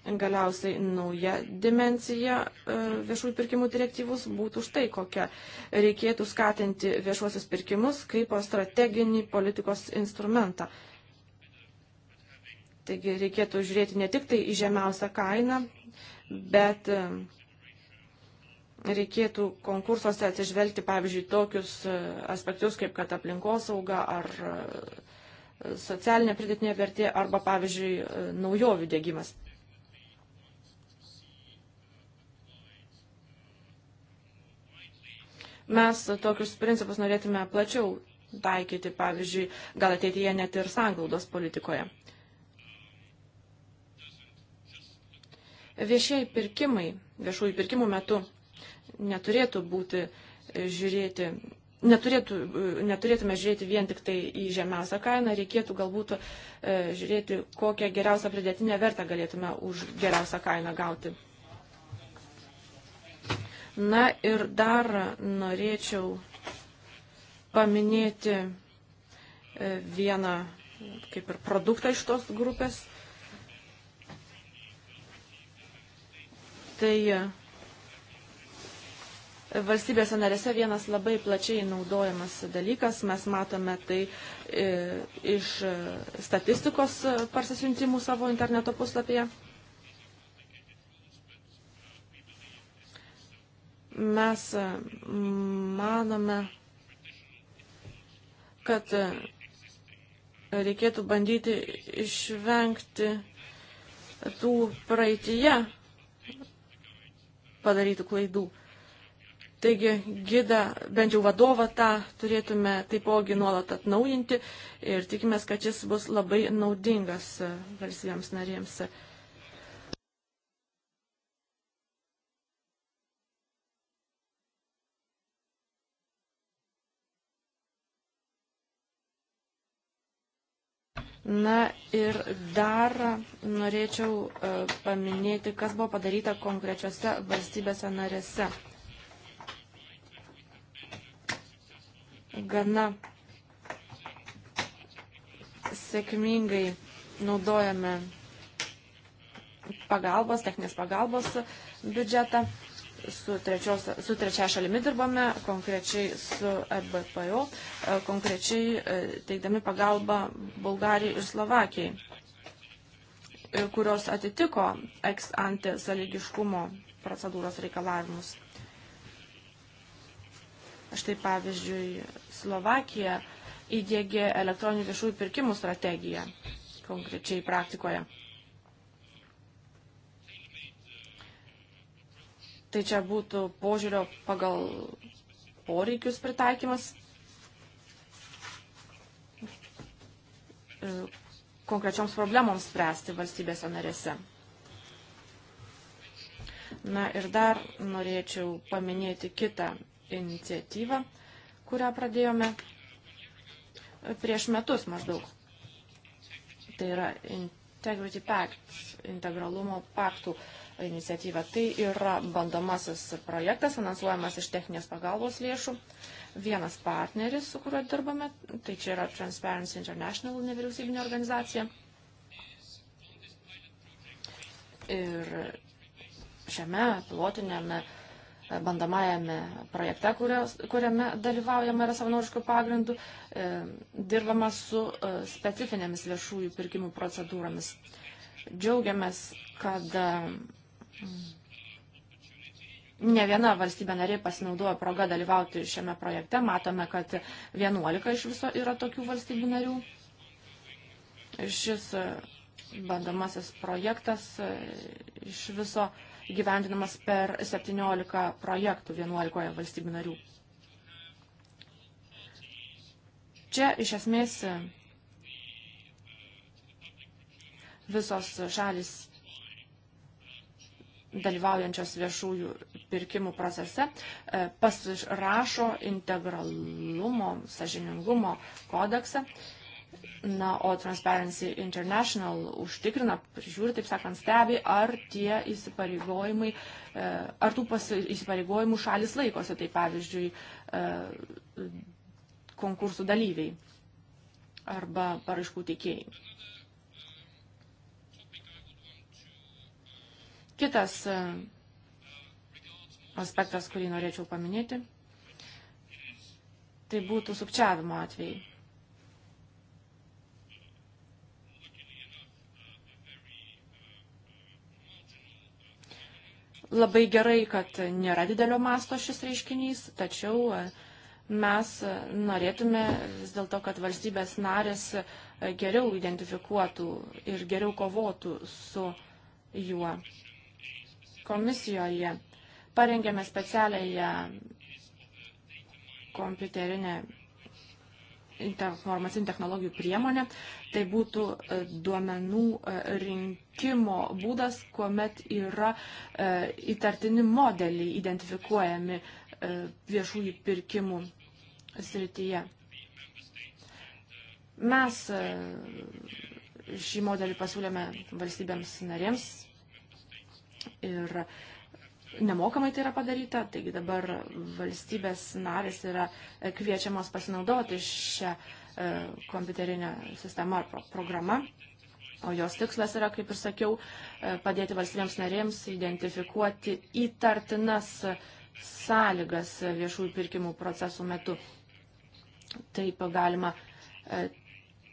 Galiausiai nauja dimensija e, viešųjų pirkimų direktyvus būtų štai kokia. Reikėtų skatinti viešuosius pirkimus kaip strateginį politikos instrumentą. Taigi reikėtų žiūrėti ne tik tai į žemiausią kainą, bet e, reikėtų konkursuose atsižvelgti, pavyzdžiui, tokius e, aspektus, kaip kad aplinkosauga ar socialinė pridėtinė vertė arba, pavyzdžiui, naujovių dėgymas. Mes tokius principus norėtume plačiau taikyti, pavyzdžiui, gal ateityje net ir sanglaudos politikoje. Viešieji pirkimai, viešųjų pirkimų metu neturėtų būti e, žiūrėti neturėtų, e, neturėtume žiūrėti vien tik tai į žemiausią kainą, reikėtų galbūt e, žiūrėti, kokią geriausią pridėtinę vertę galėtume už geriausią kainą gauti. Na ir dar norėčiau paminėti e, vieną kaip ir produktą iš tos grupės. Tai e, valstybėse narėse vienas labai plačiai naudojamas dalykas, mes matome tai e, iš statistikos parsisiuntimų savo interneto puslapyje. Mes e, manome, kad e, reikėtų bandyti išvengti tų praeitie padarytų klaidų. Taigi gidą, bent jau vadovą tą turėtume taipogi nuolat atnaujinti ir tikimės, kad jis bus labai naudingas e, valstybėms narėms. Na ir dar norėčiau e, paminėti, kas buvo padaryta konkrečiose valstybėse narėse. Gana sėkmingai naudojame pagalbos, techninės pagalbos biudžetą su, trečios, su trečia šalimi dirbame, konkrečiai su RBPO, e, konkrečiai e, teikdami pagalbą Bulgarijai ir Slovakijai, e, kurios atitiko ex ante sąlygiškumo procedūros reikalavimus. Štai pavyzdžiui, Slovakija įdėgė elektroninių viešųjų pirkimų strategiją konkrečiai praktikoje. Tai čia būtų požiūrio pagal poreikius pritaikymas. konkrečioms problemoms spręsti valstybėse narėse. Na ir dar norėčiau paminėti kitą iniciatyvą, kurią pradėjome prieš metus maždaug. Tai yra iniciatyva Integrity Pact, integralumo paktų iniciatyva. Tai yra bandomasis projektas, finansuojamas iš techninės pagalbos lėšų. Vienas partneris, su kuriuo dirbame, tai čia yra Transparency International nevyriausybinė organizacija. Ir šiame pilotinėme projekte bandamajame projekte, kurios, kuriame dalyvaujama yra savanoriškų pagrindų, e, dirbama su e, specifinėmis viešųjų pirkimų procedūromis. Džiaugiamės, kad e, ne viena valstybė narė pasinaudojo progą dalyvauti šiame projekte. Matome, kad 11 iš viso yra tokių valstybių narių. Šis e, bandomasis projektas e, iš viso e, gyvendinamas per 17 projektų 11 valstybių narių. Čia iš esmės e, visos šalis dalyvaujančios viešųjų pirkimų procese e, pasirašo integralumo, sažiningumo kodeksą Na, o Transparency International užtikrina, prižiūri, taip sakant, stebi, ar tie įsipareigojimai, e, ar tų pasi, įsipareigojimų šalis laikosi, tai pavyzdžiui, e, konkursų dalyviai arba paraiškų teikėjai. Kitas e, aspektas, kurį norėčiau paminėti, tai būtų sukčiavimo atvejai. Labai gerai, kad nėra didelio masto šis reiškinys, tačiau e, mes e, norėtume vis dėlto, kad valstybės narės e, geriau identifikuotų ir geriau kovotų su juo. Komisijoje parengėme specialiąją kompiuterinę informacinių technologijų priemonė, tai būtų e, duomenų e, rinkimo būdas, kuomet yra e, įtartini modeliai identifikuojami viešųjų pirkimų srityje. Mes šį modelį pasiūlėme valstybėms narėms ir uh, nemokamai tai yra padaryta, taigi dabar valstybės narės yra e, kviečiamos pasinaudoti šią e, kompiuterinę sistemą ar programą. O jos tikslas yra, kaip ir sakiau, e, padėti valstybėms narėms identifikuoti įtartinas sąlygas viešųjų pirkimų procesų metu. Taip galima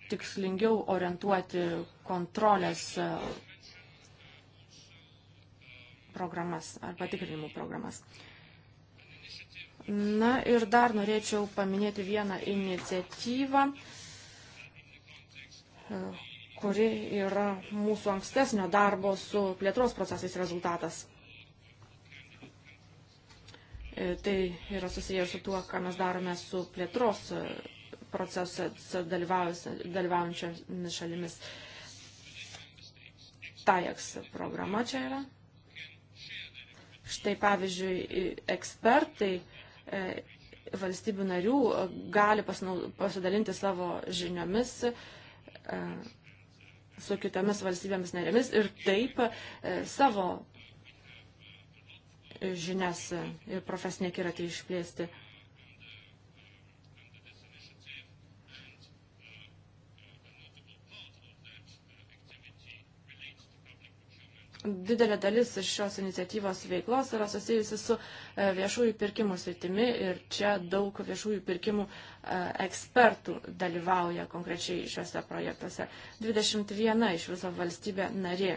tikslingiau orientuoti kontrolės programas arba tikrinimų programas. Na ir dar norėčiau paminėti vieną iniciatyvą, e, kuri yra mūsų ankstesnio darbo su plėtros procesais rezultatas. E, tai yra susijęs su tuo, ką mes darome su plėtros e, procesą dalyvaujančiomis šalimis. TAIEX programa čia yra. Štai pavyzdžiui, ekspertai e, valstybių narių e, gali pasidalinti savo žiniomis e, su kitomis valstybėmis narėmis ir taip savo žinias ir profesinį kiratį išplėsti. didelė dalis šios iniciatyvos veiklos yra susijusi su e, viešųjų pirkimų sritimi ir čia daug viešųjų pirkimų e, ekspertų dalyvauja konkrečiai šiuose projektuose. 21 iš viso valstybė narė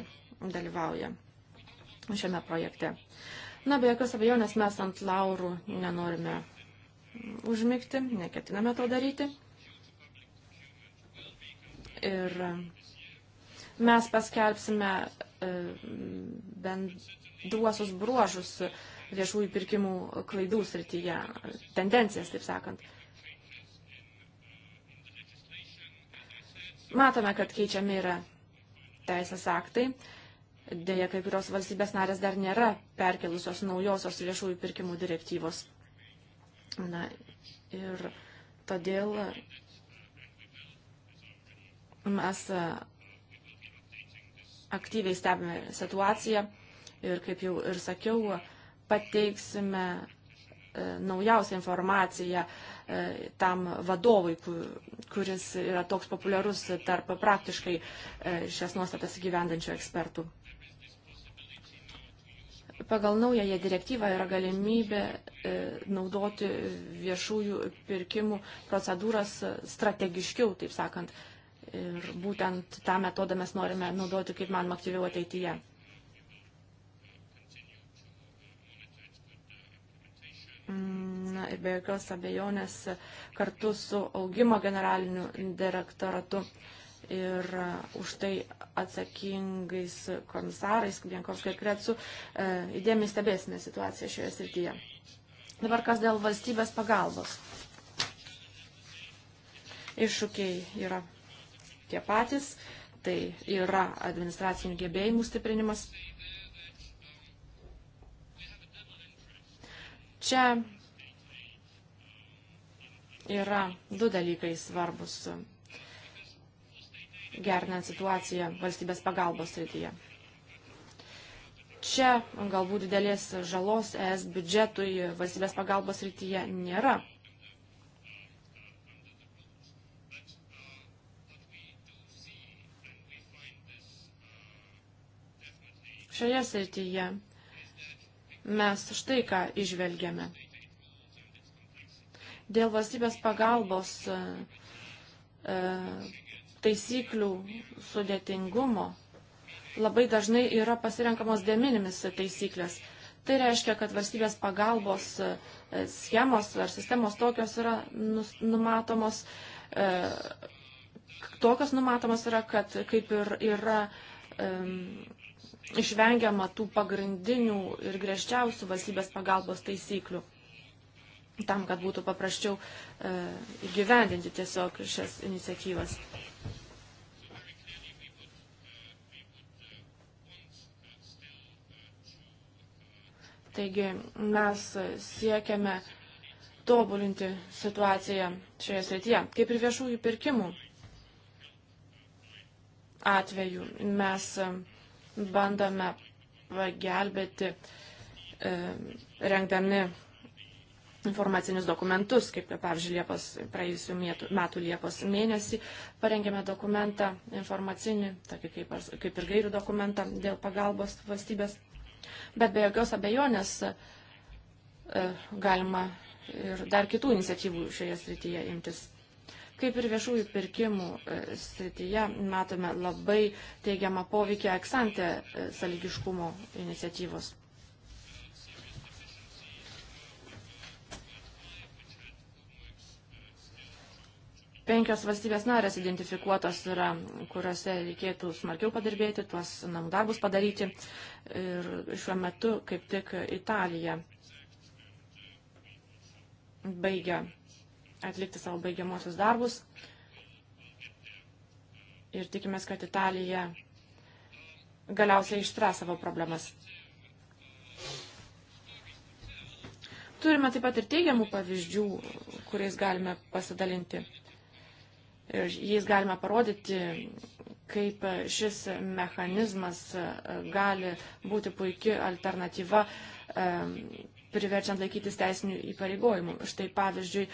dalyvauja šiame projekte. Na, be jokios abejonės mes ant laurų nenorime užmygti, neketiname to daryti. Ir mes paskelbsime e, bendruosius bruožus viešųjų pirkimų klaidų srityje, tendencijas, taip sakant. Matome, kad keičiami yra teisės aktai. Deja, kai kurios valstybės narės dar nėra perkelusios naujosios viešųjų pirkimų direktyvos. Na ir todėl mes aktyviai stebime situaciją ir, kaip jau ir sakiau, pateiksime e, naujausią informaciją e, tam vadovui, kuris yra toks populiarus tarp praktiškai e, šias nuostatas gyvendančių ekspertų. Pagal naująją direktyvą yra galimybė naudoti viešųjų pirkimų procedūras strategiškiau, taip sakant, Ir būtent tą metodą mes norime naudoti kaip man aktyviau ateityje. Na ir be jokios abejonės kartu su augimo generaliniu direktoratu ir e, už tai atsakingais komisarais, Bienkovskai ir Kretsu, e, įdėmiai stebėsime situaciją šioje srityje. Dabar kas dėl valstybės pagalbos. Iššūkiai yra tie patys. Tai yra administracinių gebėjimų stiprinimas. Čia yra du dalykai svarbus gerinant situaciją valstybės pagalbos srityje. Čia galbūt didelės žalos ES biudžetui valstybės pagalbos srityje nėra. Šioje srityje mes štai ką išvelgiame. Dėl valstybės pagalbos e, e taisyklių sudėtingumo labai dažnai yra pasirenkamos dėminimis taisyklės. Tai reiškia, kad valstybės pagalbos e, schemos ar sistemos tokios yra numatomos, e, tokios numatomos yra, kad kaip ir yra e, išvengiama tų pagrindinių ir griežčiausių valstybės pagalbos taisyklių, tam, kad būtų paprasčiau e, įgyvendinti e, tiesiog šias iniciatyvas. Taigi mes siekiame tobulinti situaciją šioje srityje, kaip ir viešųjų pirkimų atveju. Mes bandome pagelbėti, e, rengdami informacinius dokumentus, kaip pavyzdžiui, Liepos, praėjusių metų, metų Liepos mėnesį parengėme dokumentą informacinį, tokį kaip, kaip ir gairių dokumentą dėl pagalbos valstybės. Bet be jokios abejonės e, galima ir dar kitų iniciatyvų šioje srityje imtis. Kaip ir viešųjų pirkimų e, srityje matome labai teigiamą poveikį eksantę e, saligiškumo iniciatyvos. penkios valstybės narės identifikuotos yra, kuriuose reikėtų smarkiau padirbėti, tuos namų darbus padaryti. Ir šiuo metu kaip tik Italija baigia atlikti savo baigiamosius darbus. Ir tikimės, kad Italija galiausiai išspręs savo problemas. Turime taip pat ir teigiamų pavyzdžių, kuriais galime pasidalinti. Ir jais galime parodyti, kaip šis mechanizmas gali būti puikia alternatyva priverčiant laikytis teisinių įpareigojimų. Štai pavyzdžiui, e,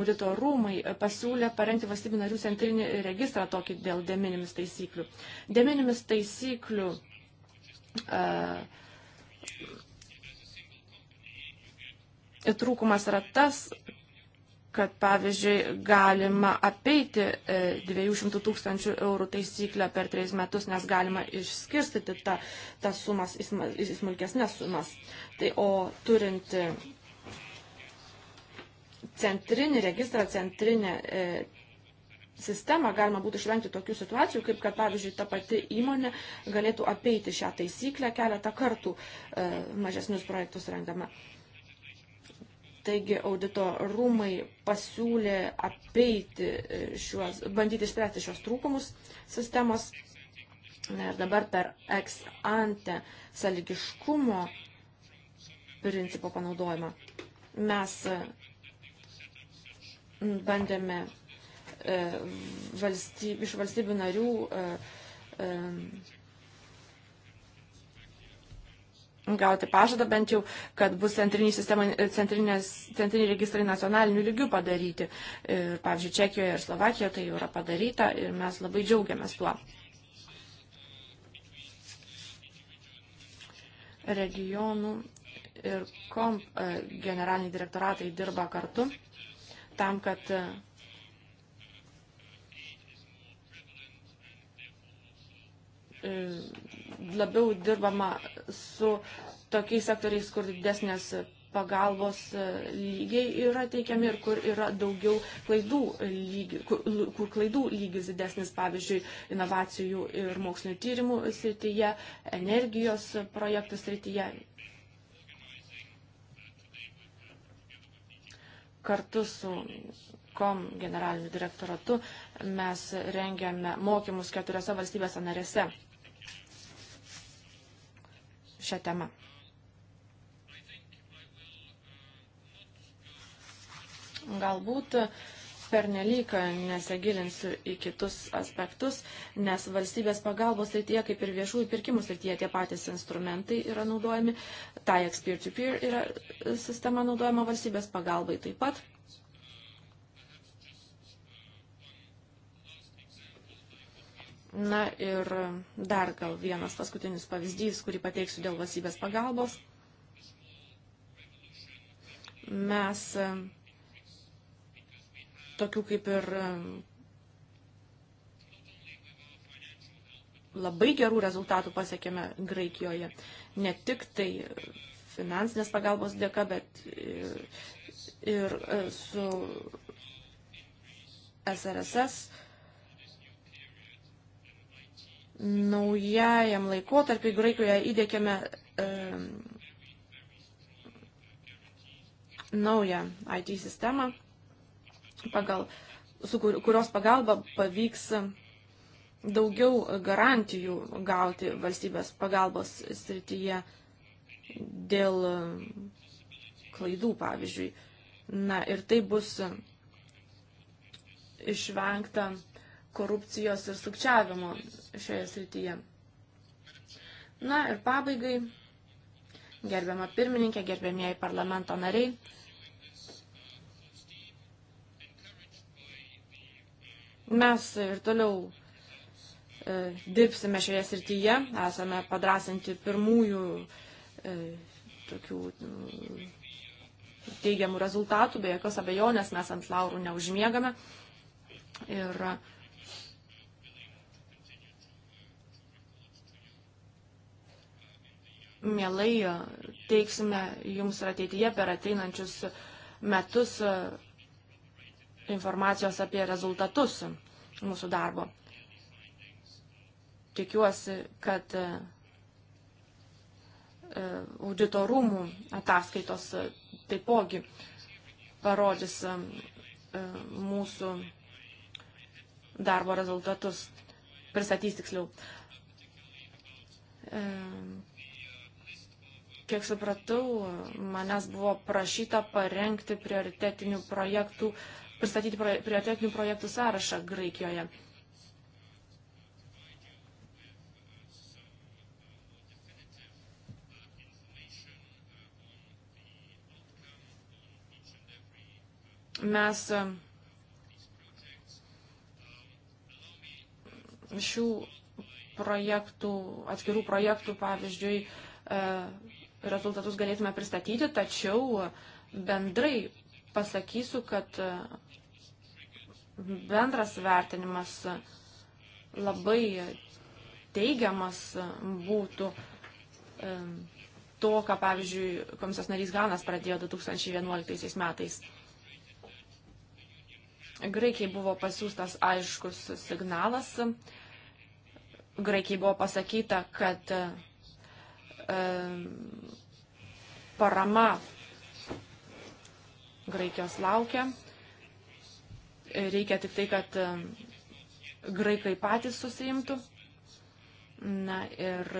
audito rūmai e, pasiūlė parengti valstybių narių centrinį registrą tokį dėl deminimis taisyklių. Deminimis taisyklių uh, trūkumas yra tas, kad pavyzdžiui galima apeiti 200 e, tūkstančių eurų taisyklę per 3 metus, nes galima išskirstyti tą, tą sumas į smulkesnės sumas. Tai o turint e, centrinį registrą, centrinę e, sistemą galima būtų išvengti tokių situacijų, kaip kad, pavyzdžiui, ta pati įmonė galėtų apeiti šią taisyklę keletą kartų e, mažesnius projektus rengdama. E, Taigi audito rūmai pasiūlė apeiti e, šiuos, bandyti išspręsti šios trūkumus sistemos. Ir dabar per ex ante saligiškumo principo panaudojimą mes e, bandėme e, valstyb, iš valstybių narių gauti pažadą bent jau, kad bus centriniai centrinė registrai nacionalinių lygių padaryti. Ir, pavyzdžiui, Čekijoje ir Slovakijoje tai jau yra padaryta ir mes labai džiaugiamės tuo. Regionų ir komp e, generaliniai direktoratai dirba kartu tam, kad e, labiau dirbama su tokiais sektoriais, kur didesnės pagalbos e, lygiai yra teikiami ir kur yra daugiau klaidų lygių, kur, kur klaidų lygis didesnis, pavyzdžiui, inovacijų ir mokslinio tyrimų srityje, energijos projektų srityje. Kartu su kom generaliniu direktoratu mes rengiame mokymus keturiose valstybėse narėse šią temą. Galbūt pernelyg nesigilinsiu į kitus aspektus, nes valstybės pagalbos srityje, kaip ir viešųjų pirkimų srityje, tie patys instrumentai yra naudojami, TAIEX peer-to-peer yra sistema naudojama valstybės pagalbai taip pat. Na ir dar gal vienas paskutinis pavyzdys, kurį pateiksiu dėl valstybės pagalbos. Mes e, tokių kaip ir e, labai gerų rezultatų pasiekėme Graikijoje. Ne tik tai finansinės pagalbos dėka, bet e, ir, ir su SRSS naujajam laikotarpiu Graikijoje įdėkėme e, naują IT sistemą, pagal, su kur, kurios pagalba pavyks daugiau garantijų gauti valstybės pagalbos srityje dėl klaidų, pavyzdžiui. Na ir tai bus išvengta korupcijos ir sukčiavimo šioje srityje. Na ir pabaigai, gerbiama pirmininkė, gerbėmieji parlamento nariai, mes ir toliau e, dirbsime šioje srityje, esame padrasinti pirmųjų e, tokių e, teigiamų rezultatų, be jokios abejonės mes ant laurų neužmiegame. Ir mielai e, teiksime jums ir ateityje per ateinančius metus e, informacijos apie rezultatus mūsų darbo. Tikiuosi, kad e, auditorumų ataskaitos taipogi parodys mūsų darbo rezultatus, pristatys tiksliau. Kiek supratau, manęs buvo prašyta parengti prioritetinių projektų, pristatyti prioritetinių projektų sąrašą Graikijoje. Mes šių projektų, atskirų projektų, pavyzdžiui, e, rezultatus galėtume pristatyti, tačiau bendrai pasakysiu, kad bendras vertinimas labai teigiamas būtų to, ką, pavyzdžiui, komisijos narys Ganas pradėjo 2011 metais. Graikiai buvo pasiūstas aiškus signalas. Graikiai buvo pasakyta, kad parama Graikijos laukia. Reikia tik tai, kad graikai patys susiimtų. Na ir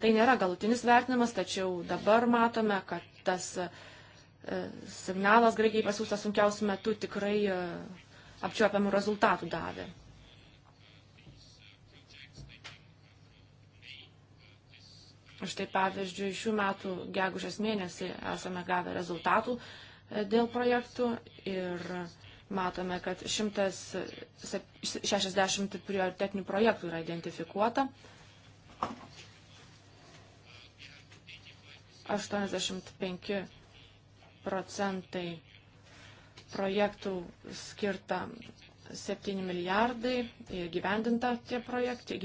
tai nėra galutinis vertinimas, tačiau dabar matome, kad tas e, signalas graikiai pasiūstas sunkiausių metų tikrai e, apčiuopiamų rezultatų davė. Štai pavyzdžiui, šių metų gegužės mėnesį esame gavę rezultatų e, dėl projektų ir matome, kad 160 prioritetinių projektų yra identifikuota. 85 procentai projektų skirta 7 milijardai, gyvendinti tie projektai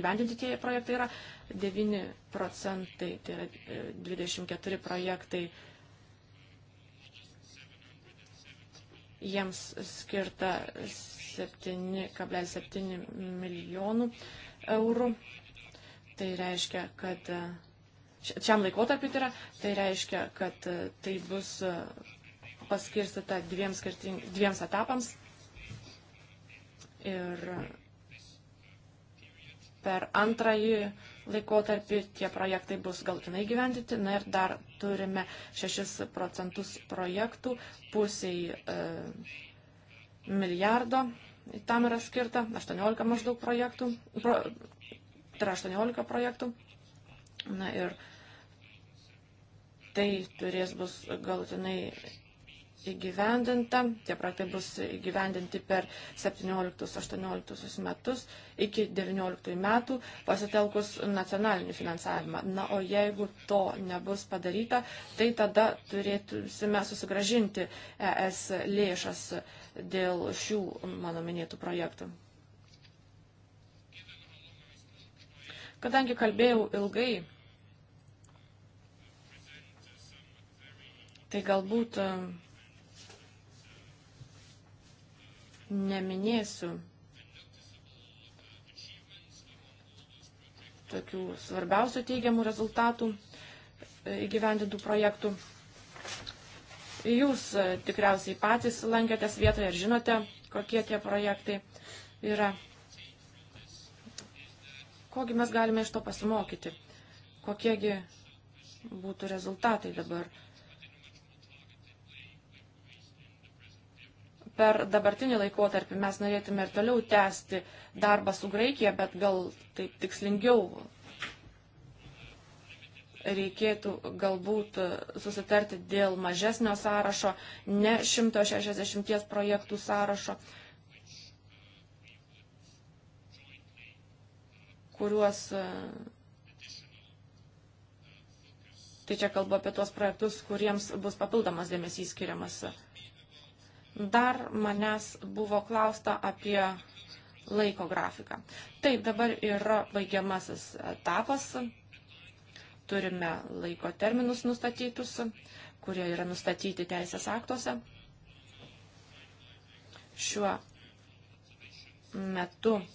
yra 9 procentai, tai yra 24 e, projektai, jiems skirta 7,7 milijonų eurų. Tai reiškia, kad e, šiam laikotarpiu tai yra, tai reiškia, kad e, tai bus paskirstita dviems, dviems etapams. Ir per antrąjį laikotarpį tie projektai bus galtinai gyvendyti. Na ir dar turime 6 procentus projektų pusiai e, milijardo. Tam yra skirta 18 maždaug projektų. Pro, tai yra 18 projektų. Na ir tai turės bus galutinai įgyvendinta. Tie projektai bus įgyvendinti per 17-18 metus iki 19 metų pasitelkus nacionalinį finansavimą. Na, o jeigu to nebus padaryta, tai tada turėtume susigražinti ES lėšas dėl šių mano minėtų projektų. Kadangi kalbėjau ilgai, tai galbūt uh, neminėsiu tokių svarbiausių teigiamų rezultatų e, įgyvendintų projektų. Jūs e, tikriausiai patys lankėtės vietoje ir žinote, kokie tie projektai yra. Kogi mes galime iš to pasimokyti? Kokiegi būtų rezultatai dabar per dabartinį laikotarpį mes norėtume ir toliau tęsti darbą su Graikija, bet gal taip tikslingiau reikėtų galbūt susitarti dėl mažesnio sąrašo, ne 160 projektų sąrašo, kuriuos. Tai čia kalbu apie tuos projektus, kuriems bus papildomas dėmesys skiriamas Dar manęs buvo klausta apie laiko grafiką. Taip, dabar yra baigiamasis etapas. Turime laiko terminus nustatytus, kurie yra nustatyti teisės aktuose. Šiuo metu e,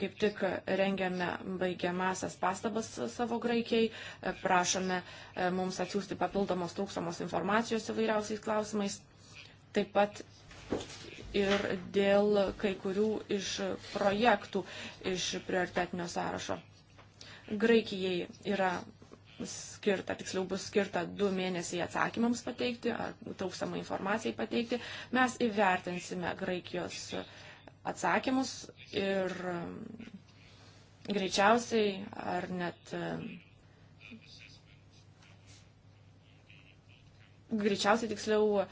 kaip tik rengiame baigiamasias pastabas savo graikiai, e, prašome e, mums atsiųsti papildomos trūksamos informacijos įvairiausiais klausimais taip pat ir dėl kai kurių iš projektų iš prioritetinio sąrašo. Graikijai yra skirta, tiksliau bus skirta du mėnesiai atsakymams pateikti ar trūkstamą informacijai pateikti. Mes įvertinsime Graikijos atsakymus ir greičiausiai ar net greičiausiai tiksliau e,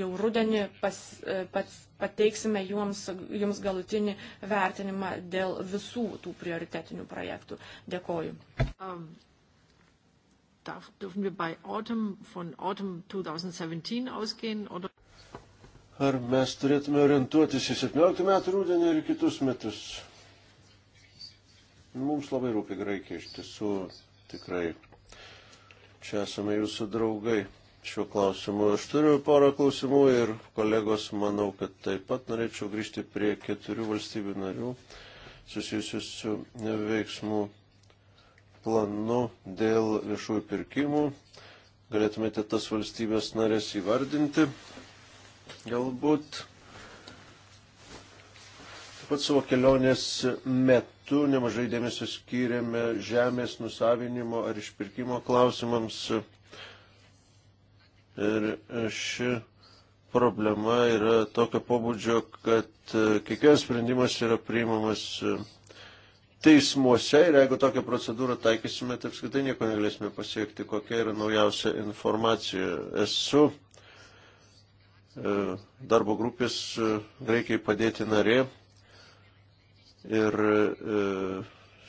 jau rudenį pas, e, pats, pateiksime jums, jums galutinį vertinimą dėl visų tų prioritetinių projektų. Dėkoju. Um. Darf, dürfen wir bei Autumn von Autumn 2017 ausgehen? Oder? Ar mes turėtume orientuotis į 17 metų rudenį ir kitus metus? Mums labai rūpi Graikija, iš tiesų tikrai. Čia esame jūsų draugai šiuo klausimu. Aš turiu porą klausimų ir kolegos, manau, kad taip pat norėčiau grįžti prie keturių valstybių narių susijusių su veiksmų planu dėl viešųjų pirkimų. Galėtumėte tas valstybės narės įvardinti. Galbūt taip pat savo kelionės metu nemažai dėmesio skyrėme žemės nusavinimo ar išpirkimo klausimams Ir ši problema yra tokio pobūdžio, kad e, kiekvienas sprendimas yra priimamas e, teismuose ir jeigu tokią procedūrą taikysime, tai apskritai nieko negalėsime pasiekti, kokia yra naujausia informacija. Esu e, darbo grupės greikiai padėti narė ir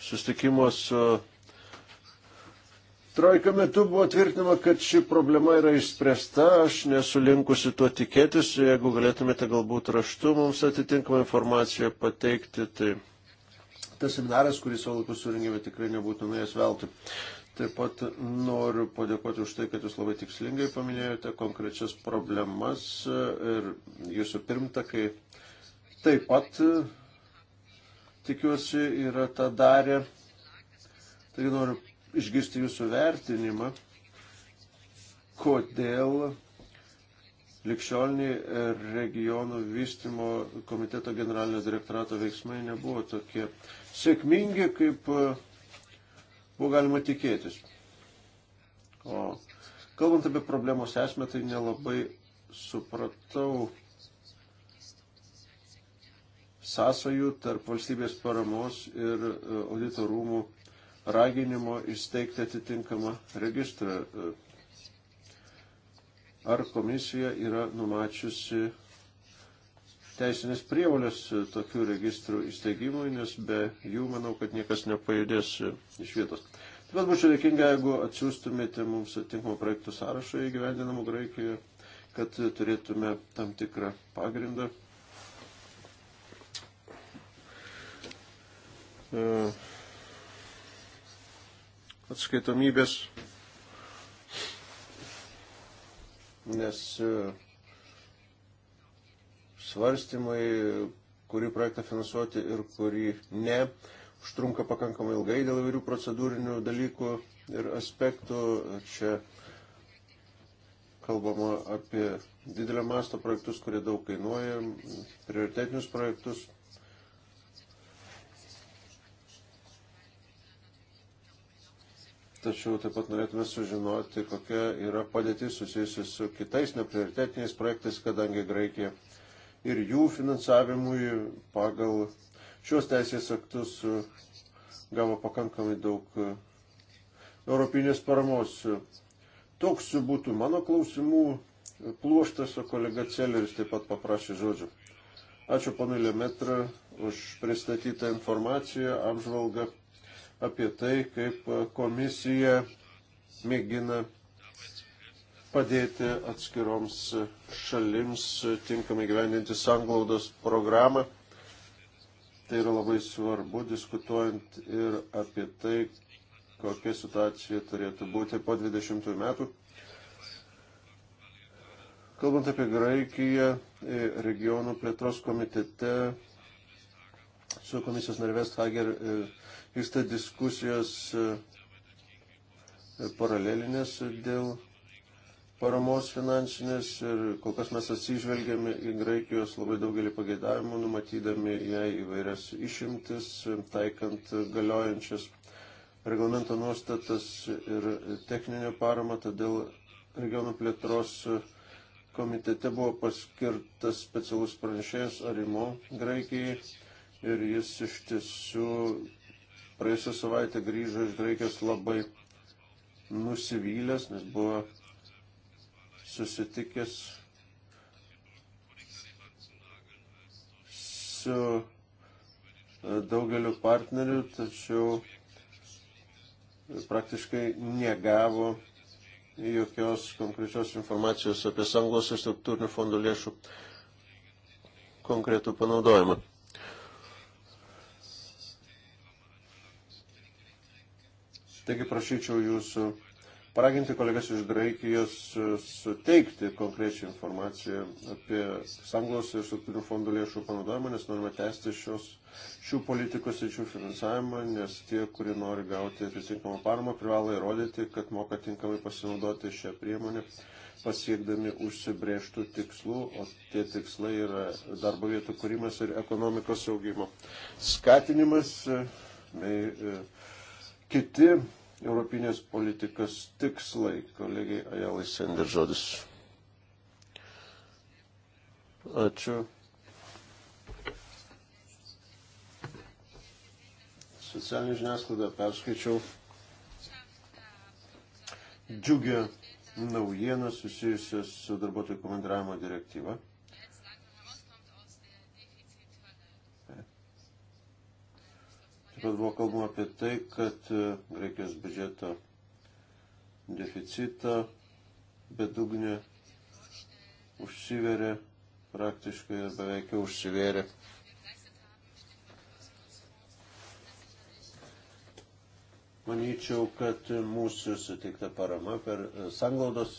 sustikimo su Trojka metu buvo tvirtinama, kad ši problema yra išspręsta, aš nesu linkusi tuo tikėtis, jeigu galėtumėte galbūt raštu mums atitinkamą informaciją pateikti, tai tas seminaras, kurį savo laiku surinkėme, tikrai nebūtų nuėjęs veltui. Taip pat noriu padėkoti už tai, kad jūs labai tikslingai paminėjote konkrečias problemas ir jūsų pirmtakai taip pat, tikiuosi, yra tą darę. Taigi noriu išgirsti jūsų vertinimą, kodėl likščioliniai regionų vystimo komiteto generalinio direktorato veiksmai nebuvo tokie sėkmingi, kaip e, buvo galima tikėtis. O kalbant apie problemos esmę, tai nelabai supratau sąsajų tarp valstybės paramos ir e, auditorumų raginimo įsteigti atitinkamą registrą. Ar komisija yra numačiusi teisinės prievalės tokių registrų įsteigimui, nes be jų manau, kad niekas nepajudės iš vietos. Taip pat būčiau dėkinga, jeigu atsiųstumėte mums atitinkamą projektų sąrašą įgyvendinamų Graikijoje, kad turėtume tam tikrą pagrindą. Uh atskaitomybės, nes e, svarstymai, kurį projektą finansuoti ir kurį ne, užtrunka pakankamai ilgai dėl įvairių procedūrinių dalykų ir aspektų. Čia kalbama apie didelio masto projektus, kurie daug kainuoja, prioritetinius projektus Tačiau taip pat norėtume sužinoti, kokia yra padėtis susijusi su kitais neprioritetiniais projektais, kadangi Graikija ir jų finansavimui pagal šios teisės aktus gavo pakankamai daug e, europinės paramos. Toks būtų mano klausimų pluoštas, o kolega Celeris taip pat paprašė žodžio. Ačiū panui Lemetra už pristatytą informaciją, apžvalgą apie tai, kaip komisija mėgina padėti atskiroms šalims tinkamai gyvendinti sanglaudos programą. Tai yra labai svarbu, diskutuojant ir apie tai, kokia situacija turėtų būti po 20 metų. Kalbant apie Graikiją, e, regionų plėtros komitete su komisijos narvės Hager e, vyksta diskusijos e, paralelinės dėl paramos finansinės ir kol kas mes atsižvelgėme į Graikijos labai daugelį pageidavimų, numatydami jai įvairias išimtis, taikant galiojančias reglamento nuostatas ir techninę paramą, todėl regionų plėtros komitete buvo paskirtas specialus pranešėjas Arimo Graikijai ir jis iš tiesų Praėjusią savaitę grįžo iš Graikijos labai nusivylęs, nes buvo susitikęs su e, daugeliu partnerių, tačiau praktiškai negavo jokios konkrečios informacijos apie sanglos ir struktūrinių fondų lėšų konkretų panaudojimą. Taigi prašyčiau jūsų paraginti kolegas iš Graikijos e, suteikti konkrečią informaciją apie sanglos ir struktūrinių fondų lėšų panaudojimą, nes norime tęsti šios, šių politikos ir šių finansavimą, nes tie, kurie nori gauti atitinkamą paramą, privalo įrodyti, kad moka tinkamai pasinaudoti šią priemonę pasiekdami užsibrėžtų tikslų, o tie tikslai yra darbo vietų kūrimas ir ekonomikos augimo skatinimas e, bei e, kiti Europinės politikos tikslai. Kolegiai Ajalai Sender žodis. Ačiū. Socialinį žiniasklaidą perskaičiau džiugę naujieną susijusią su darbuotojų komandiravimo direktyva. Taip pat buvo kalbama apie tai, kad e, Graikijos biudžeto deficitą bedugnė užsiverė praktiškai ir beveik jau užsivėrė. Manyčiau, kad mūsų suteikta parama per e, sanglaudos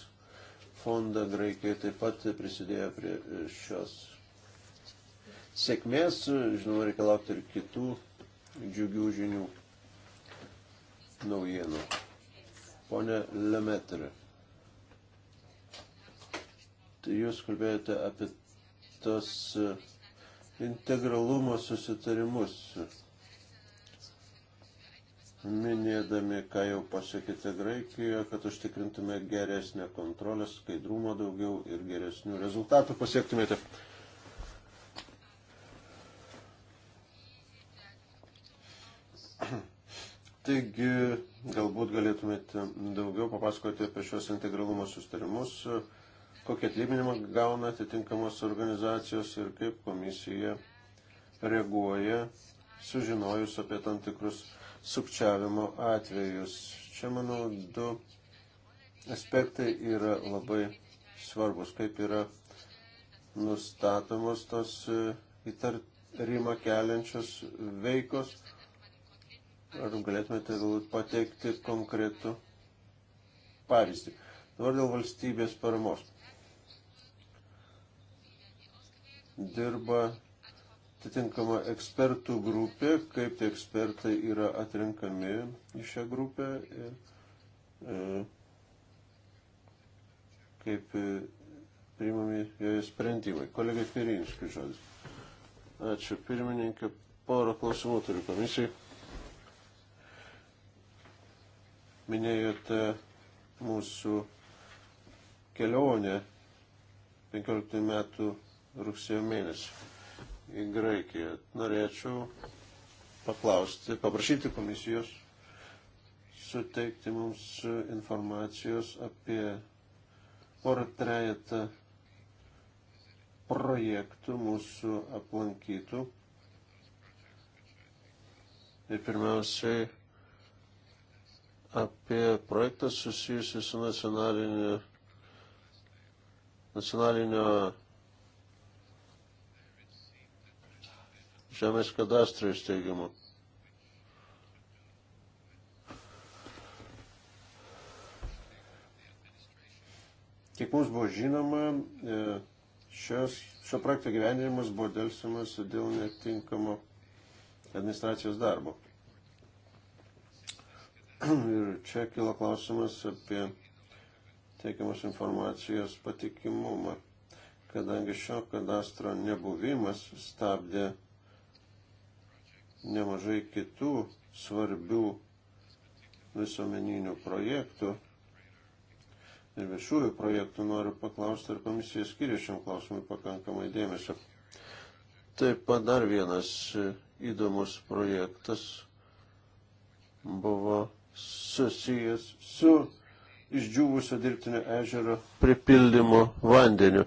fondą Graikijai taip pat prisidėjo prie e, šios sėkmės. Žinoma, reikia laukti ir kitų džiugių žinių naujienų. Pone Lemetre, tai jūs kalbėjote apie tos e, integralumo susitarimus, minėdami, ką jau pasakėte Graikijoje, kad užtikrintume geresnę kontrolę, skaidrumo daugiau ir geresnių rezultatų pasiektumėte. Taigi, galbūt galėtumėte daugiau papasakoti apie šios integralumo sustarimus, kokį atlyginimą gauna atitinkamos organizacijos ir kaip komisija reaguoja, sužinojus apie tam tikrus sukčiavimo atvejus. Čia, manau, du aspektai yra labai svarbus, kaip yra nustatomos tos įtarimą keliančios veikos Ar galėtumėte galbūt pateikti konkretų pavyzdį? Dabar dėl valstybės paramos. Dirba atitinkama ekspertų grupė, kaip tie ekspertai yra atrenkami į šią grupę ir e, kaip e, priimami joje sprendimai. Kolega Pirinskis žodis. Ačiū pirmininkė, porą klausimų turiu komisijai. minėjote mūsų kelionę 15 metų rugsėjo mėnesį į Graikiją. Norėčiau paklausti, paprašyti komisijos suteikti mums informacijos apie porą trejetą projektų mūsų aplankytų. Ir pirmiausiai apie projektą susijusi su nacionaliniu, nacionalinio žemės kadastro įsteigimu. Kiek mums buvo žinoma, e, šios, šio projekto gyvenimas buvo dėlsimas dėl netinkamo administracijos darbo. Ir čia kilo klausimas apie teikiamos informacijos patikimumą, kadangi šio kadastro nebuvimas stabdė nemažai kitų svarbių visuomeninių projektų ir viešųjų projektų. Noriu paklausti, ar komisija skiria šiam klausimui pakankamai dėmesio. Taip pat dar vienas įdomus projektas buvo susijęs su išdžiūvusio dirbtinio ežero pripildymo vandeniu.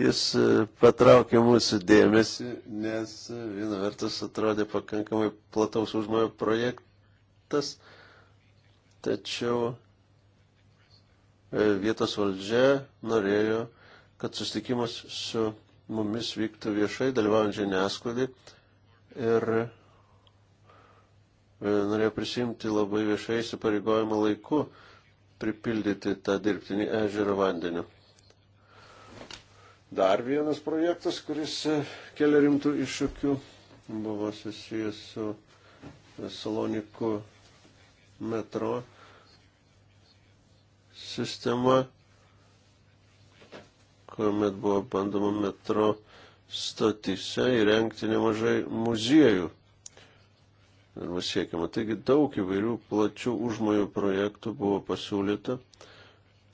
Jis e, patraukė mūsų dėmesį, nes e, viena vertus atrodė pakankamai plataus užmojo projektas, tačiau e, vietos valdžia norėjo, kad susitikimas su mumis vyktų viešai, dalyvaujant žiniasklaidai ir E, norėjo prisimti labai viešai įsipareigojimą laiku pripildyti tą dirbtinį ežerą vandeniu. Dar vienas projektas, kuris e, kelia rimtų iššūkių, buvo susijęs su e, Saloniku metro sistema, kuomet buvo bandoma metro stotise įrengti nemažai muziejų arba siekiama. Taigi daug įvairių plačių užmojų projektų buvo pasiūlyta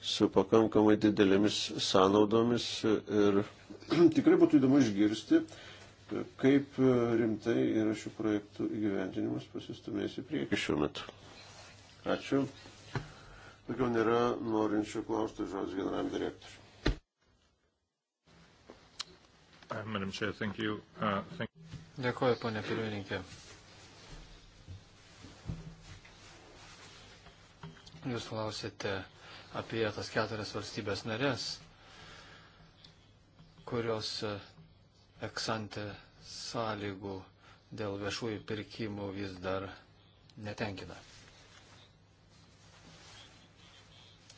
su pakankamai didelėmis sąnaudomis ir tikrai būtų įdomu išgirsti, kaip rimtai yra šių projektų įgyvendinimas pasistumės į priekį šiuo metu. Ačiū. Daugiau nėra norinčių klausti žodis generaliniam direktoriui. Madam Chair, thank you. Uh, thank Dėkuoju, ponė pirmininkė. Jūs klausėte apie tas keturias valstybės narės, kurios e, eksante sąlygų dėl viešųjų pirkimų vis dar netenkina.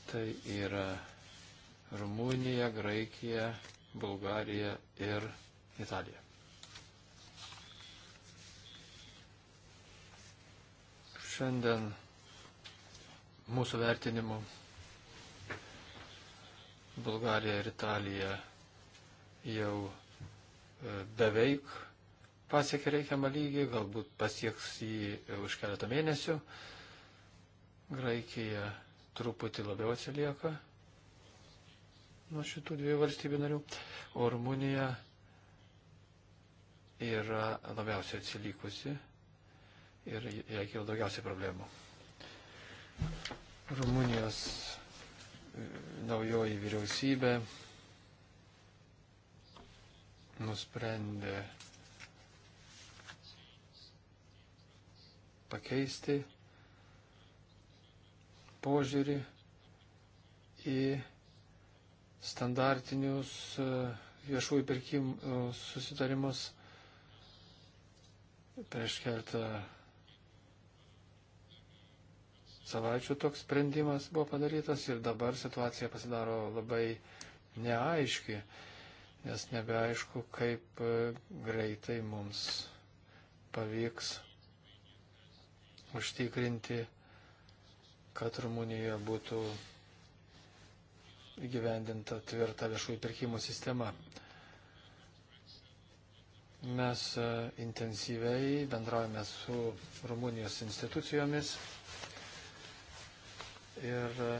Tai yra Rumunija, Graikija, Bulgarija ir Italija. Šiandien Mūsų vertinimu Bulgarija ir Italija jau e, beveik pasiekė reikiamą lygį, galbūt pasieks jį e, už keletą mėnesių. Graikija truputį labiau atsilieka nuo šitų dviejų valstybių narių, o Rumunija yra labiausiai atsilikusi ir jai kilo daugiausiai problemų. Rumunijos e, naujoji vyriausybė nusprendė pakeisti požiūrį į standartinius e, viešųjų pirkimų susitarimus prieš keletą savaičių toks sprendimas buvo padarytas ir dabar situacija pasidaro labai neaiški, nes nebeaišku, kaip e, greitai mums pavyks užtikrinti, kad Rumunijoje būtų įgyvendinta tvirta viešųjų pirkimų sistema. Mes e, intensyviai bendraujame su Rumunijos institucijomis ir e,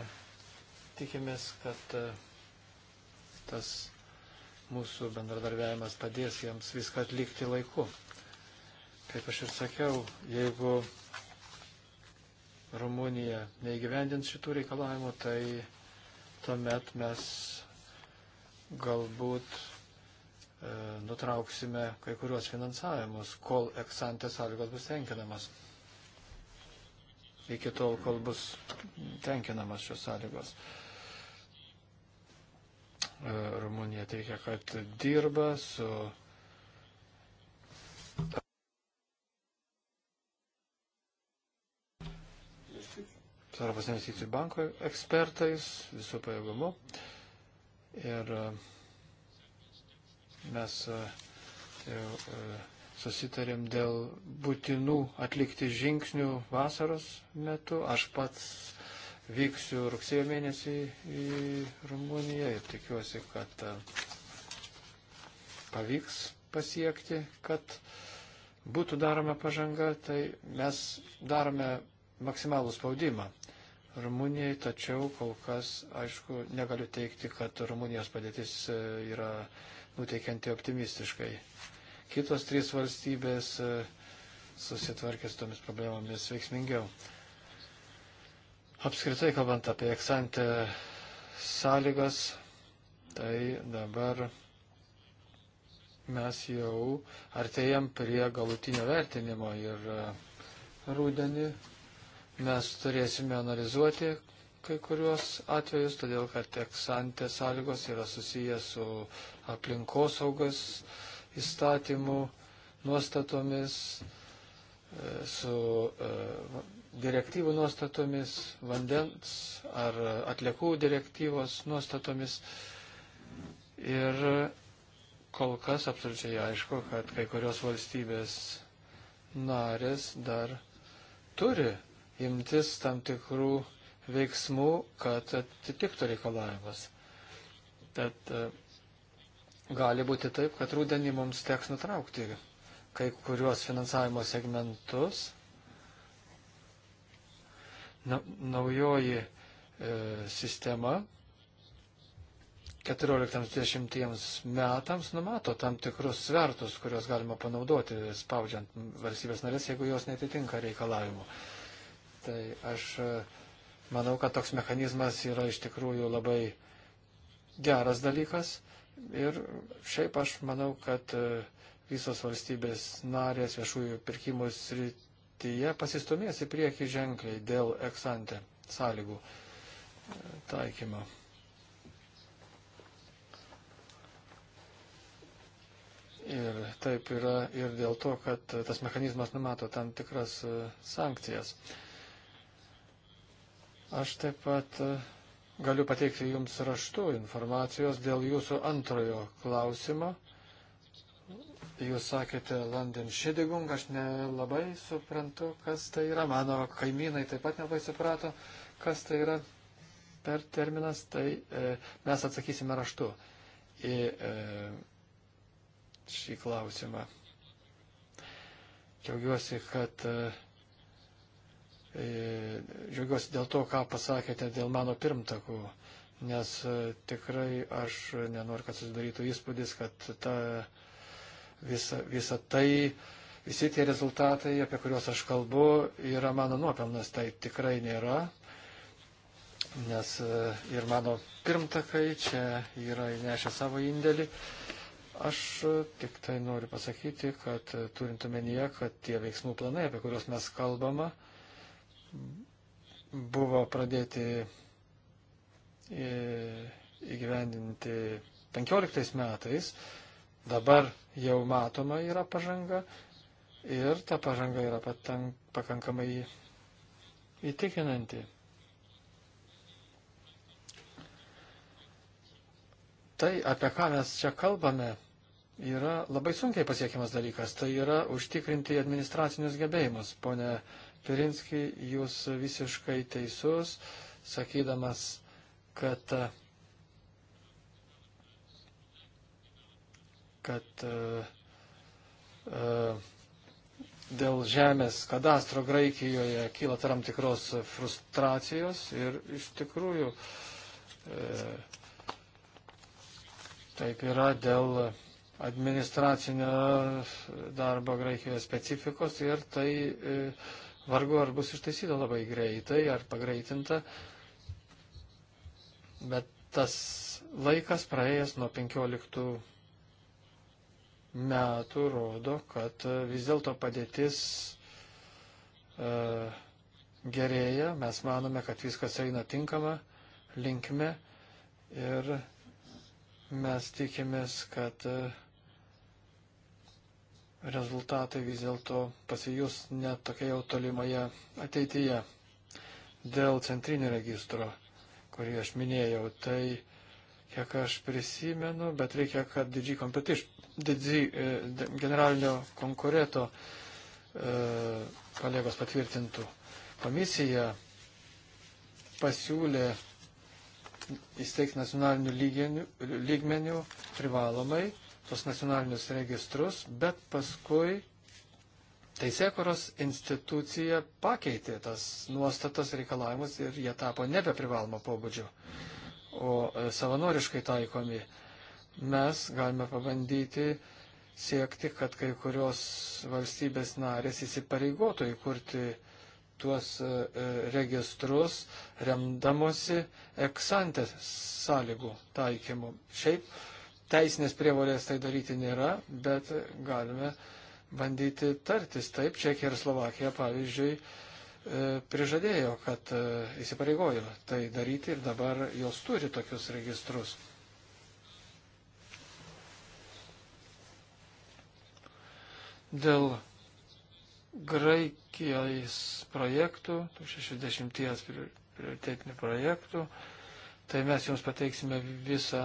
tikimės, kad e, tas mūsų bendradarbiavimas padės jiems viską atlikti laiku. Kaip aš ir sakiau, jeigu Rumunija neįgyvendins šitų reikalavimų, tai tuomet mes galbūt e, nutrauksime kai kuriuos finansavimus, kol eksantės sąlygos bus tenkinamas iki tol, kol bus tenkinamas šios sąlygos. E, Rumunija teikia, kad dirba su. Svarbos investicijų banko ekspertais visų pajėgumu. Ir e, mes jau e, susitarėm dėl būtinų atlikti žingsnių vasaros metu. Aš pats vyksiu rugsėjo mėnesį į Rumuniją ir tikiuosi, kad e, pavyks pasiekti, kad būtų daroma pažanga, tai mes darome maksimalų spaudimą Rumunijai, tačiau kol kas, aišku, negaliu teikti, kad Rumunijos padėtis e, yra nuteikianti optimistiškai kitos trys valstybės e, susitvarkė su tomis problemomis veiksmingiau. Apskritai, kalbant apie eksantę sąlygas, tai dabar mes jau artėjam prie galutinio vertinimo ir e, rūdienį mes turėsime analizuoti kai kuriuos atvejus, todėl kad eksantė sąlygos yra susijęs su aplinkosaugos saugos įstatymų nuostatomis, e, su e, direktyvų nuostatomis, vandens ar atliekų direktyvos nuostatomis. Ir kol kas absoliučiai aišku, kad kai kurios valstybės narės dar turi imtis tam tikrų veiksmų, kad atitiktų reikalavimas. Tad e, gali būti taip, kad rūdienį mums teks nutraukti kai kuriuos finansavimo segmentus. Na, naujoji e, sistema 14-20 metams numato tam tikrus svertus, kuriuos galima panaudoti, spaudžiant valstybės narės, jeigu jos netitinka reikalavimu. Tai aš e, manau, kad toks mechanizmas yra iš tikrųjų labai geras dalykas Ir šiaip aš manau, kad e, visos valstybės narės viešųjų pirkimų srityje pasistumės į priekį ženkliai dėl eksante sąlygų e, taikymo. Ir taip yra ir dėl to, kad tas mechanizmas numato tam tikras e, sankcijas. Aš taip pat Galiu pateikti Jums raštų informacijos dėl Jūsų antrojo klausimo. Jūs sakėte London Šidigung, aš nelabai suprantu, kas tai yra. Mano kaimynai taip pat nelabai suprato, kas tai yra per terminas. Tai e, mes atsakysime raštu į e, šį klausimą. Džiaugiuosi, kad e, E, džiaugiuosi dėl to, ką pasakėte dėl mano pirmtakų, nes e, tikrai aš nenoriu, kad susidarytų įspūdis, kad ta visa, visa tai, visi tie rezultatai, apie kuriuos aš kalbu, yra mano nuopelnas. Tai tikrai nėra, nes e, ir mano pirmtakai čia yra įnešę savo indėlį. Aš tik tai noriu pasakyti, kad turint omenyje, kad tie veiksmų planai, apie kuriuos mes kalbama, buvo pradėti e, įgyvendinti 15 metais, dabar jau matoma yra pažanga ir ta pažanga yra pakankamai įtikinanti. Tai, apie ką mes čia kalbame, yra labai sunkiai pasiekiamas dalykas. Tai yra užtikrinti administracinius gebėjimus, ponė Pirinski, jūs visiškai teisus, sakydamas, kad, kad uh, dėl žemės kadastro Graikijoje kyla tam tikros frustracijos ir iš tikrųjų uh, Taip yra dėl administracinio darbo Graikijoje specifikos ir tai vargu ar bus ištaisyta labai greitai ar pagreitinta, bet tas laikas praėjęs nuo 15 metų rodo, kad e, vis dėlto padėtis e, gerėja, mes manome, kad viskas eina tinkama linkme ir mes tikimės, kad e, rezultatai vis dėlto pasijus net tokia jau tolimoje ateityje. Dėl centrinio registro, kurį aš minėjau, tai kiek aš prisimenu, bet reikia, kad DG Competition, DG e, generalinio konkureto e, kolegos patvirtintų. Komisija pasiūlė įsteigti nacionalinių lygmenių privalomai tos nacionalinius registrus, bet paskui teisėkuros institucija pakeitė tas nuostatas reikalavimus ir jie tapo nebeprivaloma pobūdžio, o e, savanoriškai taikomi. Mes galime pabandyti siekti, kad kai kurios valstybės narės įsipareigotų įkurti tuos e, e, registrus, remdamosi eksantės sąlygų taikymu. Šiaip teisinės prievolės tai daryti nėra, bet galime bandyti tartis. Taip, Čekija ir Slovakija, pavyzdžiui, e, prižadėjo, kad e, įsipareigojo tai daryti ir dabar jos turi tokius registrus. Dėl Graikijos projektų, 60 prioritetinių projektų, tai mes jums pateiksime visą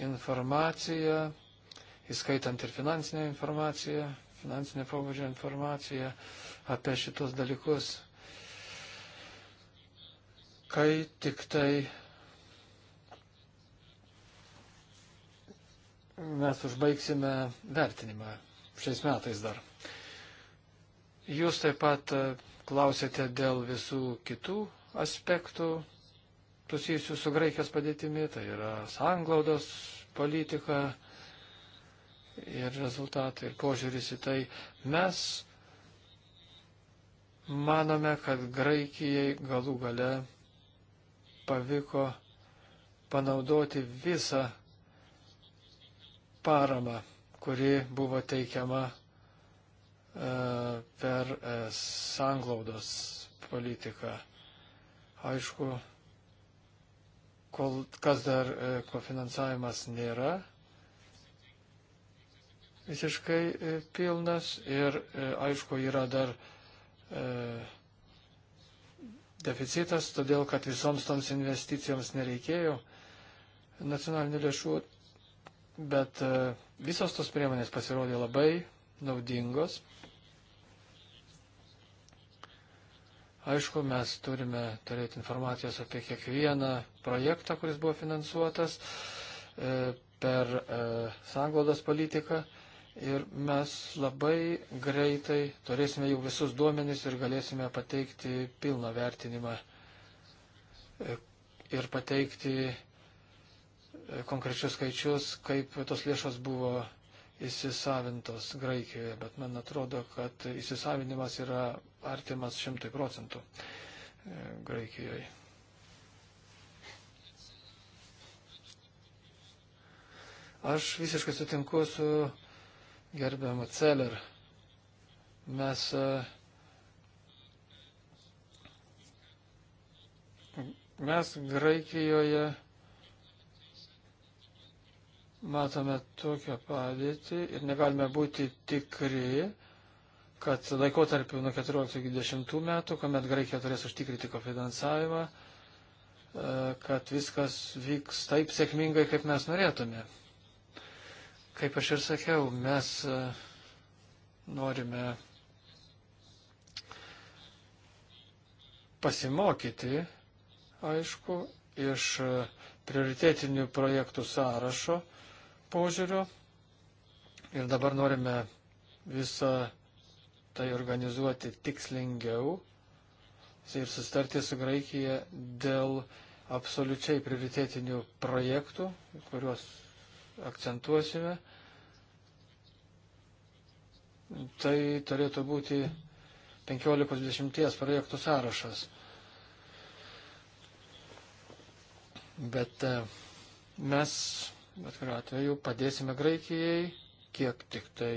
informaciją, įskaitant ir finansinę informaciją, finansinę pobūdžio informaciją apie šitos dalykus. Kai tik tai mes užbaigsime vertinimą šiais metais dar. Jūs taip pat e, klausėte dėl visų kitų aspektų susijusių su Graikijos padėtimi, tai yra sanglaudos politika ir rezultatai ir požiūris į tai. Mes manome, kad Graikijai galų gale pavyko panaudoti visą paramą, kuri buvo teikiama e, per e, sanglaudos politiką. Aišku, kol kas dar e, kofinansavimas nėra visiškai e, pilnas ir e, aišku yra dar e, deficitas, todėl kad visoms toms investicijoms nereikėjo nacionalinių lėšų, bet e, visos tos priemonės pasirodė labai naudingos. Aišku, mes turime turėti informacijos apie kiekvieną projektą, kuris buvo finansuotas e, per e, sanglaudos politiką. Ir mes labai greitai turėsime jau visus duomenys ir galėsime pateikti pilną vertinimą e, ir pateikti konkrečius skaičius, kaip tos lėšos buvo įsisavintos Graikijoje, bet man atrodo, kad įsisavinimas yra artimas šimtai procentų e, Graikijoje. Aš visiškai sutinku su gerbiamu Celer. Mes e, mes Graikijoje matome tokią padėtį ir negalime būti tikri, kad laikotarpiu nuo 14-20 metų, kuomet Graikija turės užtikrinti kofinansavimą, e, kad viskas vyks taip sėkmingai, kaip mes norėtume. Kaip aš ir sakiau, mes e, norime pasimokyti, aišku, iš e, prioritetinių projektų sąrašo požiūrio ir dabar norime visą tai organizuoti tikslingiau ir sustarti su Graikija dėl absoliučiai prioritėtinių projektų, kuriuos akcentuosime. Tai turėtų būti 15-20 projektų sąrašas. Bet e, mes, bet kuriuo atveju, padėsime Graikijai, kiek tik tai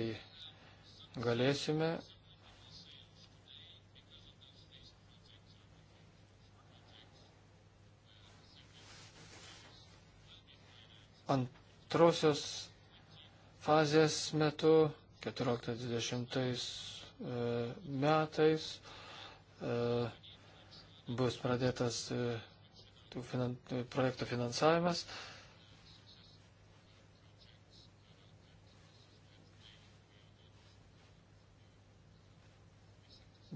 galėsime antrosios fazės metu, 14-20 e, metais, e, bus pradėtas e, finan, projektų finansavimas.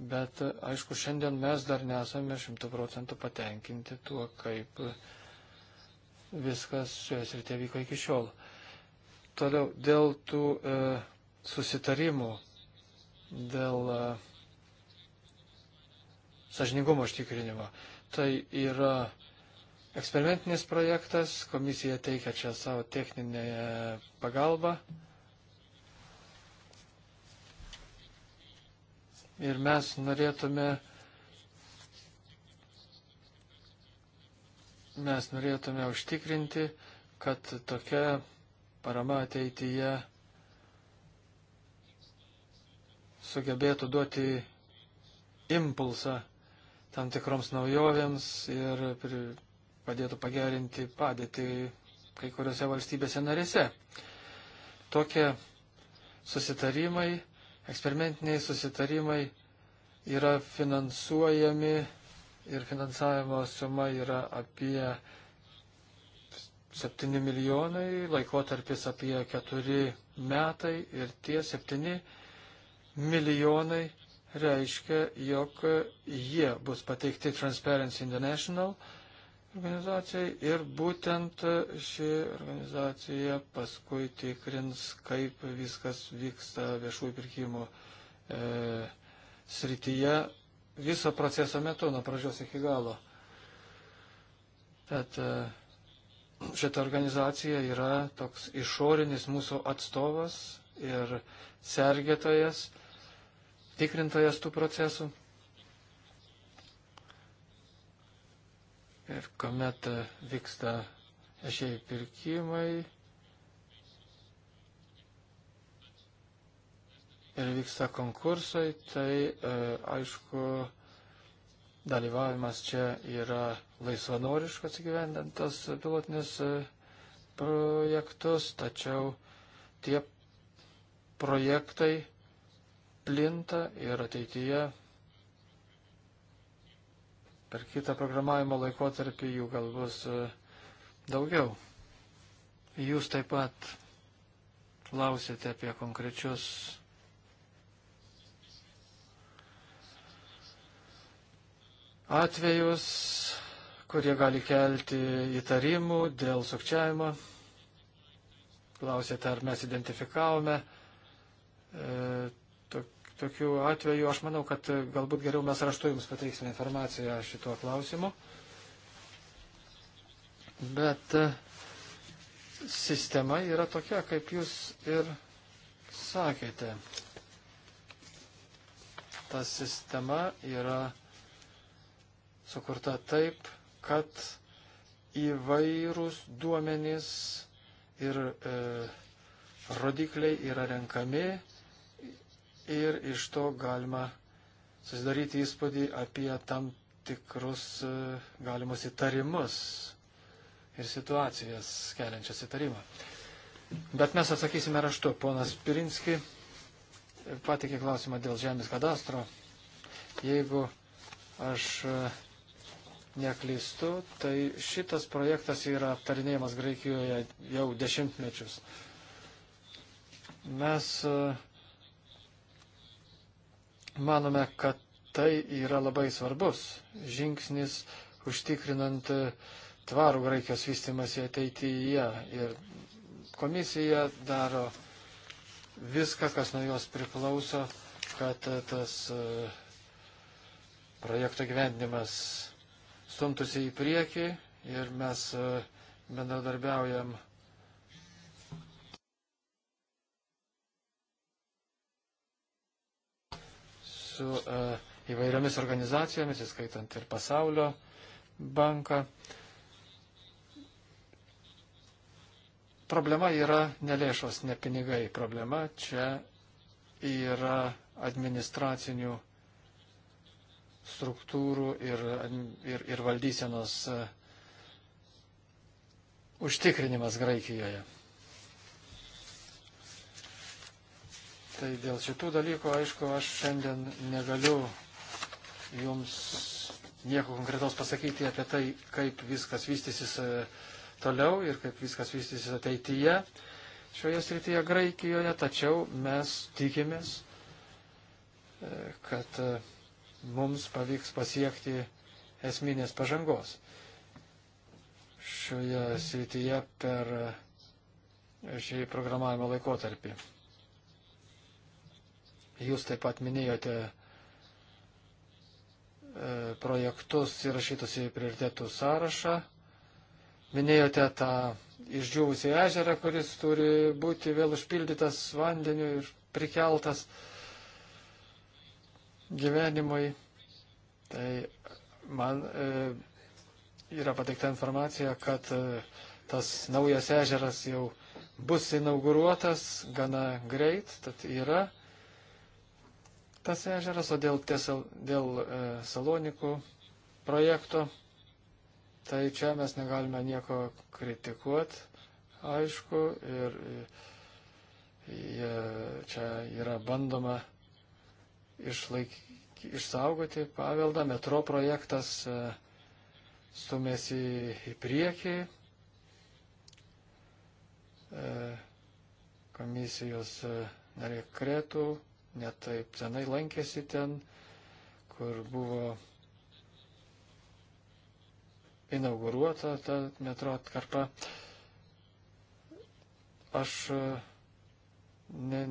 Bet, aišku, šiandien mes dar nesame šimtų procentų patenkinti tuo, kaip viskas šioje srityje vyko iki šiol. Toliau, dėl tų e, susitarimų, dėl e, sažiningumo užtikrinimo. Tai yra eksperimentinis projektas, komisija teikia čia savo techninę pagalbą. Ir mes norėtume mes norėtume užtikrinti, kad tokia parama ateityje sugebėtų duoti impulsą tam tikroms naujovėms ir padėtų pagerinti padėtį kai kuriuose valstybėse narėse. Tokie susitarimai, eksperimentiniai susitarimai yra finansuojami ir finansavimo suma yra apie 7 milijonai, laikotarpis apie 4 metai ir tie 7 milijonai reiškia, jog jie bus pateikti Transparency International organizacijai ir būtent ši organizacija paskui tikrins, kaip viskas vyksta viešųjų pirkimų e, srityje viso proceso metu, nuo pradžios iki galo. Tad e, šita organizacija yra toks išorinis mūsų atstovas ir sergėtojas, tikrintojas tų procesų. Ir kuomet e, vyksta ešiai pirkimai, ir vyksta konkursai, tai e, aišku, dalyvavimas čia yra laisvanoriškas gyvendintas pilotinis e, projektus, tačiau tie projektai plinta ir ateityje per kitą programavimo laikotarpį jų gal bus e, daugiau. Jūs taip pat klausėte apie konkrečius atvejus, kurie gali kelti įtarimų dėl sukčiavimo. Klausėte, ar mes identifikavome e, tokių atvejų. Aš manau, kad galbūt geriau mes raštu jums pateiksime informaciją šituo klausimu. Bet e, sistema yra tokia, kaip jūs ir sakėte. Ta sistema yra sukurta taip, kad įvairūs duomenys ir e, rodikliai yra renkami ir iš to galima susidaryti įspūdį apie tam tikrus e, galimus įtarimus ir situacijas keliančias įtarimą. Bet mes atsakysime raštu. Ponas Pirinski patikė klausimą dėl žemės kadastro. Jeigu aš e, neklystu, tai šitas projektas yra aptarinėjimas Graikijoje jau dešimtmečius. Mes e, manome, kad tai yra labai svarbus žingsnis užtikrinant e, tvarų Graikijos vystimasi ateityje. Ir komisija daro viską, kas nuo jos priklauso, kad tas e, projekto gyvendimas stumtųsi į priekį ir mes e, bendradarbiaujam. su e, įvairiomis organizacijomis, įskaitant ir pasaulio banką. Problema yra ne lėšos, ne pinigai. Problema čia yra administracinių struktūrų ir, ir, ir valdysenos e, užtikrinimas Graikijoje. Tai dėl šitų dalykų, aišku, aš šiandien negaliu jums nieko konkretaus pasakyti apie tai, kaip viskas vystysis e, toliau ir kaip viskas vystysis ateityje šioje srityje Graikijoje, tačiau mes tikimės, e, kad mums pavyks pasiekti esminės pažangos. Šioje srityje per šį programavimo laikotarpį. Jūs taip pat minėjote e, projektus įrašytus į prioritėtų sąrašą. Minėjote tą išdžiūvusį ežerą, kuris turi būti vėl užpildytas vandeniu ir prikeltas. Uh, gyvenimui. Tai man e, yra pateikta informacija, kad e, tas naujas ežeras jau bus inauguruotas gana greit, tad yra tas ežeras, o dėl, tiesal, dėl e, salonikų projekto, tai čia mes negalime nieko kritikuoti, aišku, ir, e, ir čia yra bandoma išlaik, išsaugoti paveldą. Metro projektas e, stumėsi į priekį. E, komisijos e, narė Kretų netaip senai lankėsi ten, kur buvo inauguruota ta metro atkarpa. Aš uh, ne,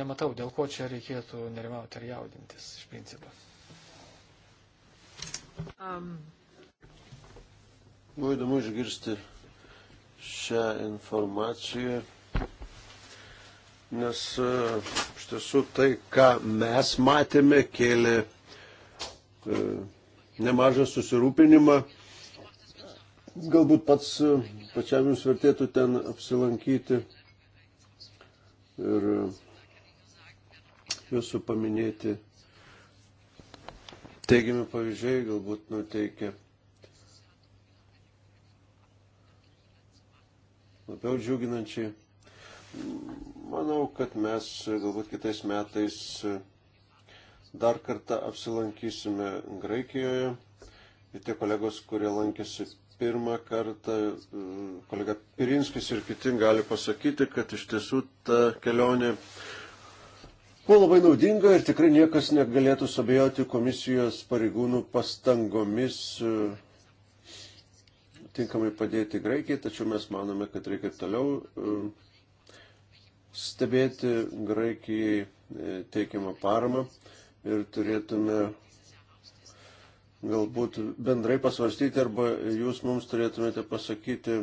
nematau, dėl ko čia reikėtų nerimauti ar jaudintis iš principo. Um. Buvo įdomu išgirsti šią informaciją, nes uh, iš tiesų tai, ką mes matėme, kėlė uh, nemažą susirūpinimą. Galbūt pats uh, pačiam jums vertėtų ten apsilankyti ir e, jūsų paminėti teigiami pavyzdžiai galbūt nuteikia labiau džiuginančiai. Manau, kad mes galbūt kitais metais dar kartą apsilankysime Graikijoje. Ir tie kolegos, kurie lankėsi pirmą kartą kolega Pirinskis ir kiti gali pasakyti, kad iš tiesų ta kelionė buvo labai naudinga ir tikrai niekas negalėtų sabėjoti komisijos pareigūnų pastangomis e, tinkamai padėti Graikijai, tačiau mes manome, kad reikia toliau e, stebėti Graikijai e, teikiamą paramą ir turėtume galbūt bendrai pasvarstyti arba jūs mums turėtumėte pasakyti,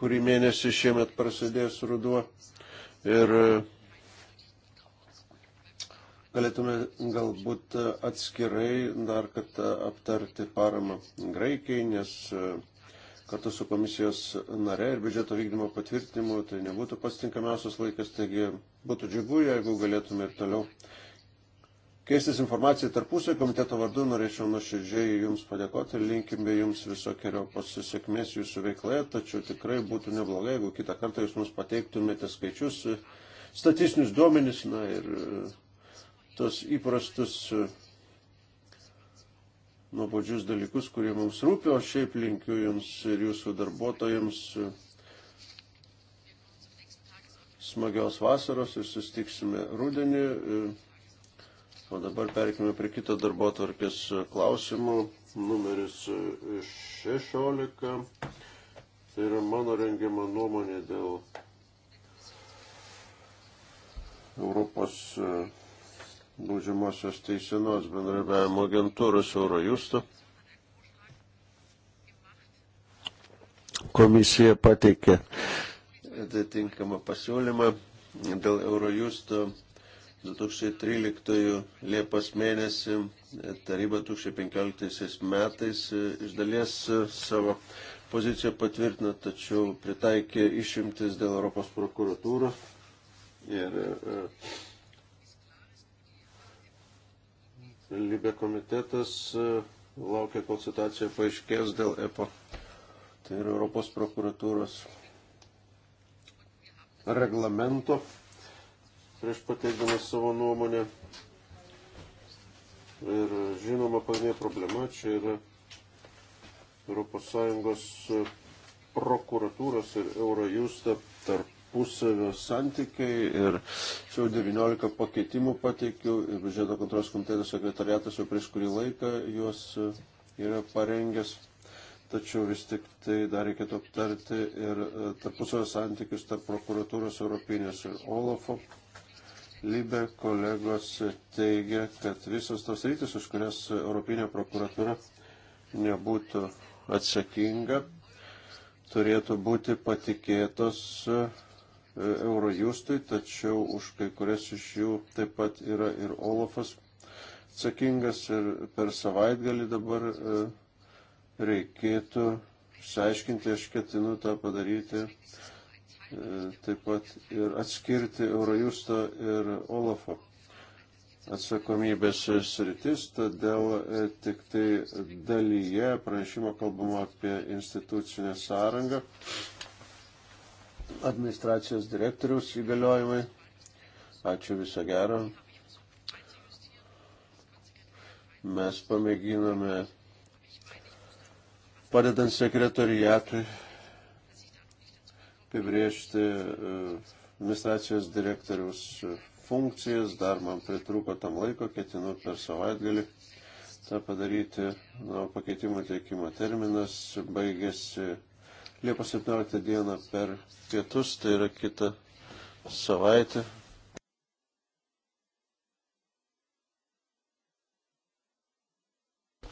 kurį mėnesį šiemet prasidės ruduo ir galėtume galbūt atskirai dar kartą aptarti paramą Graikijai, nes kartu su komisijos nare ir biudžeto vykdymo patvirtinimu, tai nebūtų pastinkamiausias laikas, taigi būtų džiugu, jeigu galėtume ir toliau keistis informaciją tarpusio komiteto vardu. Norėčiau nuoširdžiai Jums padėkoti ir linkime Jums visokiojo pasisekmės Jūsų veikloje, tačiau tikrai būtų neblogai, jeigu kitą kartą Jūs mums pateiktumėte skaičius, statistinius duomenis na, ir e, tos įprastus e, nuobodžius dalykus, kurie mums rūpi, o šiaip linkiu Jums ir Jūsų darbuotojams e, smagios vasaros ir sustiksime rudenį. O dabar perkime prie kito darbo tvarkės e, klausimų. Numeris 16. E, tai yra mano rengiama nuomonė dėl Europos e, baudžiamosios teisenos bendrabiavimo agentūros Eurojusto. Komisija pateikė atitinkamą pasiūlymą dėl Eurojusto 2013 Liepos mėnesį, taryba 2015 metais e, iš dalies e, savo poziciją patvirtino, tačiau pritaikė išimtis dėl Europos prokuratūros. Ir e, Libė komitetas laukia, kol situacija paaiškės dėl EPO. Tai yra Europos prokuratūros reglamento prieš pateikdamas savo nuomonę. Ir žinoma, pagrindinė problema čia yra ES prokuratūros ir Eurojusto tarpusavio santykiai. Ir čia jau 19 pakeitimų pateikiau ir biudžeto kontrolės komiteto sekretariatas jau prieš kurį laiką juos e, yra parengęs. Tačiau vis tik tai dar reikėtų aptarti ir e, tarpusavio santykius tarp prokuratūros Europinės ir Olafo. Libe kolegos teigia, kad visos tos rytis, už kurias Europinė prokuratūra nebūtų atsakinga, turėtų būti patikėtos e, Eurojustui, tačiau už kai kurias iš jų taip pat yra ir Olofas atsakingas ir per savaitgalį dabar e, reikėtų išsiaiškinti, aš ketinu tą padaryti taip pat ir atskirti Eurojusto ir Olafo atsakomybės sritis, todėl e, tik tai dalyje pranešimo kalbama apie institucinę sąrangą, administracijos direktoriaus įgaliojimai. Ačiū viso gero. Mes pamėginame padedant sekretoriatui apibriežti e, administracijos direktoriaus funkcijas, dar man pritruko tam laiko, ketinu per savaitgalį tą padaryti. Nuo pakeitimo teikimo terminas baigėsi Liepos 17 dieną per pietus, tai yra kita savaitė,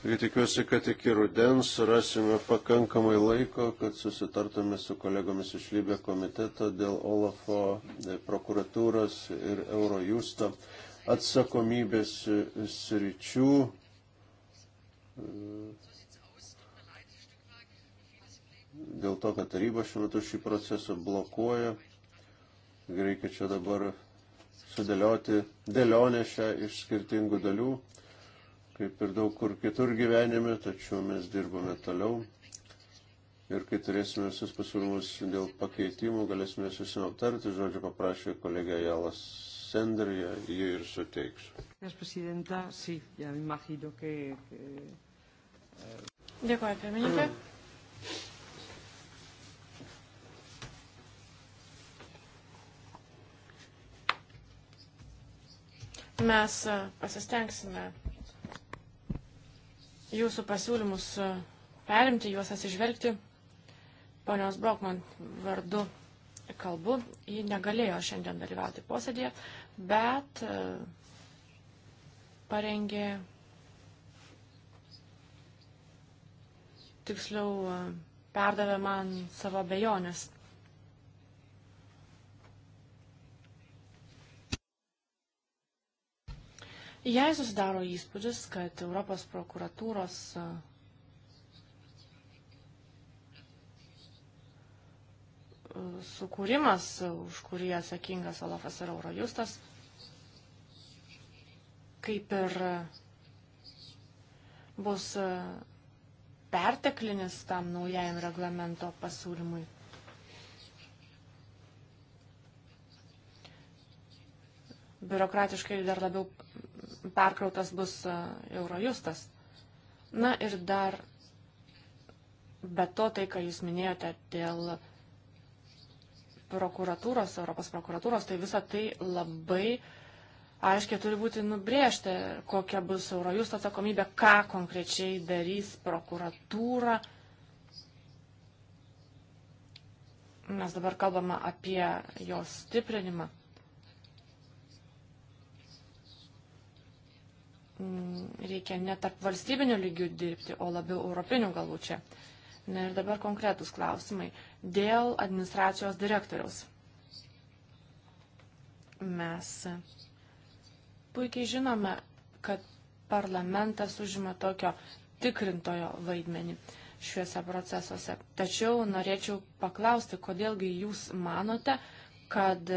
Taigi tikiuosi, kad iki rudens rasime pakankamai laiko, kad susitartume su kolegomis iš Lybė komiteto dėl Olafo prokuratūros ir Eurojusto atsakomybės sričių. Dėl to, kad taryba šiuo metu šį procesą blokuoja, reikia čia dabar sudėlioti dėlionę šią iš skirtingų dalių kaip ir daug kur kitur gyvenime, tačiau mes dirbame toliau. Ir kai turėsime visus pasiūlymus dėl pakeitimų, galėsime visus aptarti. Žodžiu, paprašė kolegė Jalas Sender, jie ir suteiks. Dėkuoju, pirmininkė. Mes eh, pasistengsime jūsų pasiūlymus e, perimti, juos atsižvelgti. Ponios Brokman vardu kalbu, ji negalėjo šiandien dalyvauti posėdėje, bet e, parengė tiksliau e, perdavė man savo bejonės Jei susidaro įspūdis, kad Europos prokuratūros e, sukūrimas, e, už kurį atsakingas Olafas ir Eurojustas, kaip ir e, bus perteklinis tam naujajam reglamento pasiūlymui. Biurokratiškai dar labiau perkrautas bus e, Eurojustas. Na ir dar be to tai, ką jūs minėjote dėl prokuratūros, Europos prokuratūros, tai visa tai labai aiškiai turi būti nubrėžti, kokia bus Eurojusto atsakomybė, ką konkrečiai darys prokuratūra. Mes dabar kalbame apie jos stiprinimą. Mm, reikia ne tarp valstybinių lygių dirbti, o labiau europinių galbūt čia. Na ir dabar konkretus klausimai. Dėl administracijos direktoriaus. Mes puikiai žinome, kad parlamentas užima tokio tikrintojo vaidmenį šiuose procesuose. Tačiau norėčiau paklausti, kodėlgi jūs manote, kad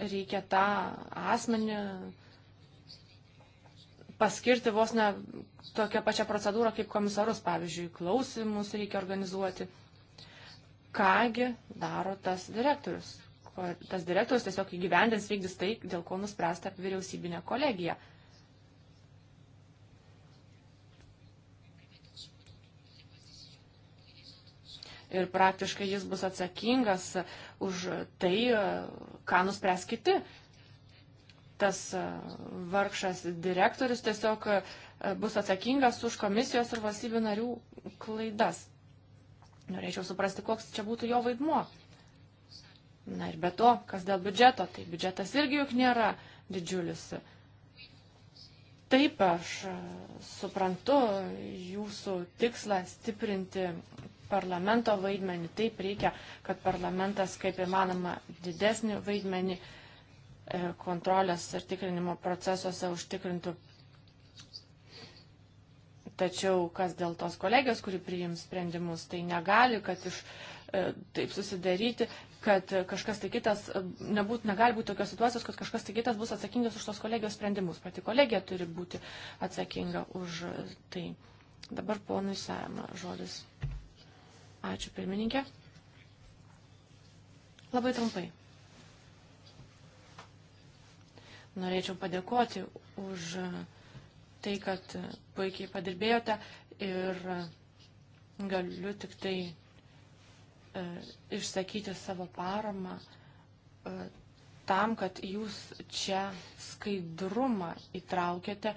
reikia tą asmenį paskirti vos ne tokią pačią procedūrą kaip komisarus, pavyzdžiui, klausimus reikia organizuoti. Kągi daro tas direktorius? Tas direktorius tiesiog įgyvendins vykdys tai, dėl ko nuspręsta vyriausybinė kolegija. ir praktiškai jis bus atsakingas už tai, ką nuspręs kiti. Tas e, vargšas direktorius tiesiog e, bus atsakingas už komisijos ir valstybių narių klaidas. Norėčiau suprasti, koks čia būtų jo vaidmuo. Na ir be to, kas dėl biudžeto, tai biudžetas irgi juk nėra didžiulis. Taip aš e, suprantu jūsų tikslą stiprinti parlamento vaidmenį. Taip reikia, kad parlamentas kaip įmanoma didesnį vaidmenį e, kontrolės ir tikrinimo procesuose užtikrintų. Tačiau kas dėl tos kolegijos, kuri priims sprendimus, tai negali, kad iš e, taip susidaryti, kad kažkas tai kitas, e, nebūt, negali būti tokios situacijos, kad kažkas tai kitas bus atsakingas už tos kolegijos sprendimus. Pati kolegija turi būti atsakinga už tai. Dabar ponui Sarama žodis. Ačiū pirmininkė. Labai trumpai. Norėčiau padėkoti už tai, kad puikiai padirbėjote ir galiu tik tai e, išsakyti savo paramą e, tam, kad jūs čia skaidrumą įtraukėte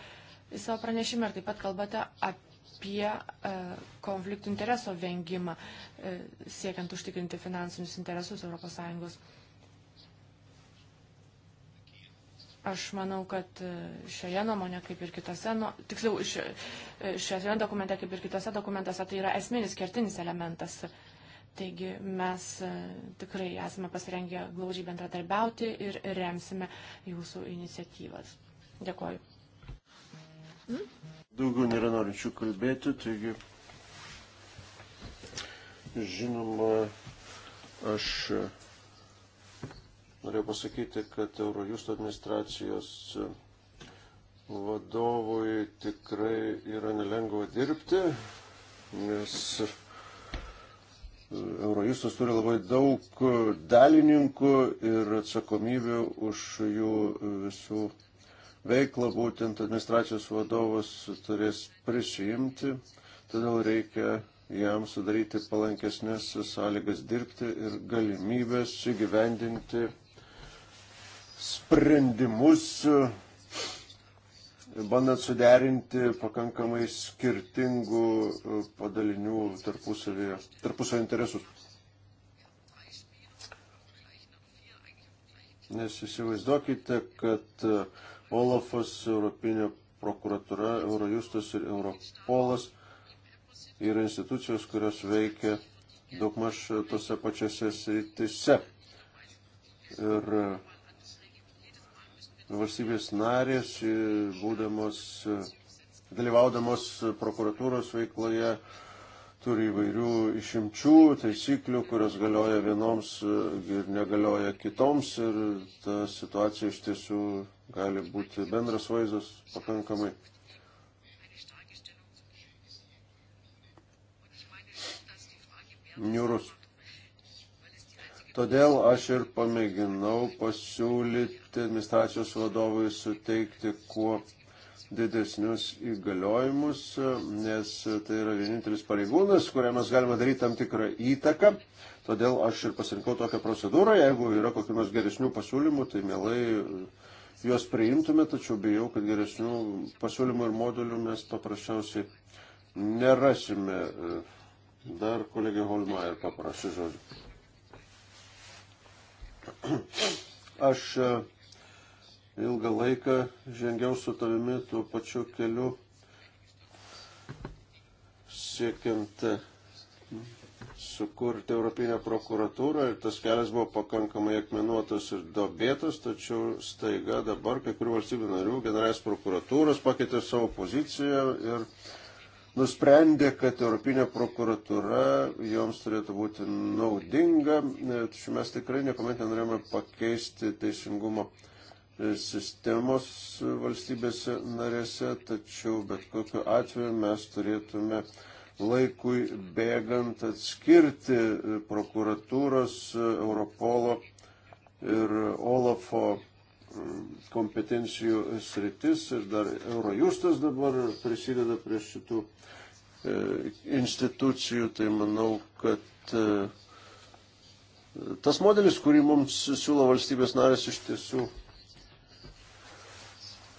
į savo pranešimą ir taip pat kalbate apie apie e, konfliktų intereso vengimą, e, siekiant užtikrinti finansinius interesus ES. Aš manau, kad e, šioje nuomonė, kaip ir kitose, nu, tiksliau, šioje dokumente, kaip ir kitose dokumentuose, tai yra esminis, kertinis elementas. Taigi mes tikrai esame pasirengę glaudžiai bendradarbiauti ir remsime jūsų iniciatyvas. Dėkuoju. Mm? Daugiau nėra norinčių kalbėti, taigi žinoma, aš norėjau pasakyti, kad Eurojusto administracijos vadovui tikrai yra nelengva dirbti, nes Eurojustas turi labai daug dalininkų ir atsakomybių už jų visų veiklą būtent administracijos vadovas turės prisijimti, todėl reikia jam sudaryti palankesnės sąlygas dirbti ir galimybės įgyvendinti sprendimus, bandant suderinti pakankamai skirtingų padalinių tarpusavio interesus. Nes įsivaizduokite, kad Olafas, Europinė prokuratura, Eurojustas ir Europolas yra institucijos, kurios veikia daugmaž tose pačiose sritise. Ir e, valstybės narės, e, būdamos, e, dalyvaudamos prokuratūros veikloje, turi įvairių išimčių, taisyklių, kurios galioja vienoms ir negalioja kitoms ir ta situacija iš tiesų gali būti bendras vaizdas pakankamai. Niurus. Todėl aš ir pamėginau pasiūlyti administracijos vadovui suteikti kuo didesnius įgaliojimus, nes tai yra vienintelis pareigūnas, kuriam mes galime daryti tam tikrą įtaką. Todėl aš ir pasirinkau tokią procedūrą. Jeigu yra kokių nors geresnių pasiūlymų, tai mielai uh, juos priimtume, tačiau bijau, kad geresnių pasiūlymų ir modelių mes paprasčiausiai nerasime. Dar kolegė Holmaier paprašė žodžiu. Aš e, ilgą laiką žengiau su tavimi tuo pačiu keliu siekiant sukurti Europinę prokuratūrą ir tas kelias buvo pakankamai akmenuotas ir dobėtas, tačiau staiga dabar kai kurių valstybių narių generalinės prokuratūros pakeitė savo poziciją ir nusprendė, kad Europinė prokuratūra joms turėtų būti naudinga, tačiau mes tikrai niekuomet nenorėjome pakeisti teisingumo sistemos valstybėse narėse, tačiau bet kokiu atveju mes turėtume uh, laikui bėgant atskirti prokuratūros, Europolo ir Olafo mm, kompetencijų sritis ir dar Eurojustas dabar prisideda prie šitų e, institucijų, tai manau, kad e, tas modelis, kurį mums siūlo valstybės narės, iš tiesų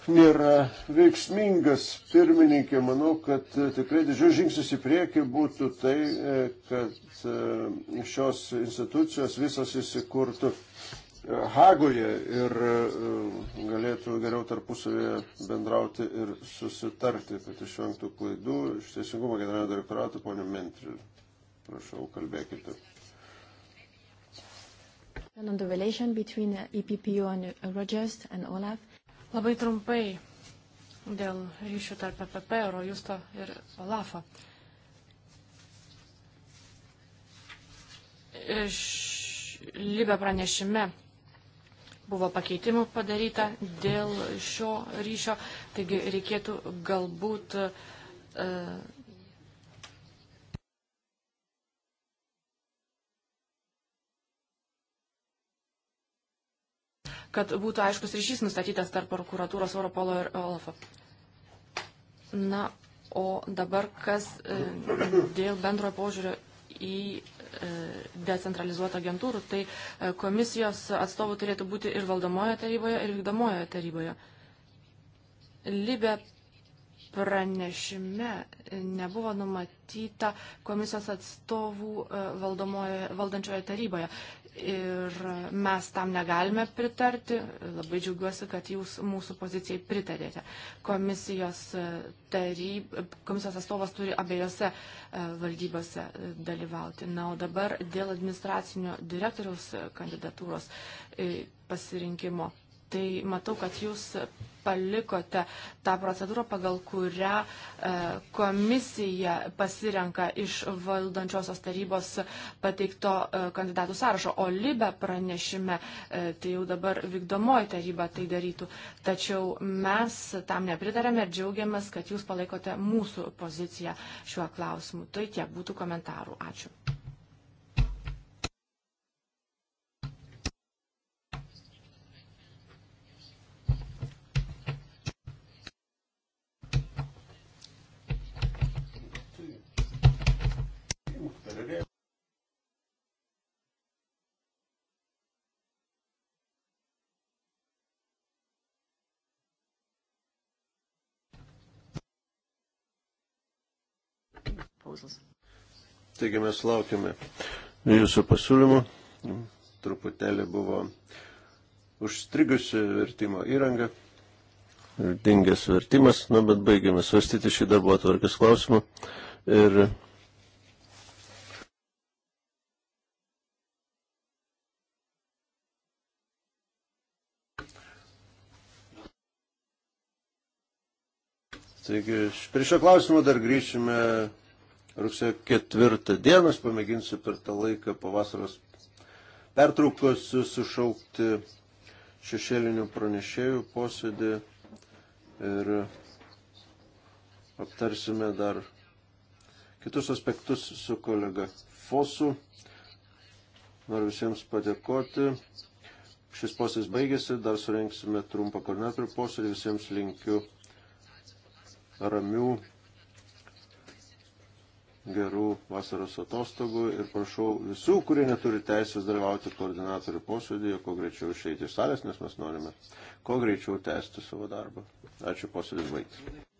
nėra veiksmingas. Pirmininkė, manau, kad e, tikrai didžiulis žingsnis į priekį būtų tai, e, kad e, šios institucijos visos įsikurtų Hagoje ir galėtų geriau tarpusavėje bendrauti ir susitarti, kad tai išvengtų klaidų. Iš Teisingumo generalinio direktorato, ponė Mentri, prašau, kalbėkite. And on the relation between uh, EPPO and Eurojust and OLAF, Labai trumpai dėl ryšių tarp PPP, Eurojusto ir Olafo. Iš Libė pranešime buvo pakeitimų padaryta dėl šio ryšio, taigi reikėtų galbūt e, kad būtų aiškus ryšys nustatytas tarp prokuratūros Europolo ir Olafo. Na, o dabar kas e, dėl bendrojo požiūrio į e, decentralizuotą agentūrų, tai e, komisijos atstovų turėtų būti ir valdomojo taryboje, ir vykdomojo taryboje. Libė pranešime nebuvo numatyta komisijos atstovų valdančioje taryboje ir mes tam negalime pritarti. Labai džiaugiuosi, kad jūs mūsų pozicijai pritarėte. Komisijos, e, taryb, komisijos atstovas turi abiejose e, valdybose e, dalyvauti. Na, o dabar dėl administracinio direktoriaus kandidatūros pasirinkimo tai matau, kad jūs palikote tą procedūrą, pagal kurią e, komisija pasirenka iš valdančiosios tarybos pateikto e, kandidatų sąrašo, o Libe pranešime, e, tai jau dabar vykdomoji taryba tai darytų. Tačiau mes tam nepritarėme ir džiaugiamės, kad jūs palaikote mūsų poziciją šiuo klausimu. Tai tiek būtų komentarų. Ačiū. negalėjo. Taigi mes laukiame jūsų pasiūlymų. Truputėlį buvo užstrigusi vertimo įranga. Dingęs vertimas, na bet baigėme svarstyti šį darbo atvarkės klausimą. Ir Taigi, prie šio klausimo dar grįšime rugsėjo ketvirtą dieną. Aš pamėginsiu per tą laiką po vasaros pertraukos sušaukti šešėlinių pranešėjų posėdį ir aptarsime dar kitus aspektus su kolega Fosu. Noriu visiems padėkoti. Šis posėdis baigėsi, dar surenksime trumpą koordinatorių posėdį. Visiems linkiu ramių, gerų vasaros atostogų ir prašau visų, kurie neturi teisės dalyvauti koordinatorių posėdėje, kuo greičiau išeiti iš salės, nes mes norime kuo greičiau tęsti savo darbą. Ačiū posėdis baigtas.